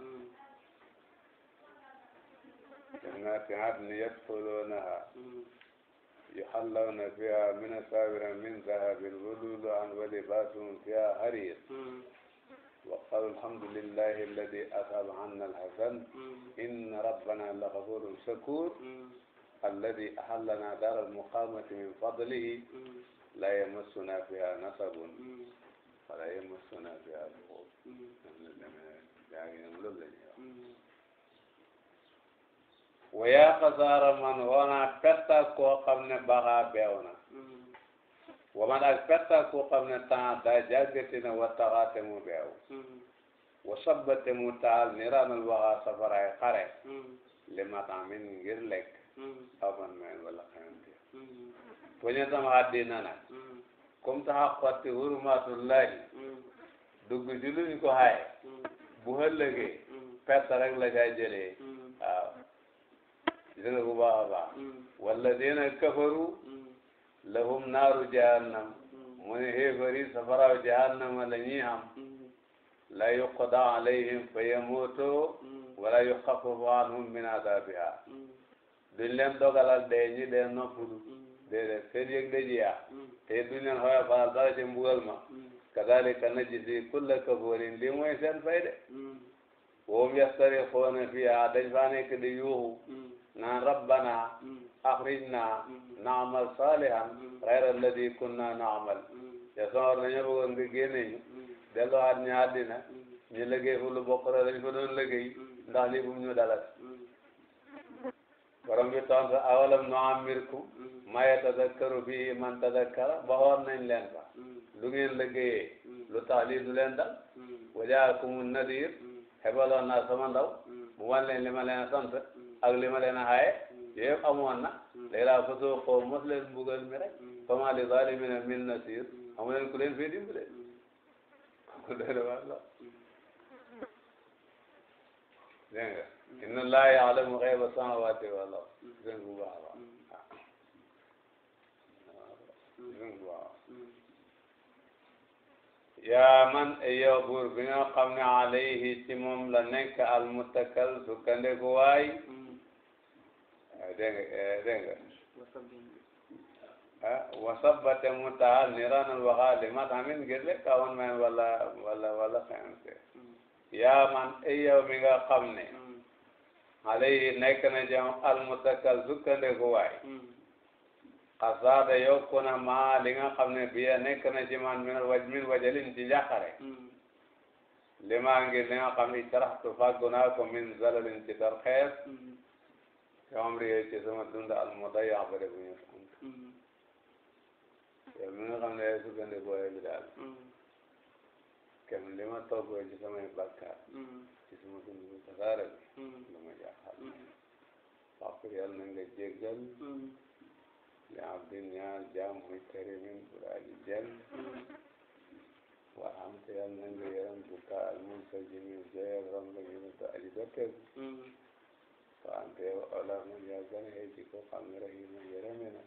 jannaatin adnin yadxuluunaha yuhallawna fiha min asaawira min dahabin wa lulu'an wa libaasuhum fiha hariir waqaalu alhamdulillahi alladi asaba anna alhasan inna rabbana la gafurun shakur alladi ahallana daara almuqamati min fadlihi la yamassuna fiha nasabun wala yamassuna fiha luxub wa yaa xasaara man woonaa perta koo xam ne baxaa beew na wa man ak perta koo xam ne temps daa jàggati na wa taxaa te mu beew wa sabba te mu taal niraanal waxaa safaraay xare li ma tax min ngir lekk aman may wala xamante mm-hmm. poñetam àddina nag mm-hmm. comme taxa xotti hurmatullahi mm-hmm. dugg ci lu ñu ko xaye bu ëllëgee perte rek la cay jëlee waaw gis nga bu baax a baax walladina kafaru lahum naaru jahannam mu ne xéefari safaraw jahannama la ñuy am la yuqda alayhim fa yamuutoo wala yuxaffafu anhum min adabiha duñ leen dogalal dee ñi dee noppalu mm. déedéet seen yëg dañuy yaa mm. te duñ leen xoolee faral dara ci mbugal ma mm. kadalika najzi kulla kafurin lii mooy seen fay de woom yastarixoona fiha dañ faa nekk di yuuxu naan rabbana axrijna naamal saalihan xayra alladi kunna naamal te soor nañu bëggoon nga génne ñu delloo at ñu àddina ñu liggéey fu lu bokk la dañ fa doon liggéey ndax lii bu ñu dalat borom bi awalam nu amirkum ma yatadakkaru bi man tadakkara waxoon nañ leen fa hmm. lu ngeen liggéeyee hmm. lu tax lii du leen dal hmm. wajaakumu nadir xebaloon naa sama mu wan leen li ma leen a sant ak li ma leen a xaaye yëpp amoon na léegi laa fasoo mi rek fama li zalimina min nasir amu leen ku leen fee dimbale dégg nga inna laa yaalamu xayba samawaati wal ard dégg bu baax a baax dégg bu baax yaa man e yow buur bi nga xam ne alayhi ci moom la nekk al mutakal sukkandiku waay eh, dégg nga eh, dégg nga ah eh, wasabbate mu taal niranal waxaali mat amin ngir lekk wala wala wala xense yaa man e yow mi nga xam ne alayhi nekk jam almutakal sukkandeku waay xasaada yokku na maa li nga xam ne biya nekk na ci man min wajalin ci jàqare li maa ngi xam ne caraxtu fàggu naa min zalalin ci dar xees ci ci sama dund almudaya bare bu ñu sant yow mi xam ne sukkandeku waay kem li ma toggoo ci samay bàkkaar ci sama dund bu tasaare bi lu ma jaaxal papa yàlla na nga jéggal li abdin ñaar jaam muy karimin buraaji jël warxam te yàlla na nga yaram bu ka al mun sa jimil joyal romba ñunu to aji dokkel to ante yow ola mun yaa gën a xëy ci ko xam ne rahima yërëme na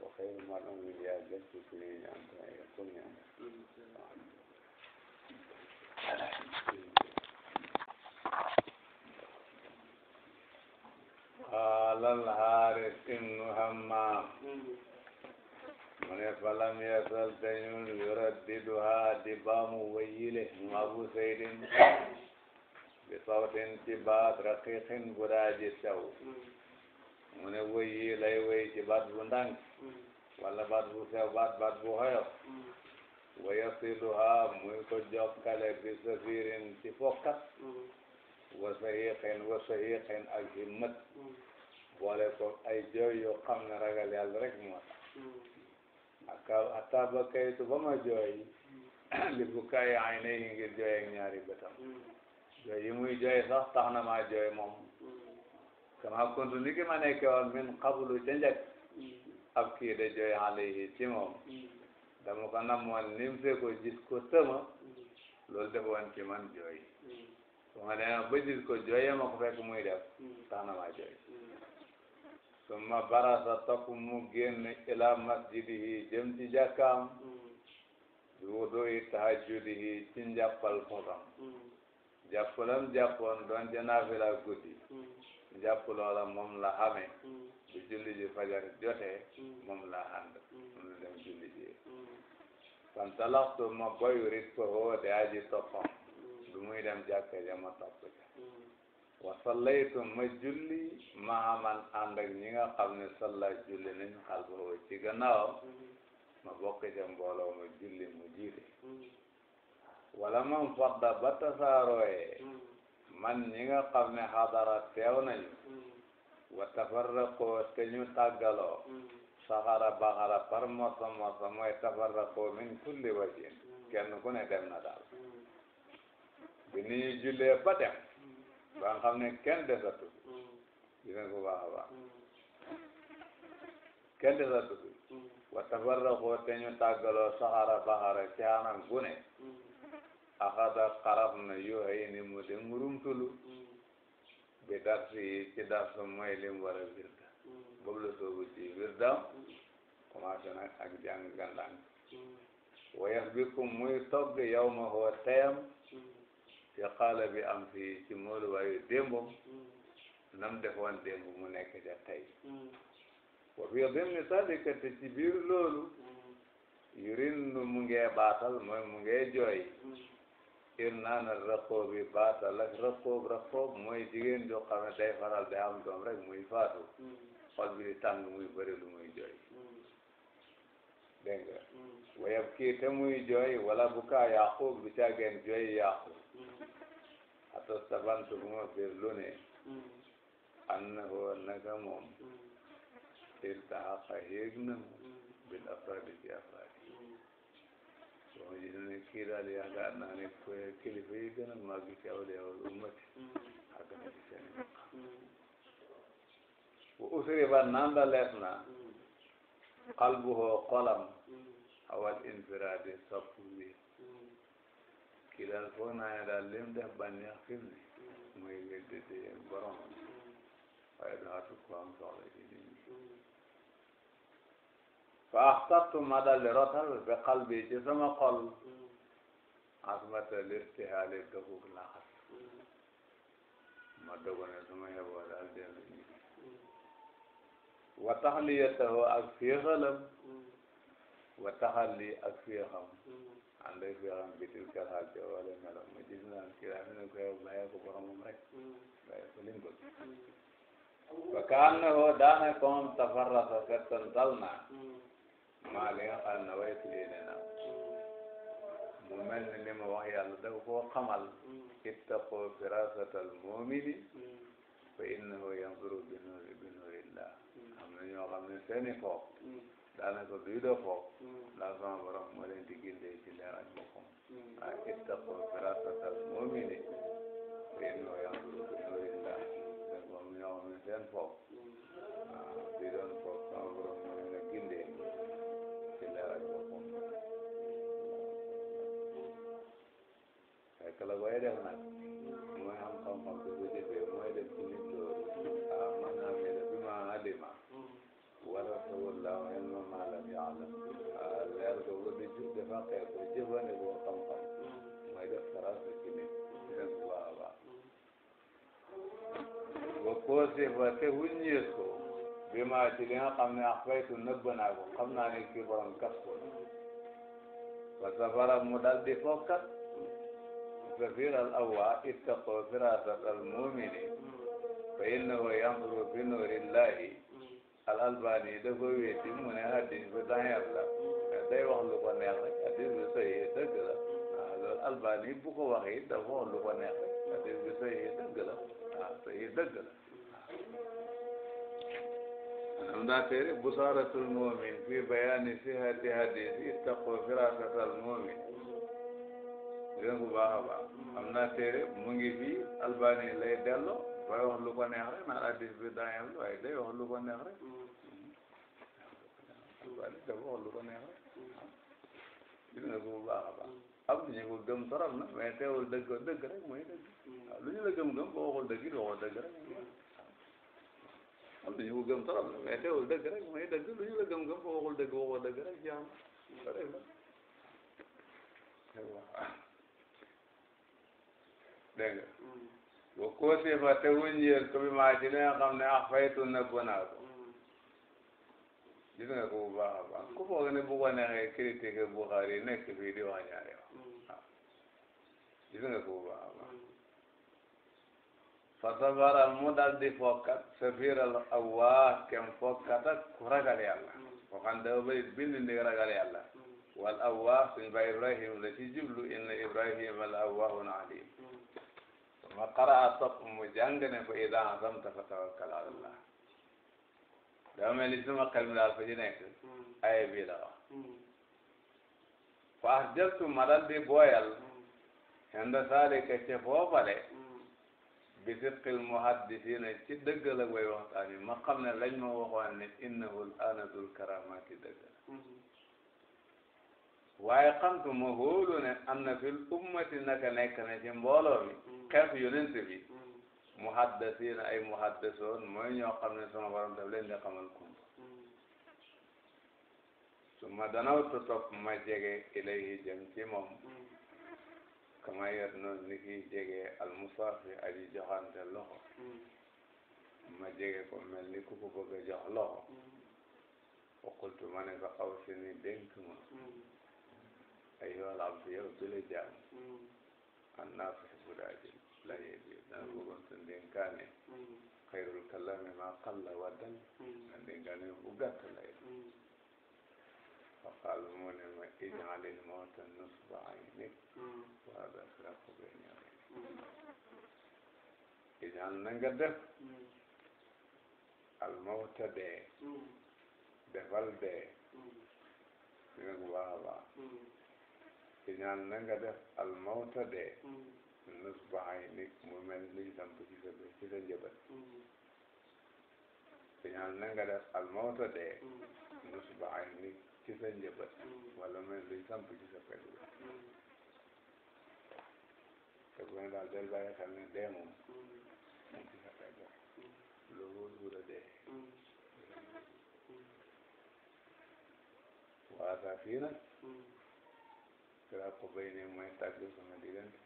wa xëy man amin yaa gën ci ku ñuy ñaan te ay kun ñaan قال الحارث بن همام mu ne falam yasal dañul yuraddiduha di baamu wayile mu abu saydin bi sawtin ci baat raqiqin bu daaji sew mu ne wayi lay way ci baat bu ndànk wala baat bu sew baat wa yasiluha muy ko jokkale bi safirin ci fokkat wa sahiqin wa sahiqin ak himmat boole ko ay jooy yoo xam ne ragal yàlla rek moo tax hatta ba kaytu ba ma jooy li bu kayi ayna yi ngir jooy ak ñaari bëtam jooy yi na maa jooy moom kama kuntu ni ki ma nekke woon min qablu ca njëkk kii de jooy alayhi ci moom dama ko namoon ni mu fekkoo gis ko sama mm. loolu defoon ci man jooy mm. su ma demee ba gis ko jooyee ma ko fekk muy def mm. tax na maa jooy summa barasa topp mu génn ila masjidihi jëm ci jàkkaam bi wudu'i tahajjudihi ci njàppal posam jàppalam jàppoon doon ca naafila guddi njàpp loola moom la amee bu julli ji fajar jotee moom la ànd moom la dem julli ji fantalaqtu ma bayu ritbahu de aji toppam du muy dem jàkka ja ma topp ca mm. wa sallaytu ma julli ma aman ànd ak ñi nga xam ne salla julli nañ xalbahu ci gannaawam mm-hmm. ma bokk ca mbooloo ma julli mu jiite mm-hmm. wala man fadda ba tasaarooyee mm-hmm. man ñi nga xam ne xadara teew nañu wa tafarraqoo te ñu tàggaloo saxara baxara par mosa mosa mooy tafarraqu min kulli wajhin kenn ku dem na daal bi ni ñu ba dem ba nga ne kenn desatu dina ko baax a baax kenn desatu wa tafarraqu te ñu tàggaloo saxara baxara ci anam gu ne axada na yoo xëy ni mu dem rumtulu bi dar si ci dar su mooy lim war a boobu la soobu ci wirdam commencé nag ak jàng gàllank wayax bi ku muy togg yow ma xoo teyam ci xaala bi am fii ci mooluwaayu démbam nam defoon démb mu nekk ca tey wa fi dimni zalika te ci biir loolu yurin mu ngee baatal mooy mu ngee jooy ir naan al raqoob bi baata la raqoob raqoob mooy jigéen joo xam ne day faral day am doom rek muy faatu mm. xol bi di tàng muy bëri lu muy jooy mm. dégg nga mm. wayab kii te muy jooy wala bu kaa yaaquub du caageen jooy yaaquub ato sabantu bu ma biir lu ne annahu naka moom iltahaqa yéeg na mu bil mu gis ne kii daal yaakaar naa ne kilifa yi gën a màgg ci awliyaawul ummati ak gën a ci seen bu usri ba naan da lees na qalbuhoo xolam awal infiraadi soppu bi kii daal foog naa ne daal lim def bànneex fi mu ne mooy wédde borom waaye daa tukk am soxla ci nit ñi fa axtattu ma daldi rotal bi qalbi ci sama xol azmata listihaali dogug laxas ma dogu ne su ma yeboo daal dellu ñibbi wa taxliyatahu ak féexalam wa taxalli ak féexam ànd ak féexam bitil kalxaal ci wala melam ma gis naa kii daa fi ne ko yow bàyyi ko boromam rek bàyyi ko lim bëgg fa kaannahu daane koom tafarrasa fettantal naa maa li nga xam ne way tuddee ne na mu mel ni li ma wax yàlla dafa koo xamal ittaqoo firasatal mu'mini fa innahu yanzuru bi nuuri bi nuurillah am na ñoo xam ne seeni foof daanaka duy doo foof ndax sama borom moo leen di gindee ci leer ak boppam ah ittaqoo firasatal mu'mini fa innahu yanzuru bi nuurillah ñoo xam ne seen foof la koy def nag mooy am xam-xam bi bu jëfee mooy def ci nit loolu ah man naa mel bi ma alima wala tawallaahu ilma ma lam yaalam ah leer ko ko di jub dafa xeeb ko jëfandikoo xam-xam mooy def trace ci nit def bu baax a baax wa koo sifa te wuññees ko bi ma ci li nga xam ne ah faytu nëbb naa ko xam naa ne kii borom kas ko la wa safara mu dal di fokkat السفير الأول اتقوا فراسة المؤمن فإنه ينظر بنور الله الألباني dafa wéeti mu ne hadis bi danger la day wax lu ko neex rek hadis bi sahih dëgg la waaw loolu Albani bu ko waxee dafa wax lu ko neex rek hadis bi sahih dëgg la waaw sahih dëgg la am daa téere busaratul mu'min fi bayani sihhati hadisi ittaqu firasata al mu'min dégg bu baax a baax am naa téere mu ngi fi albani lay dello waaye wax lu ko neex rek naan addis bi daayam la waaye day wax lu ko neex rek albani dafa wax lu ko neex rek gis nga ko bu baax a baax am nañu ko gëm torop na mais teewul dëgg dëgg rek mooy dëgg waaw lu ñu la gëm-gëm boo waxul dëgg it waxoo dëgg rek
am nañu ko gëm torop na mais teewul
dëgg rek mooy dëgg lu ñu la gëm-gëm boo waxul dëgg waxoo dëgg rek jaam rek la dégg nga bu koosee fa te wuñ yéen ko bi maa ci li ne ah faytu nëbb naa ko gis nga ko bu baax a baax ku ne bu ko neexee critique Buxaari nekk fii di wax ñaari wax waaw gis nga ko bu baax a baax fa sabara mu dal di fokkat kem fokkat ak ku ragal yàlla waxan dafa bëri bind ndi ragal yàlla wal awwaa suñ ba ibrahim la ci jublu inna ibrahima la awwaahun alim ma qaraa topp mu jàng ne fa idaa azamta fa tawakkal ala allah dama mel ni sama xel mi daal fa ci nekk aye bii la wax fa ahjabtu ma dal di booyal henda saalika ca foofale bi sidqil muhaddisina ci dëgg la way waxtaan yi ma xam ne lañ ma waxoon ne innahu al aana dul karamati dëgg la waaye xam tu ma hóolu ne am na fil ummati naka nekk na ci mbooloo mi xeetu yonent bi muhaddasiin ay muhaddasoon mooy ñoo xam ne sama borom daf leen di xamal kumpa su ma danawtu topp ma jege ilayhi jëm ci moom kama yet noonu ni kiy jege almusaafi aji joxante loxo ma jege ko mel ni ku ko bëgg jox loxo wa qultu ma ne ko aw si ni dénk ma ayyuhal abdu yow bile jaam an naa fi budaaji la yeji dana bëggoon sa ndénkaane xayrul kalami ma qalla wa dal na ndénkaane bu gàtt lay faqal mu ne ma ijalil mawta nusba aynik waa ba siraku bee ñaari ijal na nga def al mawta dee defal dee dina ko baax a baax ci ñaan na nga def almawta dee mm. nus baxay nik mu mel luñ samp sa ci sa njëbët ci mm. ñaan na nga def almawta dee mm. nus baxay nik ci sa njëbët wala mel luñ samp ci sa pegg te bu ne daal del bàyyi xel ne dee moom mu ci sa pegg loo wóor wóor a dee istiraat ko bay ne mooy tàggu sama diggante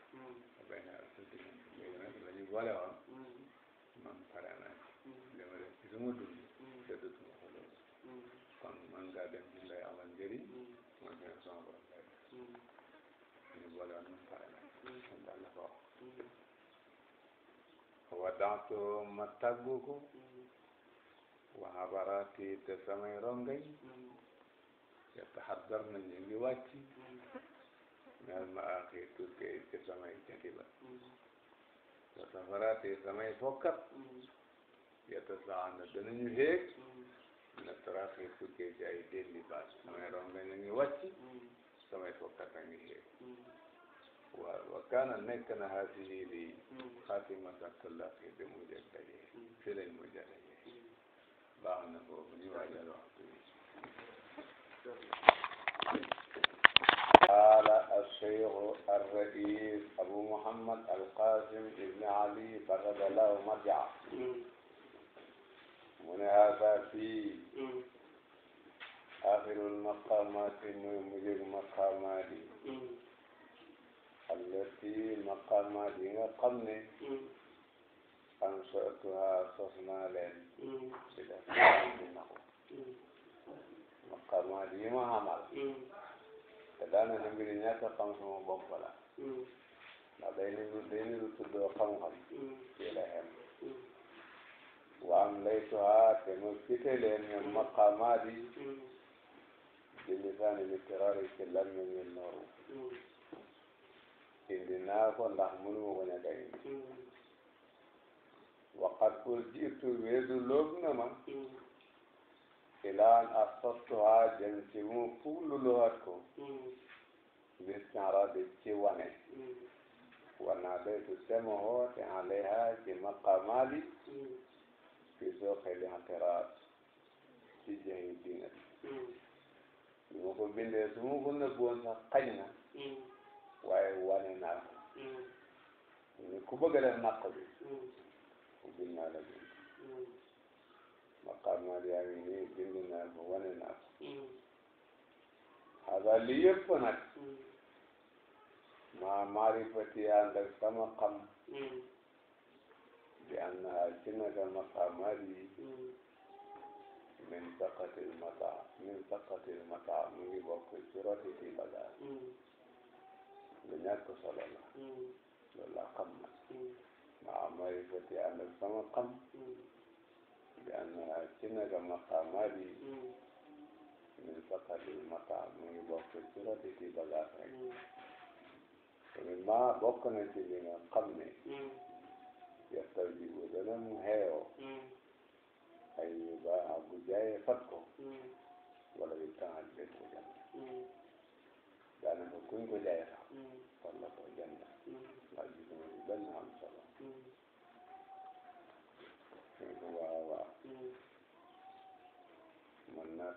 ko bay ne ak sa diggante léegi man pare naa ci li ma def ci sama dund te man ngaa dem ci lay amal njëriñ mooy fi ne sama lay def ñu boole man pare naa ci man daal la ko mm. wax wa danto ma tàggu ko wa habaraati mm. te samay na ñu ngi ñeel ma axi tukkee ci samay katiba te safaraati samay fokkat yetta saxaan na danañu xéeg na taraxi tukkee ci ay delli baas mooy ronga ñu ngi wàcc samay fokkat a ngi xéeg waaw wa kaana nekk na haasihi lii xaatimata talaqi bi mu jëkk dajee fi lañ mu jëkk dajee baax na foofu ñu waajal waxtu yi قال الشيخ الرئيس أبو محمد القاسم بن علي بلغ له مرجعه من هذا في آخر المقامات مجد مقامات التي مقامات قمنا أنشأتها صصنا لنا مقامات ما عمل daanaka mbir yi ñàkk a xam sama bopp la. Mm. ndax day niru day niru tuddoo xam-xam.
Mm. ci la xem.
waam lay tuhaa te ma cite leen ñoom maqaamaat yi. di mm. lisaani bi tiraar yi ci lan la ñu nooru. indi naa ko ndax mënu ma ko ñàkk a indi. waqat pour jiitu weesu lóob na ma. kilaan asabtuha jëm ci mu fuglu luwaat ko bis ñaara di ci wane wana daytu semoho te alayha ci maqamali fi soo xeli xatiraat ci jëngi dingat su ma ko bindee su ma ko nëbboon sax xañ na waaye wane naa ko ku bëgg a def naq bi ku bind naa la maqaamaat yaa ngi nii bind naa ko wane naa ko xaga hmm. li yëpp nag hmm. maa maarifati ànd ak sama xam hmm. bi am naa ci naka maqaamaat yi min saqatil mata min saqatil mata mu ngi bokk ci rotiti bagaar lu ñàkk solo la loolu ma xam nag maa maarifati ànd ak sama xam ci nega maqaamaat mm. yi min fatali maqaam mu ngi bokk ci raditi bagaas rek tamit maa mm. bokk na ci li nga xam ne yestal jibu dana mu xeewoo ay ñu mm. baax fat ko wala yu temps jël ko jënd daanaka kuñ ko jaayee sax fan la ko jënd ndax gisuma ci benn am solo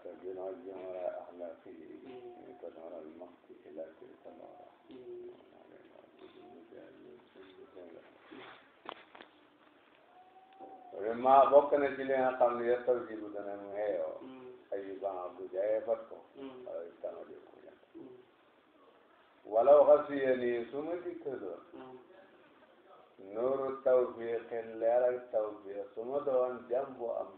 تجعل الجمر أخلاقه تدعو المقت إلى تلك الورى
ma bokk na ci li nga xam ne
yow ji bu dana mu xeeyoo ay yu baax bat ko wala yu tama di ko wala waxa suye nii su ma dikkaloon nooru tawfiq leeral tawfiq su ma doon jàmm bu am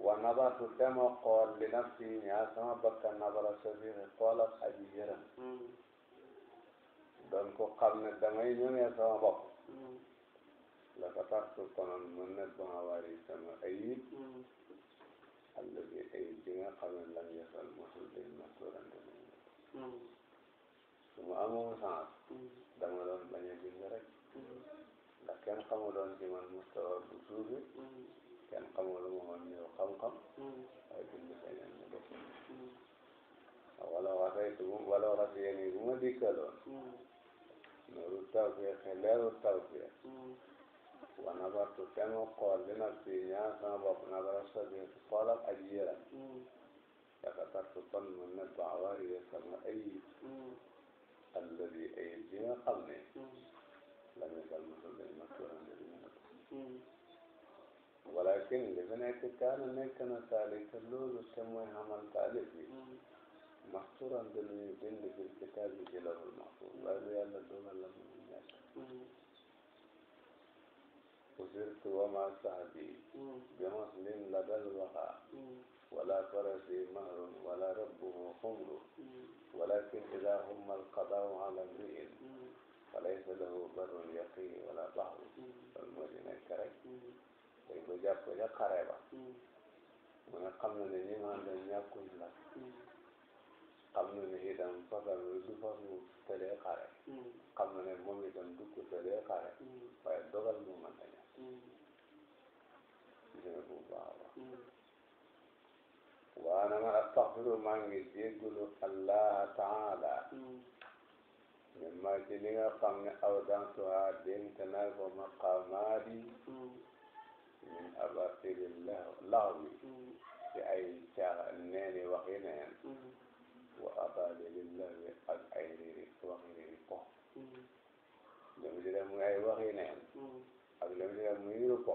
wa nabaatu dama xool li nafsi ñaar sama bakkan nabara sabiri xoolal aji yërëm
doon ko xam ne damay ñëwee sama
bopp la ko tax su konoon ne sama wari sama ayib alladi ayib bi nga xam ne lam yasal mosul dañ ma tóorante nañ su ma amoon sens dama doon bañ a bind rek ndax kenn doon ci man mustawa bu suufi kenn xamul lu mu mën xam-xam. Hmm. waaye bind sañoon na def. Hmm. Ah, wala waxeetu wala waxeetu yéen yi bu ma dikkaloon. nooru hmm. tawfiq leeru tawfiq. wa nabartu te ma xool li nafsi ñaar sama bopp nabara sabi xool ak aji yëram. yakatartu kon mu ne baawaar yi sama ay. alladi ay ji nga xam ne. la ñu dal mosul dañ ma tuuraan dañ ma ko. walakin li fi nekk kaana nekk na taalika loolu te mooy xamal taalif bi maxturan dinañu bind fi kitaab bi ci lawhul maxfuus waaye lu yàlla dogal la mu ñàkk usirtu wama sahbi bi muslim la dal waxa wala farasi mahrun wala rabbuhu xumru walakin ida humma alqadaau ala mriin falaysa lahu barrun yaqi wala baxru loolu moo ci nekk rek dañ ko jàpp ko ca xare ba mm. mu ne xam na ne ñi ma àndal ñàkkuñ la mm. xam na ne itam fasal bi du fasu tëlee xare mm. xam na ne moom itam du ko tëlee xare waaye dogal mu mën a ñàkk dina bu baax a baax man astaxfiru maa ngi allah taala min ma li nga xam ne aw dantuha dénk naa ko maqaamaadi min la laxwi ci ay caaxaan neeni waxi neen mm-hmm. wa abaatiri laxwi ak ay riri waxi riri po lem mm-hmm. di dem muy ay waxi neen mm-hmm. ak lem di dem muy riru po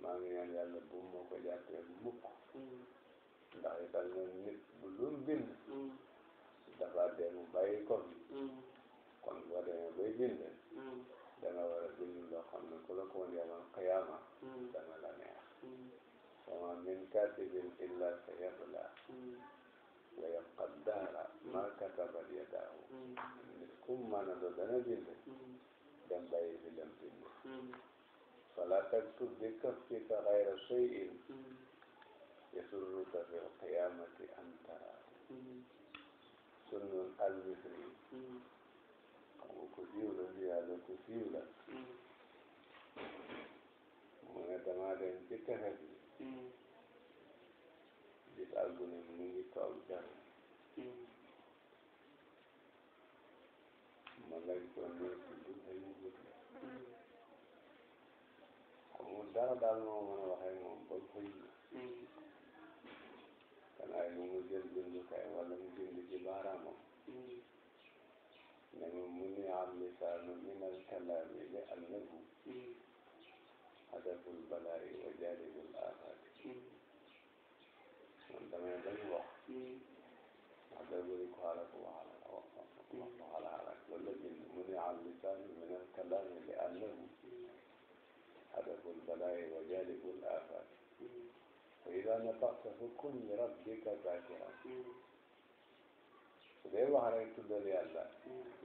maa ngi ñaan yàlla bu moo ko jàppee mukk ndax itam ñoom nit bu lum bind dafa dem bàyyi ko kon boo demee bay bind danga war a bind loo xam ne ku la ko woon yawmal qiyaama mm. danga la neex mm. wa ma min kaatibin illa sayabla mm. wa yabqa dahra ma katabat yadaahu nit ku mën a doon dana bind dem bàyyi bi lam bind fala taktub bi kafika gayra shay'in yasurruka fil qiyaamati an taraahu sunnul al-misri ku siiw mm. mm. mm. la di yàlla ku siiw la mu ne dama dem ci tefes bi gis algune mu ngi toog jàng ma laaj ko ne ci dundal yu gudd amul dara daal moo mën a waxee moom ba fëy na xanaa lu mu jël bindukaay wala mu bind ci baaraamam nema muni al lisanu min al kalami li annahu hadaful balaa'i wa jalibul aafati man damay bañ wax ndax day bëri ku xaaral ku wax ku xaaral loolu la bind mu ne al lisanu min al kalami li annahu hadaful balaa'i wa jalibul aafati wa idaa nataqta fi kulli rabbika zaakiran su dee wax rek tuddal yàlla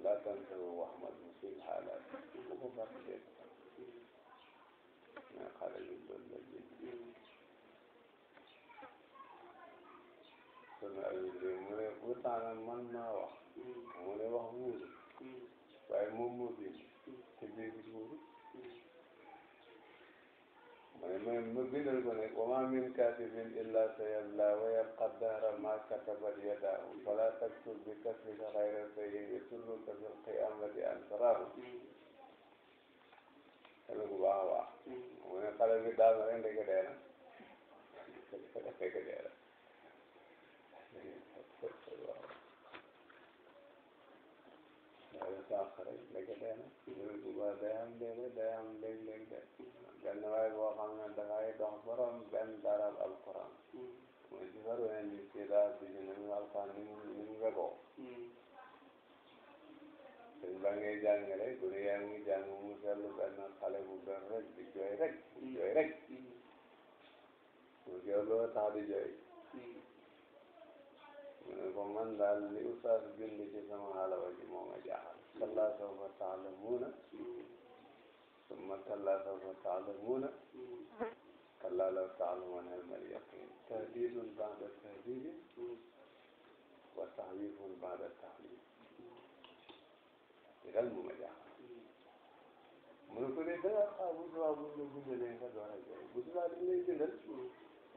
laa tanta wax ma du seen xaalaat bu ko fàtte leen mais xale yu doon la jël kon abi de mu ne utaana man maa wax mu ne wax wuuru waaye moom moo bind te bind wuuru man ma bindal ko ne wa maa min kaatibin illaa sayabla wa yabqa dahra maa katabat yadaahu falaa taktub bi kasbika xayra sayyin yutulluka fil qiyaamati an taraahu xale bu baax a baax mm-hmm. mu ne xale bi daanu rek ndeke dee na ndeke dee na xale saa xare léegi dee ba day am léeg-léeg day am léeg-léeg de benn waay boo xam ne dafay dox borom benn darab alquran mooy ci faru ne nit ki daa bind ni mu alquran ni mu ni mu wegoo sëñ ba ngay jàngale gune yaa ngi jàng mu seetlu benn xale bu benn rek di jooy rek di jooy rek mu jooy loolu tax di mu ne ko man daal li ustaas bind ci sama ji moo ma jaaxal kallaa sawfa taalamuuna summa kallaa sawfa taalamuuna kallaa law taalamuuna ilmal yaqiin tahdiidun ba'da tahdiidin wa taxwiifun ba'da taxwiif daal moo ma jaaxal mu ne ko de danga xaar bu subaa bu ñu la bindalee nga door a jooy bu subaa dañ lay bindal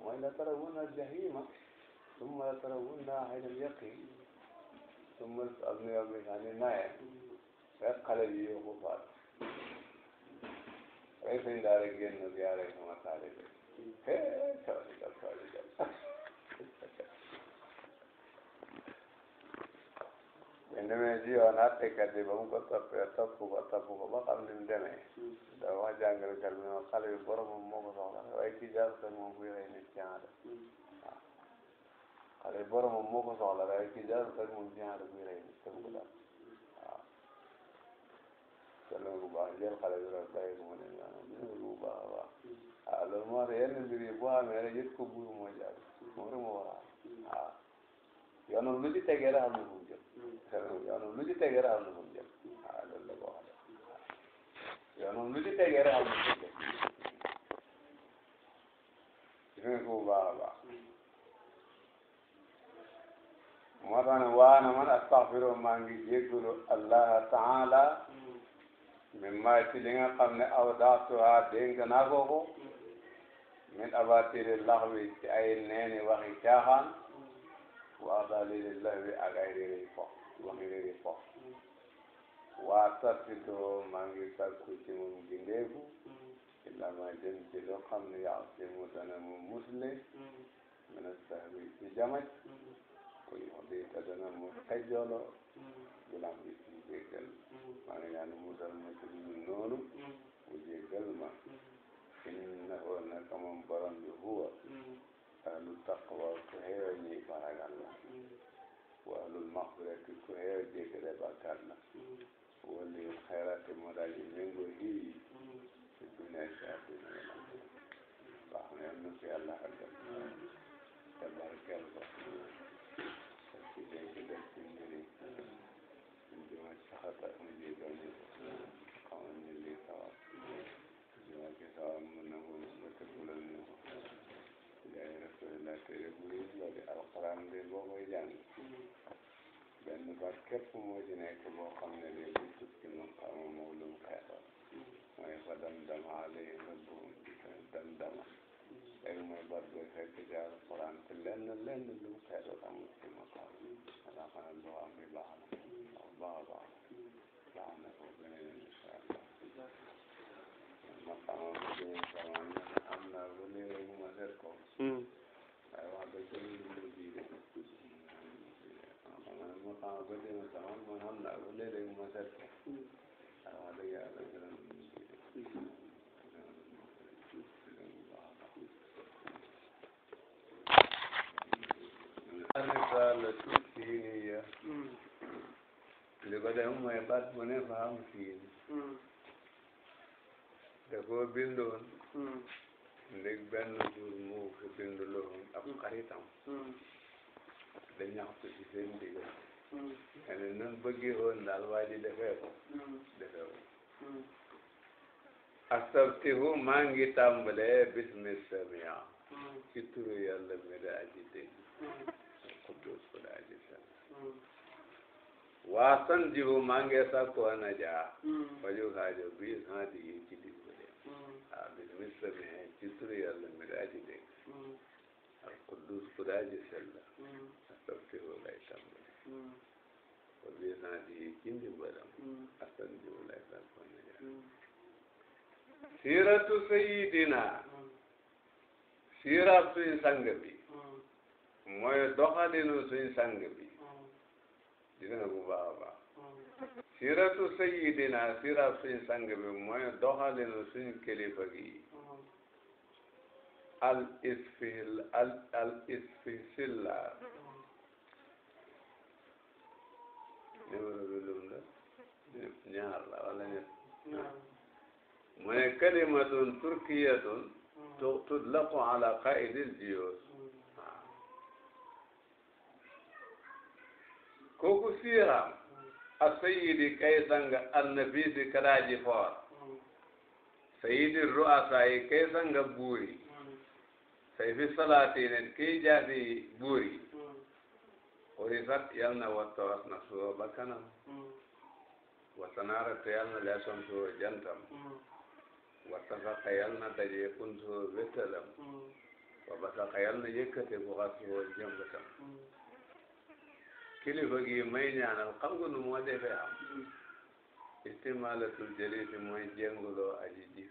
mooy la ثم لترون عين اليقين ثم لتسألن يوم عن النعيم فيقل لي وقفات رئيس إدارة الجنة زيارة كما تعرف indemee ji woon àttekat bi ba mu ko toppee topp ko topp ko ba xam mu demee dafa wax jàngalekat bi ne xale bi boromam moo ko soxla waaye kii jaar moom buy rey nit ci aada xale boromam moo ko soxla waaye kii daal fekk moom si ñaar muy rey tegu ko daal waaw jëlal bu baax jël xale bi rek bàyyi mu ne maanaam jëlal bu baax a baax waaw loolu moo tax yenn mu jëm yoonam lu ci tegee rek am na fu mu jëm waaw loolu la ko wax yoonam lu ci tegee rek am na fu mu jëm moo tax ne man astaxfiru maa ngi jégalu allah taala min maa ci li nga xam ne aw daxtuha dénk naa ko ko min abatiri laxwi ci ay neeni waxi caaxaan waa dalili laxwi ak ay réeri fo waxi réeri fo waa tartitoo maa ngi sàkku ci moom gindeeku illa ma jëm ci loo xam ne yaasimu dana mu musle mm-hmm. min astahwi ci jamaj
mm-hmm.
kuy mu di te dana mu xejjoloo gulam mm. bi mu jéggal mm. maa ngi mu dal ma ci lu noonu mm. mu jéggal ma innahu naka moom borom huwa ahlu taqwa ku xeewe ñi baragal la wa ahlul maxfirati ku xeewe jéggale bàkkaar la wala yu xeerati mu daal di méngoo yi ci dunia ci àdduna yi baax na nu fi yàlla xagal te barkeel ko téere bu riis la de alxuraan de boo koy jàng benn baat képp moo ci nekk boo xam ne de bu tukki moom xama moo lum xeetoon mooy fa damdama alayhi rabbuhum damdama léegi mooy baat booy fekk ci alxuraan te lenn lenn lum xeetoon amul ci ma xam ala xana loo am bi baax na baax baax baax na ko beneen incha allah ma xama ma am naa ko léegi mu ma seet ko hmm. waaye wax dëgg kenn mënu bii de man ma xam ba dina sax man xam naa ko léeg-léeg ma seet ko waaye wax dëgg yàlla gërëm risalatu siiniya li ko def mooy baat bu ne fa am siin da koo bindoon ndég benn buur moo ko bind loon ab mm. xaritam mm. da ñaxtu ci seen digal mm. ene nun bëggee woon daal waa ji defee ko defee ko astabtihu maa ngi tàmbalee bismi samia ci turu yàlla mi da aji dégg quddus ko da aji sell waa sanjihu maa ngi sakku ana jaa faju xaajo bii sant yi ci dig ah bi ni samee ci turu yàlla mi daa ji dégg al quddus ku daa ji sell la astaghfiru lay tàmbali wa bi naa di ci ndimbalam astanjiru lay tàmbali siiratu sayidina siira suñ sang bi mooy doxalinu suñ sang bi dina bu baax a baax siratu sayidina sirat suñ sang bi mooy doxalinu suñ kilifa al isfil al al isfisilla numéro bi lum la ñaar la wala ñett mu ne kalimatun turkiyatun tutlaqu ala qaidil jiyus hmm. kooku siiram a sayidi kay sanga annabisi kadaaji foor sayidi ru'asaayi kay sanga buuri say fi salatine kay jaasi buuri orisat yal na watta wat na suwa bakkanam watanaara to yal na leeson suwa jantam wattafaqa yal na daje kun suwa wettalam wa basaqa yal na yëkkate ku xas suwa jëmbatam kilifa gi may ñaanal xam nga nu moo defee am istimalatul jëli si mooy jénguloo aji ji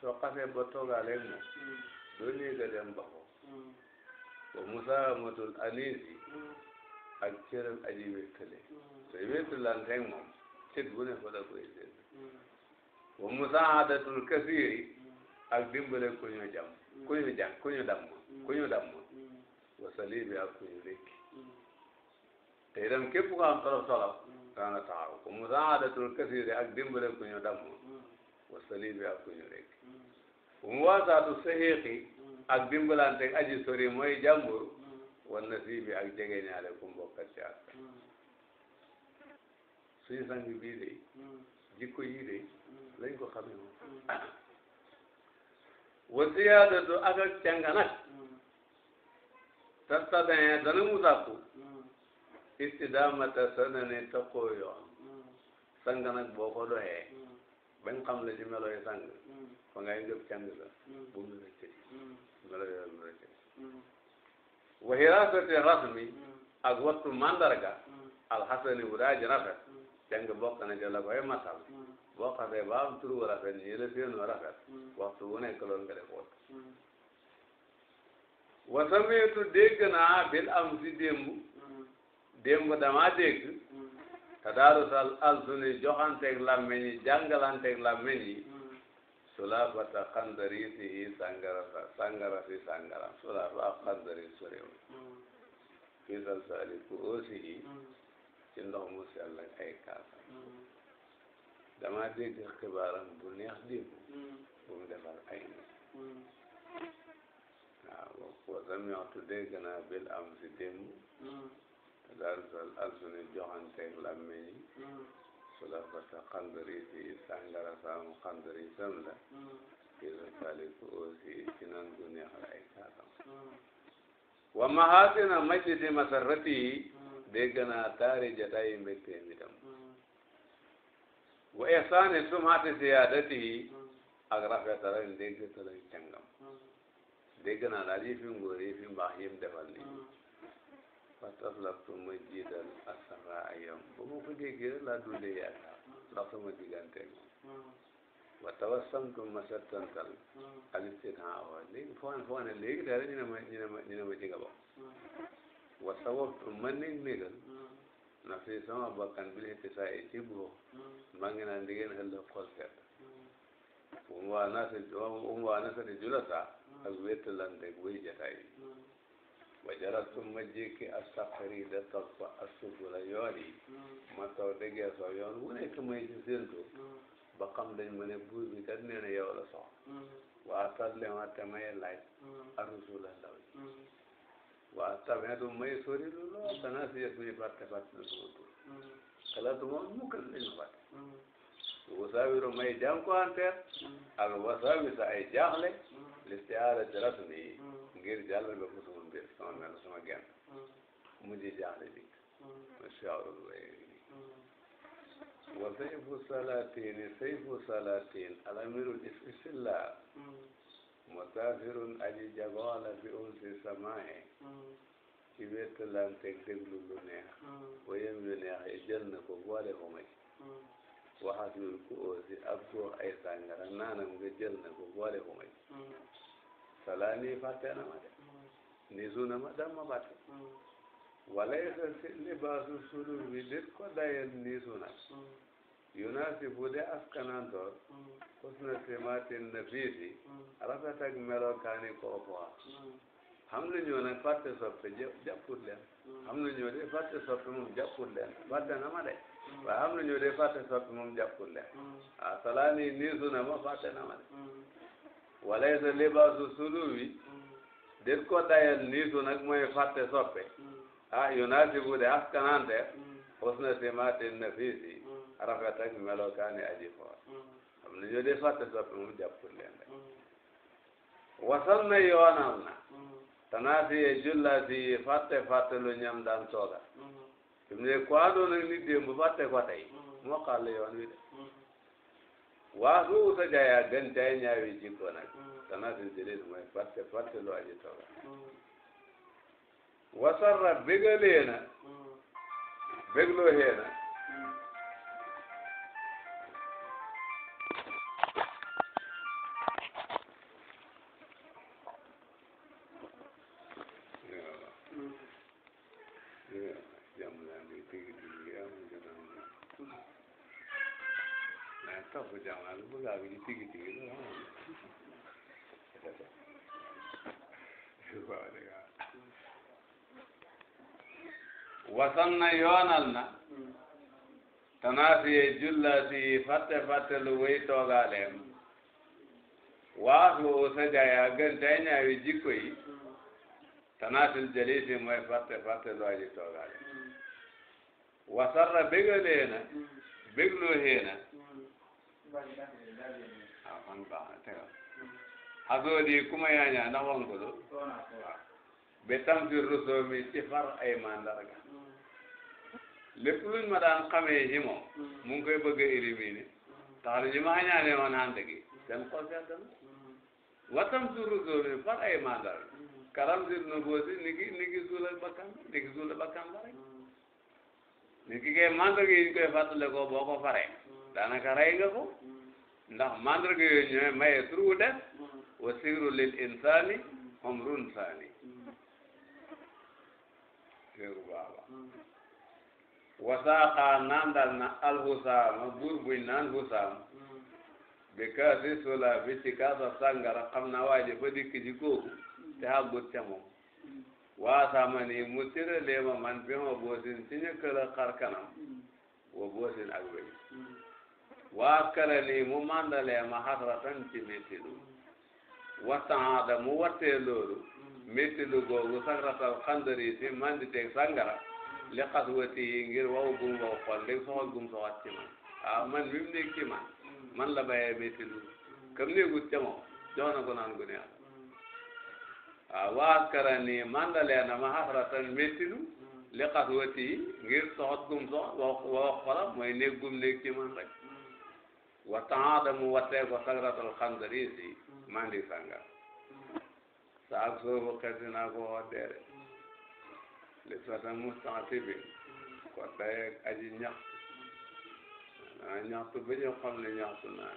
soo xasee ba toogaaleeg moom doo nii ga dem ba ko wa musaamatul anisi ak cëram aji wéttale sooy wéttalanteeg moom cët bu ne fa la koy seen wa musaadatul kasiri ak dimbale ku ñu jam ku ñu jam ku ñu damm ku ñu damm wa salibi ak ku ñu lekki te itam képp ku am tolof tolof dana taxaw ko musaadatul kasiri ak dimbale ku ñu damm wa salibi ak ku ñu rek wa muwaasaatu sahiqi ak dimbalante ak aji sori mooy jàmbur wa nasibi ak jege ñaale ku mbokkat ci ak suñu sang bii de jikko yi de lañ ko xamee moom wa siyaadatu ak ak canga nag tasta dana mu sàkku istidamata sanani taqoo yoon sang nag boo ko doxee bañ xam la ci melo yi sang fa ngay ngëp càng la bu mu rëcc melo yooyu mu rëcc wa hirasati rasmi ak wattu mandarga alxasani bu daa ji rafet càng bokk na ca la koy masal boo xasee ba am turu rafet ñii la séenoo rafet waxtu wu nekk loolu nga def wattu wa samitu dégg naa bil am si démb démb dama dégg tadaarusal alsuni joxanteeg làmmeñ yi jàngalanteeg làmmeñ yi sulafata xandari si sangara sangara si sangaram sulafa xandari sorew fii sal sali ku aussi yi ci ndox mu sell ak ay kaasam dama dégg xibaaram bu neex démb bu mu defar ay nit waaw wa samiatu dégg naa bil am si démb daal sol al sunu joxanteeg làmmiñ yi mm-hmm. su la fata xandariti sàngara saamu xandaritam la kila mm-hmm. faliku aussi ci nan gu la ay kaatam mm-hmm. wa mahasina majlisi masarrati yi dégg naa taari jataayi mbégteem itam wa ihsaani sumati siyaadati yi ak rafetalañ dégg talañ cangam dégg naa daal yi fi ngóor yi fi mbaax yim defal nit fasalabtu ma jiital asama ayam ba ma ko déggee rek laa dundee yaakaar ndax sama digganteeg moom wa tawassamtu ma settantal alistina awa léegi foone foone léegi daal ñu ne ma ñu ne ma ñu ma ci nga bokk wa ma néeg néegal na fi sama bakkan bi nekk saa yi ci buux maa ngi naan di ngeen ëllëg xol set um waa nasa um waa nasa di julata ak wéttalante ak wéy jataay yi wajarat suma jikki a saqari da topp a subula yoon ma taw déggee soo yoon wu nekk may ci séntu ba xam dañ ma ne buur bi kat nee na yow la soxla waa tatle ma te may laaj arusula ndaw ji waa tamee du may sori lu lool danaa si yet muy fàtte fàtte na suma tur xalaatuma mukk lañ ma fàtte wasaawiru may jànkuwanteer al wasaawisa ay jaaxle listiaara ci rasmi ngir jàll ba ko sama mbir sama mel sama genn mujj jaaxle bi mm. macha allah mm. wa sayfu salatin sayfu salatin alamirul isfisilla musafirun mm. aji jagoo la fi unsi samae ci wéttalanteeg déglu lu neex wayem lu neex yi jël na ko boole ko may waxas nun ku ay sàngara naanam nga jël na ko boole ko may salaa nii fàtte na ma de nii suuna ma dama bàtte wala yi sa si libaasu sulu bi lit ko dayeen nii suuna yunaasi bu dee askanantoor husna simaatin nabiiti rafet ak melokaani koo poa xam na ñoo nag fàtte soppe jàpput leen xam na ñoo de fàtte soppe moom jàpput leen fàtte na ma de waaye xam na ñoo de fàtte soppe moom jàpput leen mm. ah salaa nii ma fàtte na ma walaysa libaasu suluwi déet ko dayal niisu nag mooy fàtte soppe mm. ah yunaasibu de askanante husna mm. simaatin nafiisi mm. rafet ak melokaani aji foor xam na ñoo dee fàtte soppe moom jàppul leen rek wasan na yoonal na tanaasiye julla si fàtte fàtte lu ñam daan tooga fi mu ne ko andoon ak nit démb fàtte ko tey moo xàll yoon wi de waa su sa jaya gën cay ñaawi jikko nag sana sinsilin mooy fàtte fàtte lu aji toga wasarra bégaleena mm. bégloo heena wasan na yoonal na tanaasiye jullaasi fàtte fàtte lu wéy toogaaleem waasu sajaya gën tay ñaawi jikko yi tanaasil jalisi mooy fàtte fàtte lu aji toogaaleem wasarra bégalee na bégloo hee na ah kon baax na tegal xasoo di kuma yaañaa ndax wan ko do ci far ay mandarga lépp luñ ma daan xamee ci moom mu ngi koy bëgg a éliminer tax na gi seen xol sedd na wa tamsir rusoo ay mandarga karam sir na boosi ni ki ni ki suula bakkan ni ki suula bakkan ba rek ni ki kay mandarga yi ñu koy fàttale ko ko faree daanaka rey nga ko ndax mandarga yooyu ñooy maye turu def lil insani umrun sani séeru baaba nandal na alxusaama buur buñ naan xusaam bi kaasi sola bi ci kaasa sàngara xam naa waa te xàggut ca moom waasaama nii mu tëraleema ma boosin ci ñëkkal a xar kanam wa boosin ak waa kala nii mu màndalee ma xasratan ci méttilu wasaada mu wattee loolu méttilu googu sakratal xandari si manditeeg sàngara li xas yi ngir waw gum waw xol ndeg gum soxat ci man ah man mi mu nekk man man la bàyyee méttilu kam néegut ca moom jox na ko naan gu neex ah, waa kala nii na ma xasratan méttilu li xas yi ngir soxat gum soxat waw waw xolam mooy néeg gum néeg man rek wataa da mu watee ko sagratul xandarisi mandi sanga sa ak soobu xeddi naa ko hoddeere li sota mustaatibi ko dayeeg aji ñaxtu danaa ñaxtu ba ñu xam ne ñaxtu naa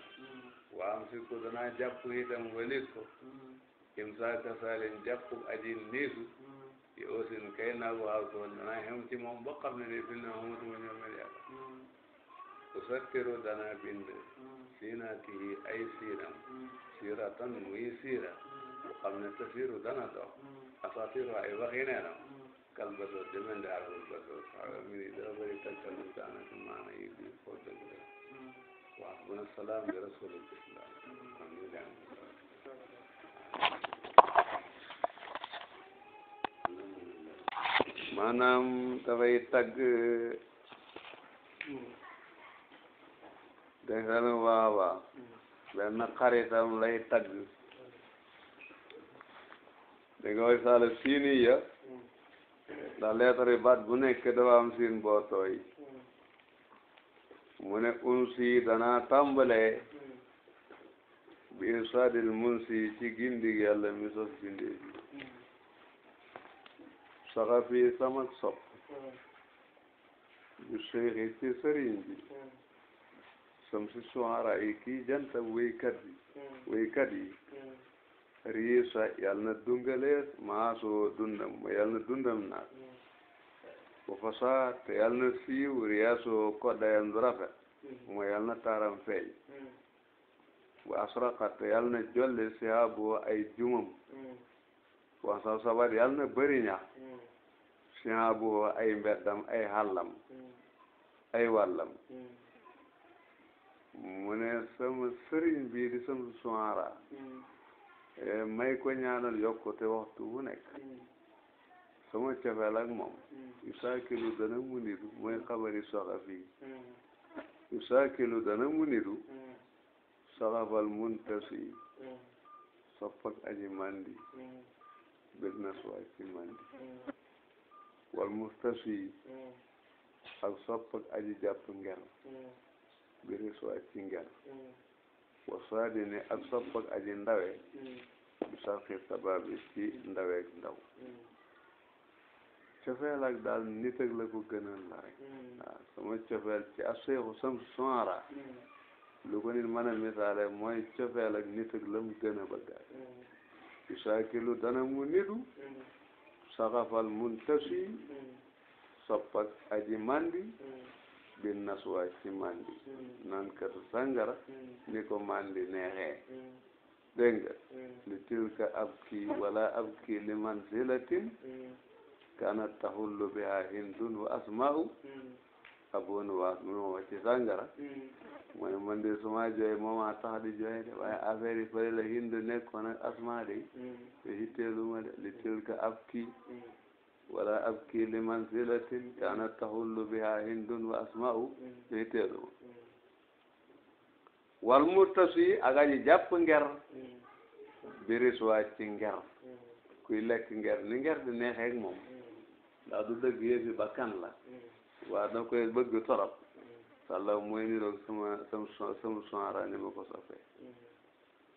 waa am si ko danaa jàpp itam walit ko imsaaka saalin jàpp aji niisu yi aussi kay naa ko hawtoon danaa xem ci moom ba xam ne ni fi ne xamatu ma ñoom yàlla usakkiru dana bind hmm. siinatihi ay siiram hmm. siiratan muy siira bu hmm. xam ne tasiru dana dox asatiru ay waxi neenam kal basar demende arabul basar xaga mi ni dara bëri tàggalu daanaka maana yi bi foo dëgg la waaw bu na salaam bi rasulul islam kon ñu jàng maanaam dafay tagg dégg nga nu baax a baax benn xaritam lay tagg dégg nga way saala siini ya ndax leetari baat bu nekk dafa am siin bootooy mu ne unsi danaa tàmbalee bi irsaadil munsi ci gindig yàlla mi sos bindee bi saxa fii samak sopp bi séexi ci sëriñ bi samsi suhara yi kii jantab wéykat yi hmm. wéykat yi hmm. riisa yal na dungalees maasoo dundam yal na dundam naat hmm. wa fasaa te yal na siiw riyaasoo koddayam du rafet mooy yal na taaram feeñ wa asraqa te yal na jolle sihaaboo ay jumam wa sab sabat yal na bëri ñax sihaaboo ay mbeddam ay xàllam ay wàllam mu ne sama sëriñ bii di sama suwaara hmm. eh, may ko ñaanal yokkute waxtu wu nekk hmm. sama cofeel ak moom yu hmm. saakilu dana mu nidu mooy xabari soxa fii yu saakilu dana mu nidu soxafal mun tasi soppak aji mandi business waay ci mandi wal mustasi ak soppak aji jàpp ngel bir a soo ak ci ngel mm. wasaadi ne ak sopp ak aji ndawe mm. bi sarxi sababi ci ndawe ak ndaw mm. cofeel ak daal nit ak la ko gënal la rek waaw sama cofeel ci a seexu sam sonra lu ko nit mën a misaale mooy cofeel ak nit ak lam gën a bëgg usaakilu dana mu nitu saxafal muntasi sopp ak aji mandi bi naswa ci mandi naan katu sangara ni ko mandi neexee dégg nga li tilka ab kii wala ab kii li manzilatin kanat tahullu biha hindun wa asma'u abun wa asma'u wa ci sangara mooy man de suma jooy moom a tax di jooy de waaye affaire yi la hindu nekkoon ak asma de li tilka ab kii wala abki li manzilatin kaanat tahullu biha hindun wa asma'u day teelu wal murtasi ak aji nger biris waa nger kuy lekk nger ni nger di neexeeg moom ndax du dëgg yëfi bakkan la waa da koy bëgg torop sàlla mooy niroog sama sama sama soara ni ma ko soppee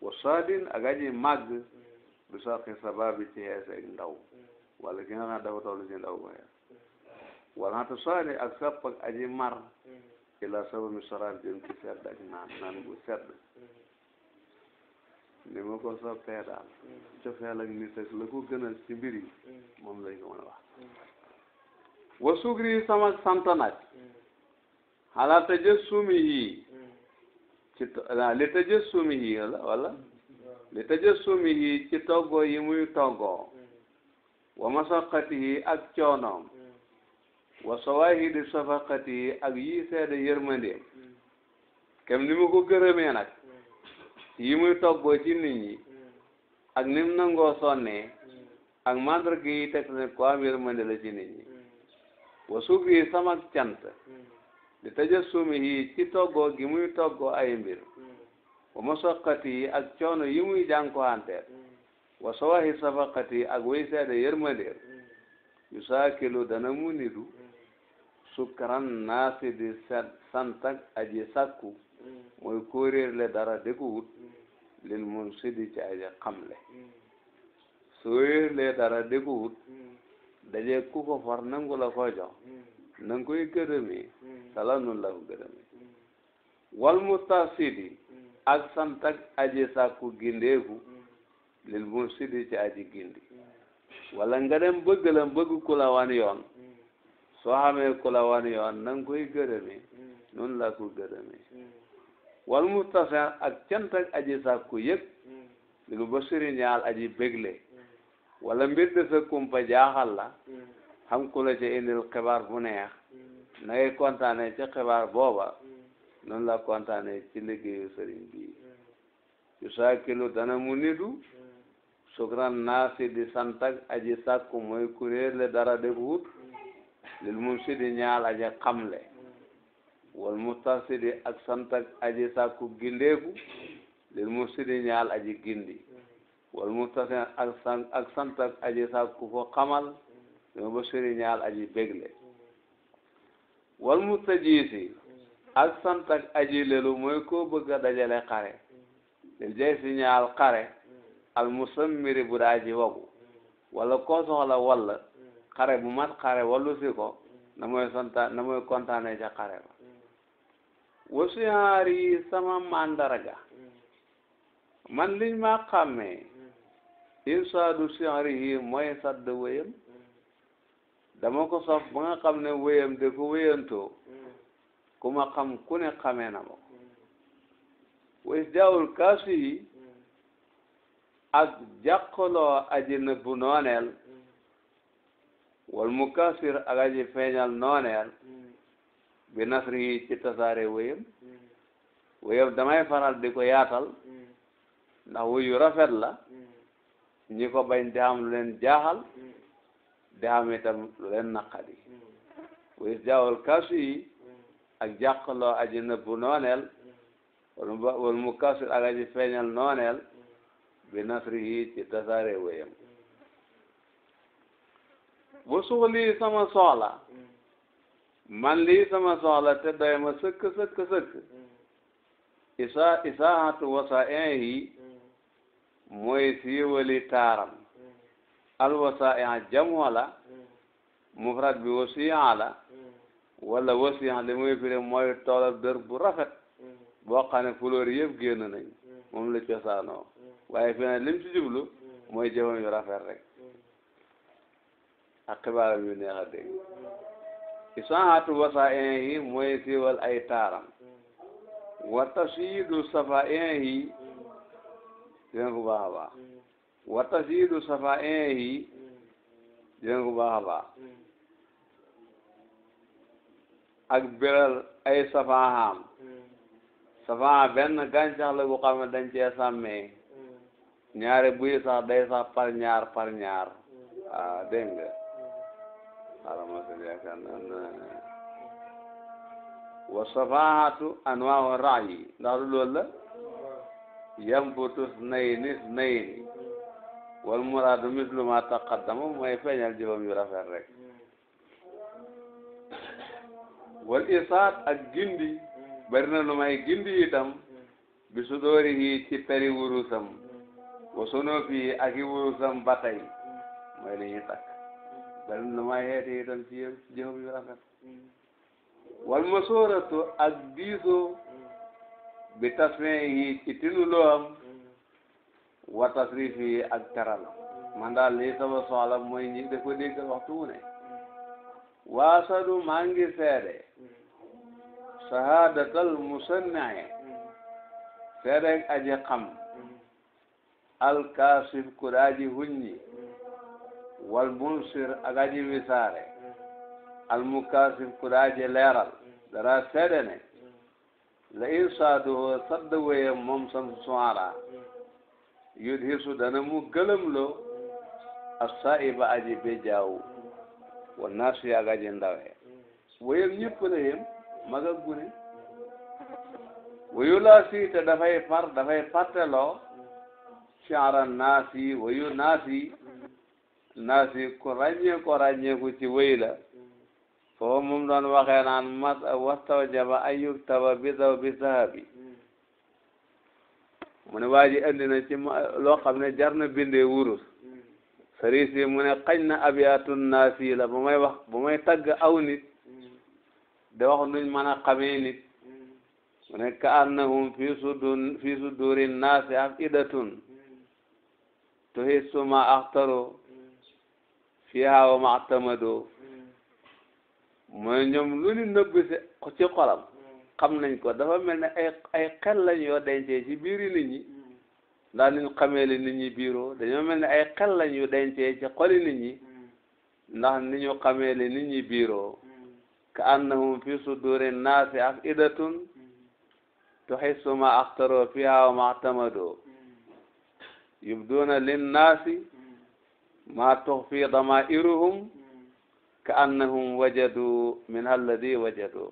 wa saadin ak aji màgg du saqi sababi ci xeeseeg ndaw wala ki nga xam ne dafa toll si ndaw mooy wala nga xam ne ak sàpp ak ila saba mi soraat jëm ci sedd ak naan naan bu sedd ni ma ko soppee daal cofeel ak nit ak la ko gënal ci mbir yi moom lañ ko mën a wax wa sugri sama sant nag xalaat tajassumi yi ci li tajassumi yi wala li tajassumi yi ci toggoo yi muy toggoo ma wa yi ak coonoom hmm. wa sawahidi yi ak yi seede yërmandeem hmm. kem ni mu ko gërëmee nag hmm. yi muy toggoo ci nit ñi ak ni mu nangoo sonnee ak mandarga yi teg ne ko am yërmande la ci nit ñi wa suuf yi sama cant di tajassumi yi ci toggoo gi muy toggoo ay mbir wa yi ak coono yi muy jànkuwanteel wa sawahi sabaqati ak way seede yërmandeer yu saakilu dana mu nidu sukkaran naasi di santak aji sakku moy kóoréer le dara di ko wut lil mun sidi ci aji xamle soo réer le dara di ko wut daje ku ko for nangu la ko jox nang koy gërëmee sala nun la ko gërëmee wal mustasidi ak santak aji sakku gindeeku lil mu sidi ci aji gindi wala nga dem bëgg la bëgg ku la wan yoon soo xamee ku la wan yoon na koy gërëme noonu la ko gërëme wal mu tasin ak cant ak aji sàkku yëg lil ba siri aji bégle wala mbir de sa kumpa jaaxal la xam ku la ci indil xibaar bu neex na kontaane kontaanee ci xibaar booba noonu la kontaane ci liggéeyu sëriñ bi yu saakilu dana mu nidu sukran naasi di santag aji sàkku mooy kuréel dara de wut lil mumsidi ñaal aji xamle wal mustafsidi ak santag aji sàkku gindeeku lil mufsidi ñaal aji gindi wal mustafsidi ak san ak santag aji sàkku fo xamal lil mubashiri ñaal aji bégle wal mustajiisi ak santag aji lelu mooy ko bëgga dajale xare lil jaysi ñaal xare al musammiri bu daa ji wagu wala koo soxla walla xare bu mat xare wallu ko na mooy sonta na mooy kontaane ca xare ba wasihaar yi sama mandarga man liñ ma xàmmee irsaadu sihaari yi mooy sadd wéyam dama ko sof ba nga xam ne wéyam de ko wéyantoo ku ma xam ku ne xamee na ma ko wais jaawul kaasi yi ak jàqaloo aji nëbbu nooneel wal mukasir ak aji feeñal nooneel bi nasri ci tasaare wéyam wéyam damay faral di ko yaatal ndax wuyu rafet la ñi ko bañ di xam lu leen jaaxal di xam lu leen naqadi wéyus jaawal kasu yi ak jàqaloo aji nëbbu nooneel wal mukasir ak aji feeñal nooneel bi nasrihi ci tasaare wéyam wa suxlii sama soxla man lii sama soxla te doy ma sëkk sëkk sëkk isa isaatu wasaa'in yi mooy siiwali taaram al wasaa'in jamoo la mufrad bi wasi'a la wala wasi'a li muy firi mooy toolab dër bu rafet boo xam ne fleur yëpp génn nañ moom la cosaanoo waaye fi naan lim ci jublu mooy jëfam yu rafet rek ak xibaaram yu neex a dégg isaatu wasaa'ihi mooy siiwal ay taaram wa tasiidu yi dégg bu baax a baax wa tasiidu safaa'ihi dégg bu baax a baax ak biral ay safaaham safaa benn gàncax la bu xam ne dañ cee sàmmee ñaare buy sax day sax par ñaar par ñaar ah dégg nga xaaral ma sëñ yaakaar naa ne wa safaahatu anwaaw raayi ndax du loolu la yambutu snayni snayni wal muraadu mislu ma taqaddama mooy feeñal jëfam yu rafet rek wal isaat ak gindi bari na lu may gindi itam bi su doori yi ci peri wurusam wasoonoo fii ak i wurusam ba tey mooy li ñuy takk bari lu ak diisoo bi tasfin yi ci tinu wa tasrif yi ak taral man daal lii sama soxla mooy ñi da ko déggal waxtu wu maa ngi seede sahadatal musannae seede ak aji xam alkaasif kuraaji huññi wal munsir agaji wisaare al mukaasif kuraaji leeral dara seede ne la in sadd wéyam moom sam suara yudhisu dana mu gëlëmloo assaiba aji bejaawu wa naasi agaji ndawe wéyam ñëpp la yem mag ak gune dafay far dafay caara naasi wayu naasi naasi ku ràññee ko ràññee ku ci wéy la foo moom doon waxee naan mas wastaw jaba ayub taba bi bi sahabi mu ne waa na ci loo xam ne jar na bindee wurus sarisi mu ne xañ na abiyaatun naasi la bu may wax may tagg aw nit da wax nuñ mën a nit mu ne ka annahum fi sudur fi suduri naasi af idatun تحس ما أختروا فيها وما mooy ñoom lu ñu nëbb ci xolam xam nañ ko dafa mel ni ay ay xel lañ yoo dencee ci biiri nit ñi ndax ñu xamee li ñi biiroo dañoo mel ni ay xel lañ yu dencee ci xoli nit ñi ndax ni ñu xamee li nit ñi biiroo ka annahum fi suduri naasi afidatun tuhissu ma axtaroo fiha wa ma axtamadoo yubduuna linnaasi maa tuxfi damairuhum ka annahum wajadu min alladi wajadu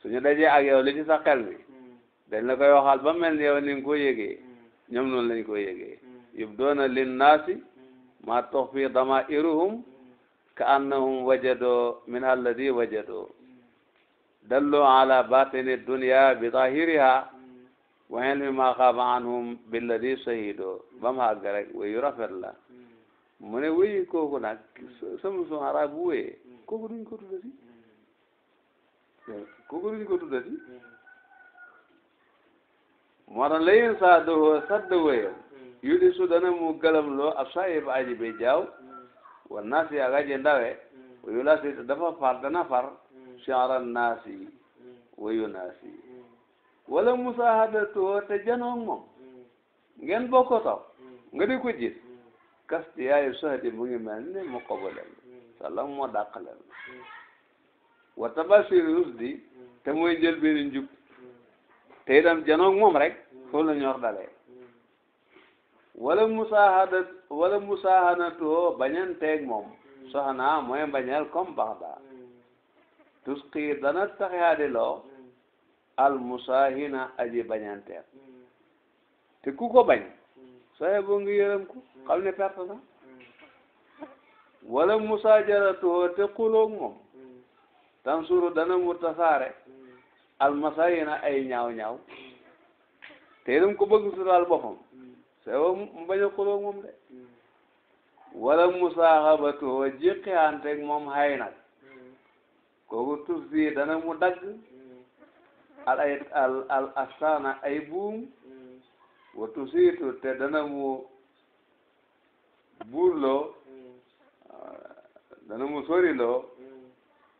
suñu dajee ak yow li ci sa xel mi dañ la koy waxal ba mel ni yow ni nga ko yëgee ñoom noonu lañ ko yëgee yubduuna linnaasi maa tuxfi damairuhum ka annahum wajadu min alladi wajadu dallu ala batini dunya bi zahiriha wa ilmi ma xaaba anhum billadi sahido ba mu àgg rek wéyu rafet la mu ne kooku nag sama arab bu wéyee kooku duñ ko tuddati kooku duñ ko tuddati moo tax layin saa doo sadd wéyam yu di su dana mu galam loo ab saa yëpp jaaw wa naasi ak aji ndawe wayu laa si dafa far dana far charan naasi wayu naasi wala musaahadatu te janoog moom ngeen bokko taw nga di ko gis kasti yaayu sohdi mu ngi mel ni mu ko bële salam moo dàqale wa tabasir rusdi te mooy jël benn njub te itam janoog moom rek foofu la ñor dalee wala musaahada wala musaahadatu bañanteeg moom soxna mooy bañal comme baax daa tusqi dana tax yaa di loo al musahina aji bañanteel mm. te ku ko bañ mm. saxe boo ngi yërëm ko mm. xam ne perte na wala musajaratuhu te xulóog moom tansuru dana mu tasaare al masahina ay ñaaw ñaaw te itam ko bëgg sural boppam saxe boo mu bañ a xulóog de wala musahabatuhu jiqi anteeg moom hay nag kooku tuf si dana mu dagg al ay al al asana ay buum wa tusiitu te dana mu buurloo
mm. dana mu soriloo
mm.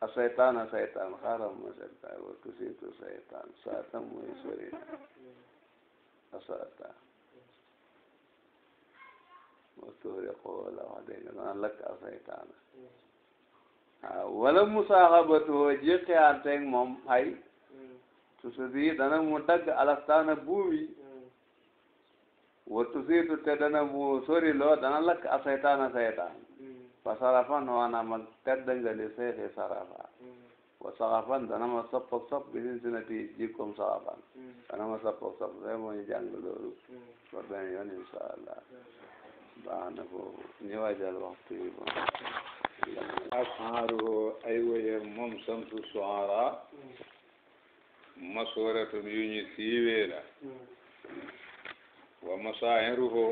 a saytaan a saytaan xaaral ma saytaan wa tusiitu saytaan saata muy sori
mm.
a saata wa tuhriqoo la wax dëgg dana lakk a saytaan wala musaaxabatu jiqi anteeg moom hay tusu di dana mu dagg alastaana buum yi wa tusiitu te dana mu sori loo dana lakk a saytaana saytaan fa sarafan wana ma tedd nga li seexi sarafa wa dana ma soppok sop bi sin sinati jikkoom sarafan dana ma soppok sop say mooy jàng loolu ba benn yoon insha allah baax na ko ñu waajal waxtu yi bon asaaru samsu suara masuuratun yu ñu siiwee la wa masaahiruhu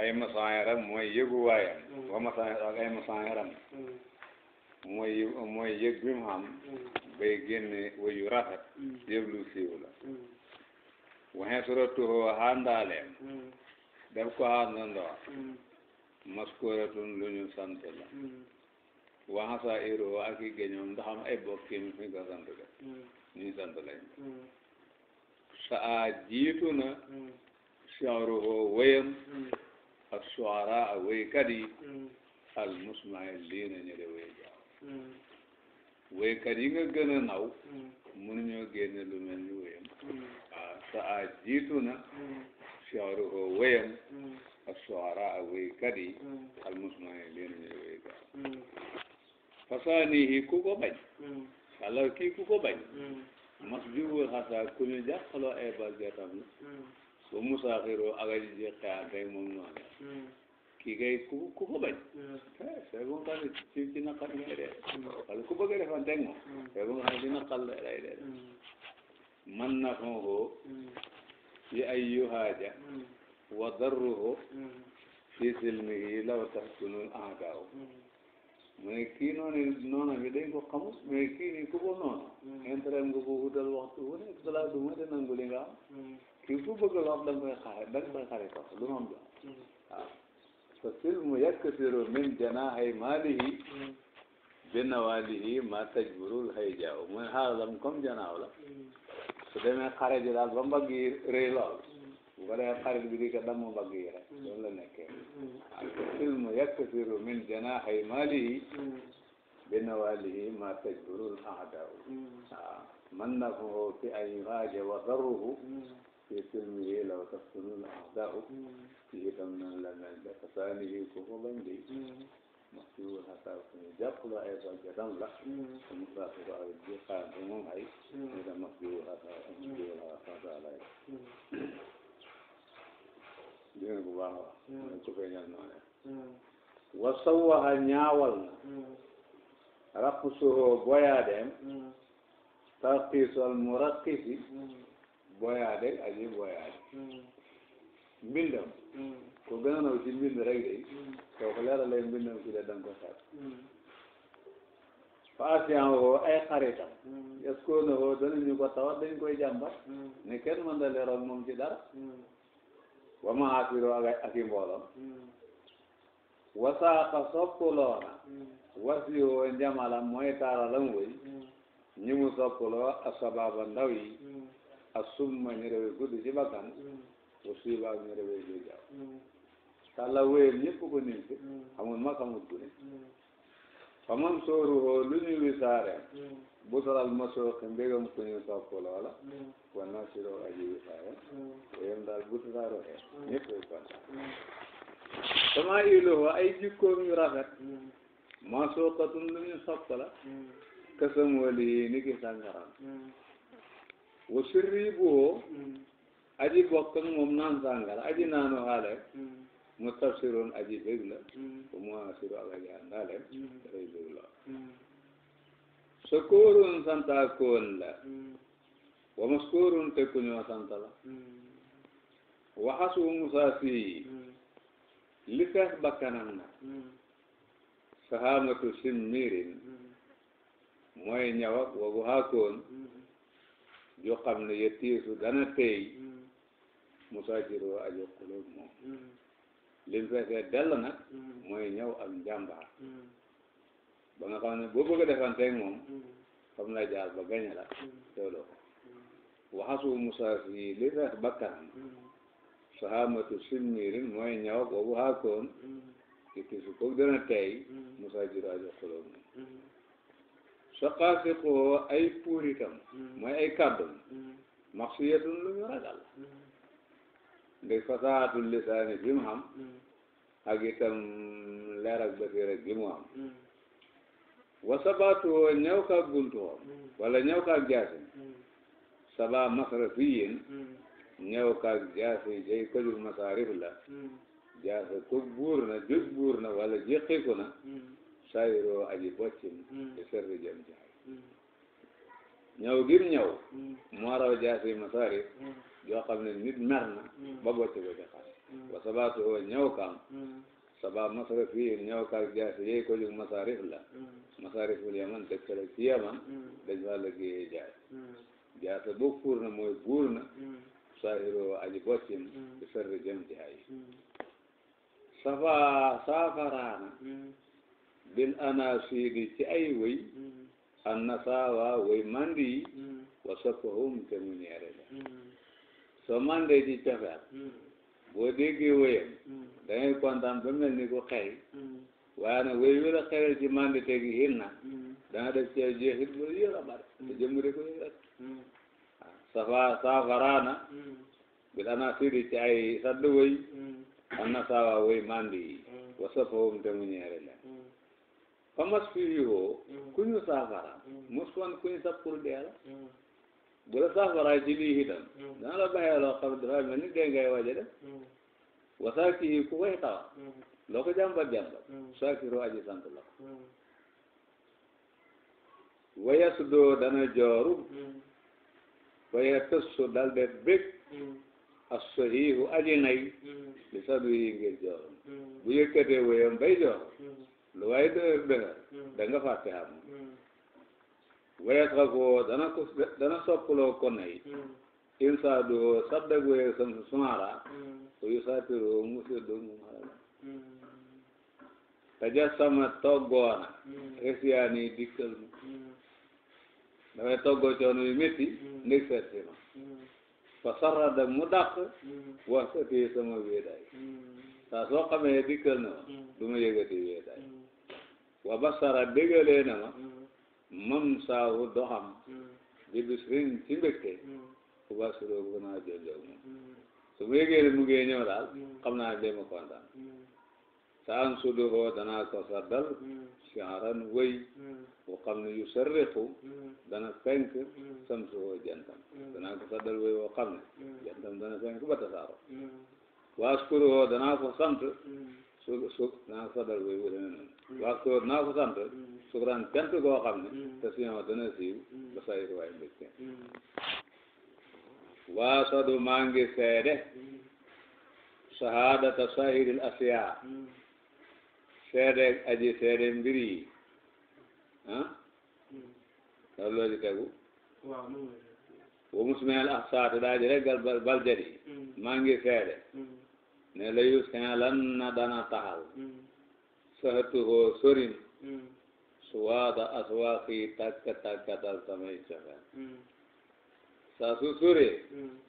ay masaahiram mooy yëguwaayam wa masaahiru ak ay masaahiram mooy mooy yëg bi mu xam bay génne wayu rafet yëg lu siiw la waxee suratuhu xaandaaleem def ko xaandandoo maskuratun lu ñu sant la waxasa iruhu ak i géñoom ndax am ay bokkim fi ñuy sant lañ hmm. saa jiitu na hmm. shaaruhu wayam hmm. ak shuara ak waykat yi al musmail lii na ñu de way jaaw waykat yi nga gën a naw mënuñoo génne lu mel ni wayam waaw saa jiitu na shaaruhu wayam ak shuara ak waykat yi al musmail lii na ñu de way jaaw fasaanihi ku ko bañ kalaw kii hmm. hmm. hmm. ku ko bañ mas jubu xasa ku ñu jàqaloo ay baggatam la ba musaaxiroo ak aji jeqe àgay moom noonu kii kay ku ku ko bañ fee bu nga xam ci ci naqal ngay wala ku bëgg a defanteeg moom fee bu nga ci naqal lay dee man na xonxoo fi ayyu haaja wa darruhu fi silmihi law taxtunul aadaaw mais kii noonu noonu bi dañ ko xamul mais kii nii ku ko noonu. intérêt nga ko wutal waxtu bu nekk balaa du ma de nangu li nga am. kii ku bëgg loo xam da nga koy xaar da nga koy xaar ko lu maalihi. bi nawaalihi ma tajburul hayjaaw muy xaalalam comme janaaw la. Hmm. su demee xare ji daal ba mbagg yi rëy bu ko defee xarit bi di ko damm mbagg yi rek mm. loolu la nekkee mm. alxilmu yaktasiru min janaaxay maalihi mm. bi nawaalihi ma tajburul aadaw waaw ah, man na ko fi ay raaje wa darruhu fi silmihi law taftunul aadaw ci itam noonu la mel de fasaanihi ku ko bañ di masiwul xasaar ku ñu jàpp la ay bàjjatam la mu saatu ko ay ji xaar bu mu ay ñu da masiwul xasaar am jiwul xasaar lay dina bu baax a baax. su feeñal noonu. wasawaha ñaawal na. rakku suhoo boyaadeem. tarqiisal muraqqisi. boyaade aji boyaade. mbindam. ku gën a naw ci mbind rek de. soo ko leeralee mbindam ci de danga ko sax. patients woo ay xaritam est-ce que na woo ko tawat dañ koy jàmbat. Hmm. ne kenn mën da leeral dara. Hmm. wa ma asiroo ak ak i mbooloo hmm. wasaaqa soppuloo na hmm. wasiyoo njamala mooy taaralam hmm. woy ñi mu soppuloo asababa ndaw yi asumma ñu rewe gudd ci bakkan wasiba ak ñu rewe ju jaaw talla wéyam ñëpp ko nit xamul ma xamul ku ne faman sooruhoo lu ñu wisaare busaral masooki mbégam ku ñu sopp loola wa nasiro aji wisaaya yéen daal busaraaro he ñëpp koy kontaan sama iluhu ay jikkoom yu rafet masuuqatun lu ñu sopp la kasam wali yi ni ki sangaram wa sirri buhoo aji bokk ak moom naan aji naanu xaale mu tafsiroon aji bég la wa mu asiru ak aji shakurun santa koon la hmm. wa maskurun te ku ñoo santa la hmm. waxasu musa hmm. li fees bakkanam na sahamatu simmirin mooy ñawak wa bu haakoon ju xam ne yettiisu dana tey musa jiro ajo kulub moom lim feesee nag mooy ñaw ak njàmbaar ba nga xam ne boo bëgg a moom xam na jaar ba gañe la teewloo ko waxasu musaas yi li tax bakkanam sahamatu simmirin mooy ñaw boobu xaakoon ci tisu ko dana tey musaa jiraajo xuloo moom soqaasi koo ay puuritam mooy ay kàddum maxsiyatun lu ñu ragal ndeg fasaatu lisaani bi mu xam ak itam leer ak basiira gi mu am wasabaatu woo ñëw kaag buntu woo wala ñëw kaag jaasi sabaa masrafiyin ñëw kaag jaasi jay ko jug masaarif la jaasi ko buur na jug buur na wala jeqiku na sayiroo aji boccin e serri jam jaay ñëw gim ñëw moo raw jaasi masaarif yoo xam ne nit mer ba bocc ko ca xam wasabaatu woo ñëw kaam sabab masara fii ñëw kaag jaasi yooyu ko jóg masarif la mm. masariful yaman dëkk la ci yaman mm. dañ fa liggéeyee jaas mm. jaasa boo na mooy buur na sahiro aji boccin di ferri jëm ci hay safa saafaraana bil anasidi ci ay wëy an nasawa wëy mandi yi wa soppahum te mu ñeere la soo mande ji cofeer boo déggee wéyam hmm. da kontaan ba mel ni ku xëy hmm. waaye nag wéy wi la xëyal ci mandite gi hin na hmm. ci jeexit bu la yëg a bare te jëmm di ko yëg rek safa saafaraana bil ana sidi ci ay sadd wéy mandi yi wa te mu ñeere leen famas fi yi woo ku ñu saafara mos wan ku ñu sappour bu la saafaraay ci lii itam hmm. dana la bàyyi loo xam ni dee ngay waaj a hmm. wasaa kii ku koy xawa hmm. loo ko jàmbat jàmbat saa kii roo aji sant la ko waya su dana jooru waya tëssu dal de bég as sahihu aji nay li sadu yi jooru bu yëkkatee wayam jooru lu waaye doo nga fàtte xam wees xa ko dana ko dana hmm. hmm. ko nay insa do saddag we sam sumara o yu satiro musi do mu harala hmm. tajassama toggoona resiyani dikkal mu dafay toggoo coono yu métti ndég seet si ma fa sarrada mu dàq wax sati sama wéedaay saa soo xamee dikkal na ma du ma yëgati wéedaay wa basara bégalee na ma man saawu doxam bi hmm. bisrin ci mbégte bu hmm. baax si loolu gën a jojjoo moom hmm. su ma yëgee ne mu ngi ñëw daal xam naa dee ma kontaan saan su du ko danaa ko sardal siaran wëy bu xam ne yu sarriqu dana fenk sam su ko jantam danaa ko sardal wëy boo xam ne jantam dana fenk ba tasaaro waas ku du ko danaa ko sant su su naa sodal bi bu demee noonu waa so naa ko sant sukuraan cant xam ne hmm. te sinon dana siiw hmm. ba sayir waaye hmm. waa sodu maa ngi seede sahadata sahiril asiya seede aji seede mbir yi ah daw loolu tegu wa musminal ahsaati daa ji rek gal baljadi maa ngi seede ne la yu senlan na dana taxal mm. sahatuhoo sorin mm. suwaada aswaaqi tàkka-tàkkatal samay cofeel mm. saa su soree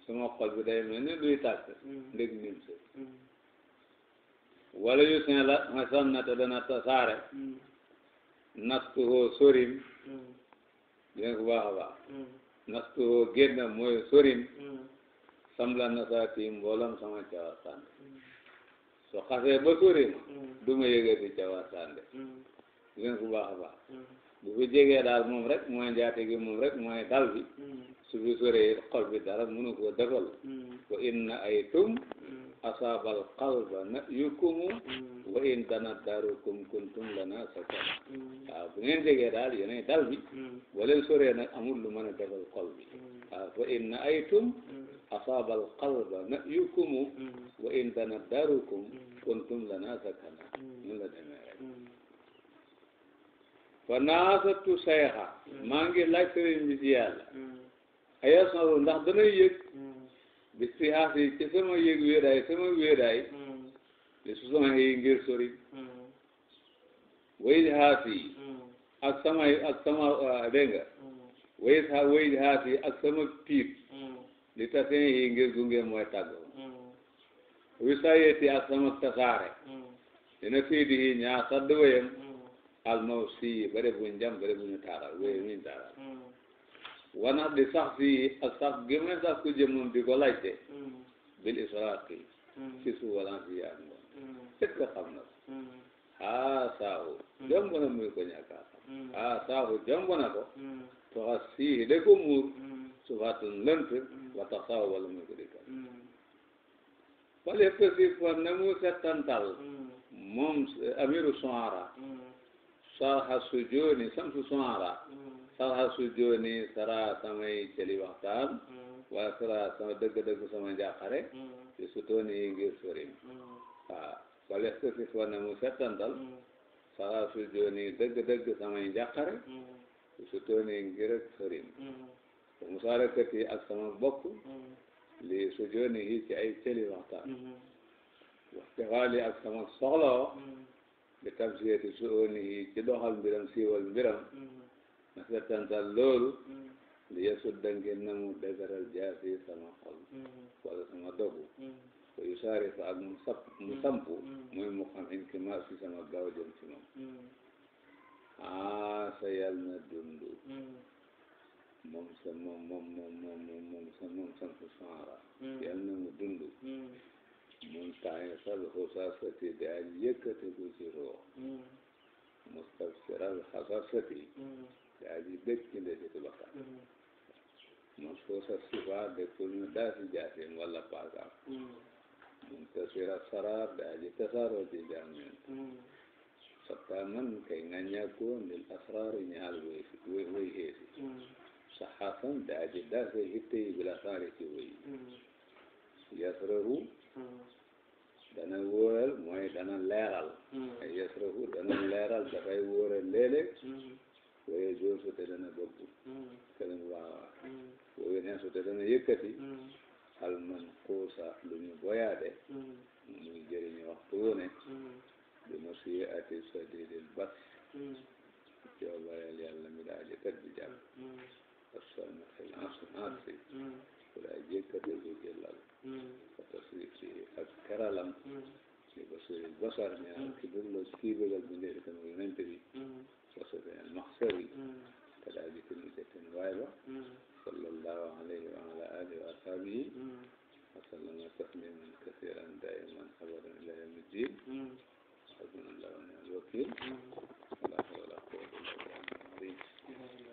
suma xol bi day mel ni luy tàkk ndég nim si wala yu senla masan na te dana tasaare nastuhoo sorin dégg nga ko baax a baax nastuhoo génna mooy sorin samla nasaati mboolam sama cawasaande hmm. so xasee ba sori ma hmm. du ma yëgati cawasaande hmm. ngeen baax a bu fi jegee daal moom rek mooy njaate gi moom rek mooy dal bi mm. su fi soree xol bi dara mënu koo defal mm. wa in na ay tum mm. asaabal qalba na yukumu wa in dana darukum kuntum lana sakana bu ngeen jegee daal yéenay dal bi boo leen soree nag amul lu mën a defal xol bi waaw na ay tum asaabal na yukumu wa in dana kuntum lana sakana mun la demee fa naasatu sayxa hmm. maa ngi laaj sëriñ bi ci yàlla hmm. ayas na lu ndax danay yëg hmm. bi si xaas ci sama yëg wéeraay ak sama ak sama ah, dégg nga way ak sama tiit li tasin yi ngir gunge mooy tàggoo wisaayeti ak sama tasaare dina fii di ñaa sadd wayam almawsi bërëb bu njam bërëb bu ñu taaral wéy bu ñu mm. taaral mm. di sax si ak sax gi may sax ku jëmum di ko laajte mm. bil israaqi ci su walance yi ak moom est-ce que na ko haa saahu jomb na muy ko ñàkka xam haa saahu jomb na ko toxa sii de ko muur sufatun lënt wa tax saahu wala muy ko dikkal wala yëpp si fon na mu settantal moom eh, amiru soara sarha sujooni samsu sumaara mm. sarha sujooni sara samay cëli waxtaan mm. waaye sara sama dëgg-dëgg sama njàqare ci mm. sutooni yi ngir sorim waaw wala est-ce que foo ne mu settantal sara sujooni dëgg-dëgg samay njàqare ci sutooni yi ngir ak sorim ak sama bokk li sujooni yi ci ay cëli waxtaan waxtiwaali ak sama soxloo li tabsiyati suunihi ci doxal mbiram siiwal mbiram na settantal loolu li yesut dangeen mu dëgëral jaasi sama xol wala sama dogu ko yusaari fa ak mu sap mu sampu muy mu xam inkimaas si sama gaaw sa yal na dundu moom sa dundu muntahin sal xusasati di aj yëkkatiku ci roo mustabsiral xasasati di aji bég ci ndetitu bakkan mansuusa sifa de kul daasi jaasim walla paakaam muntasira sarar di aji tasaaroo ci jaamin sattaaman kay ŋaññakoo ndil asraari ñaal way way heesi saxaasan di aji daasi hitte yi bila saari ci way yasrahu Hmm. dana wóoral mooy dana leeral hmm. yasrahu dana leeral dafay wóoral léeg-léeg hmm. joor su te dana bëgg këlam waawa wooye neen su te dana yëkkati al man xuusa lu ñu boyaade muy jëriñu waxtu wu ne du ma suye sa déedéel bas coobareel yàlla mi daa ji tëdd jàpp assalmatel assi laa jékkati jóge lal wa tasrifti ak teralam li ko suri basar ñaar ki dëlloo kii bëggal bi ndeer itam yonent bi wasaten maxsar yi te daa di ko nite ten waay ba sallallahu alayhi wa ala wa ashabihi wa sallama tasliman kasiran daiman abadan ila yawmi ddin hasbunallahu wa ni'mal wakil la hawla wala quwwata illa billah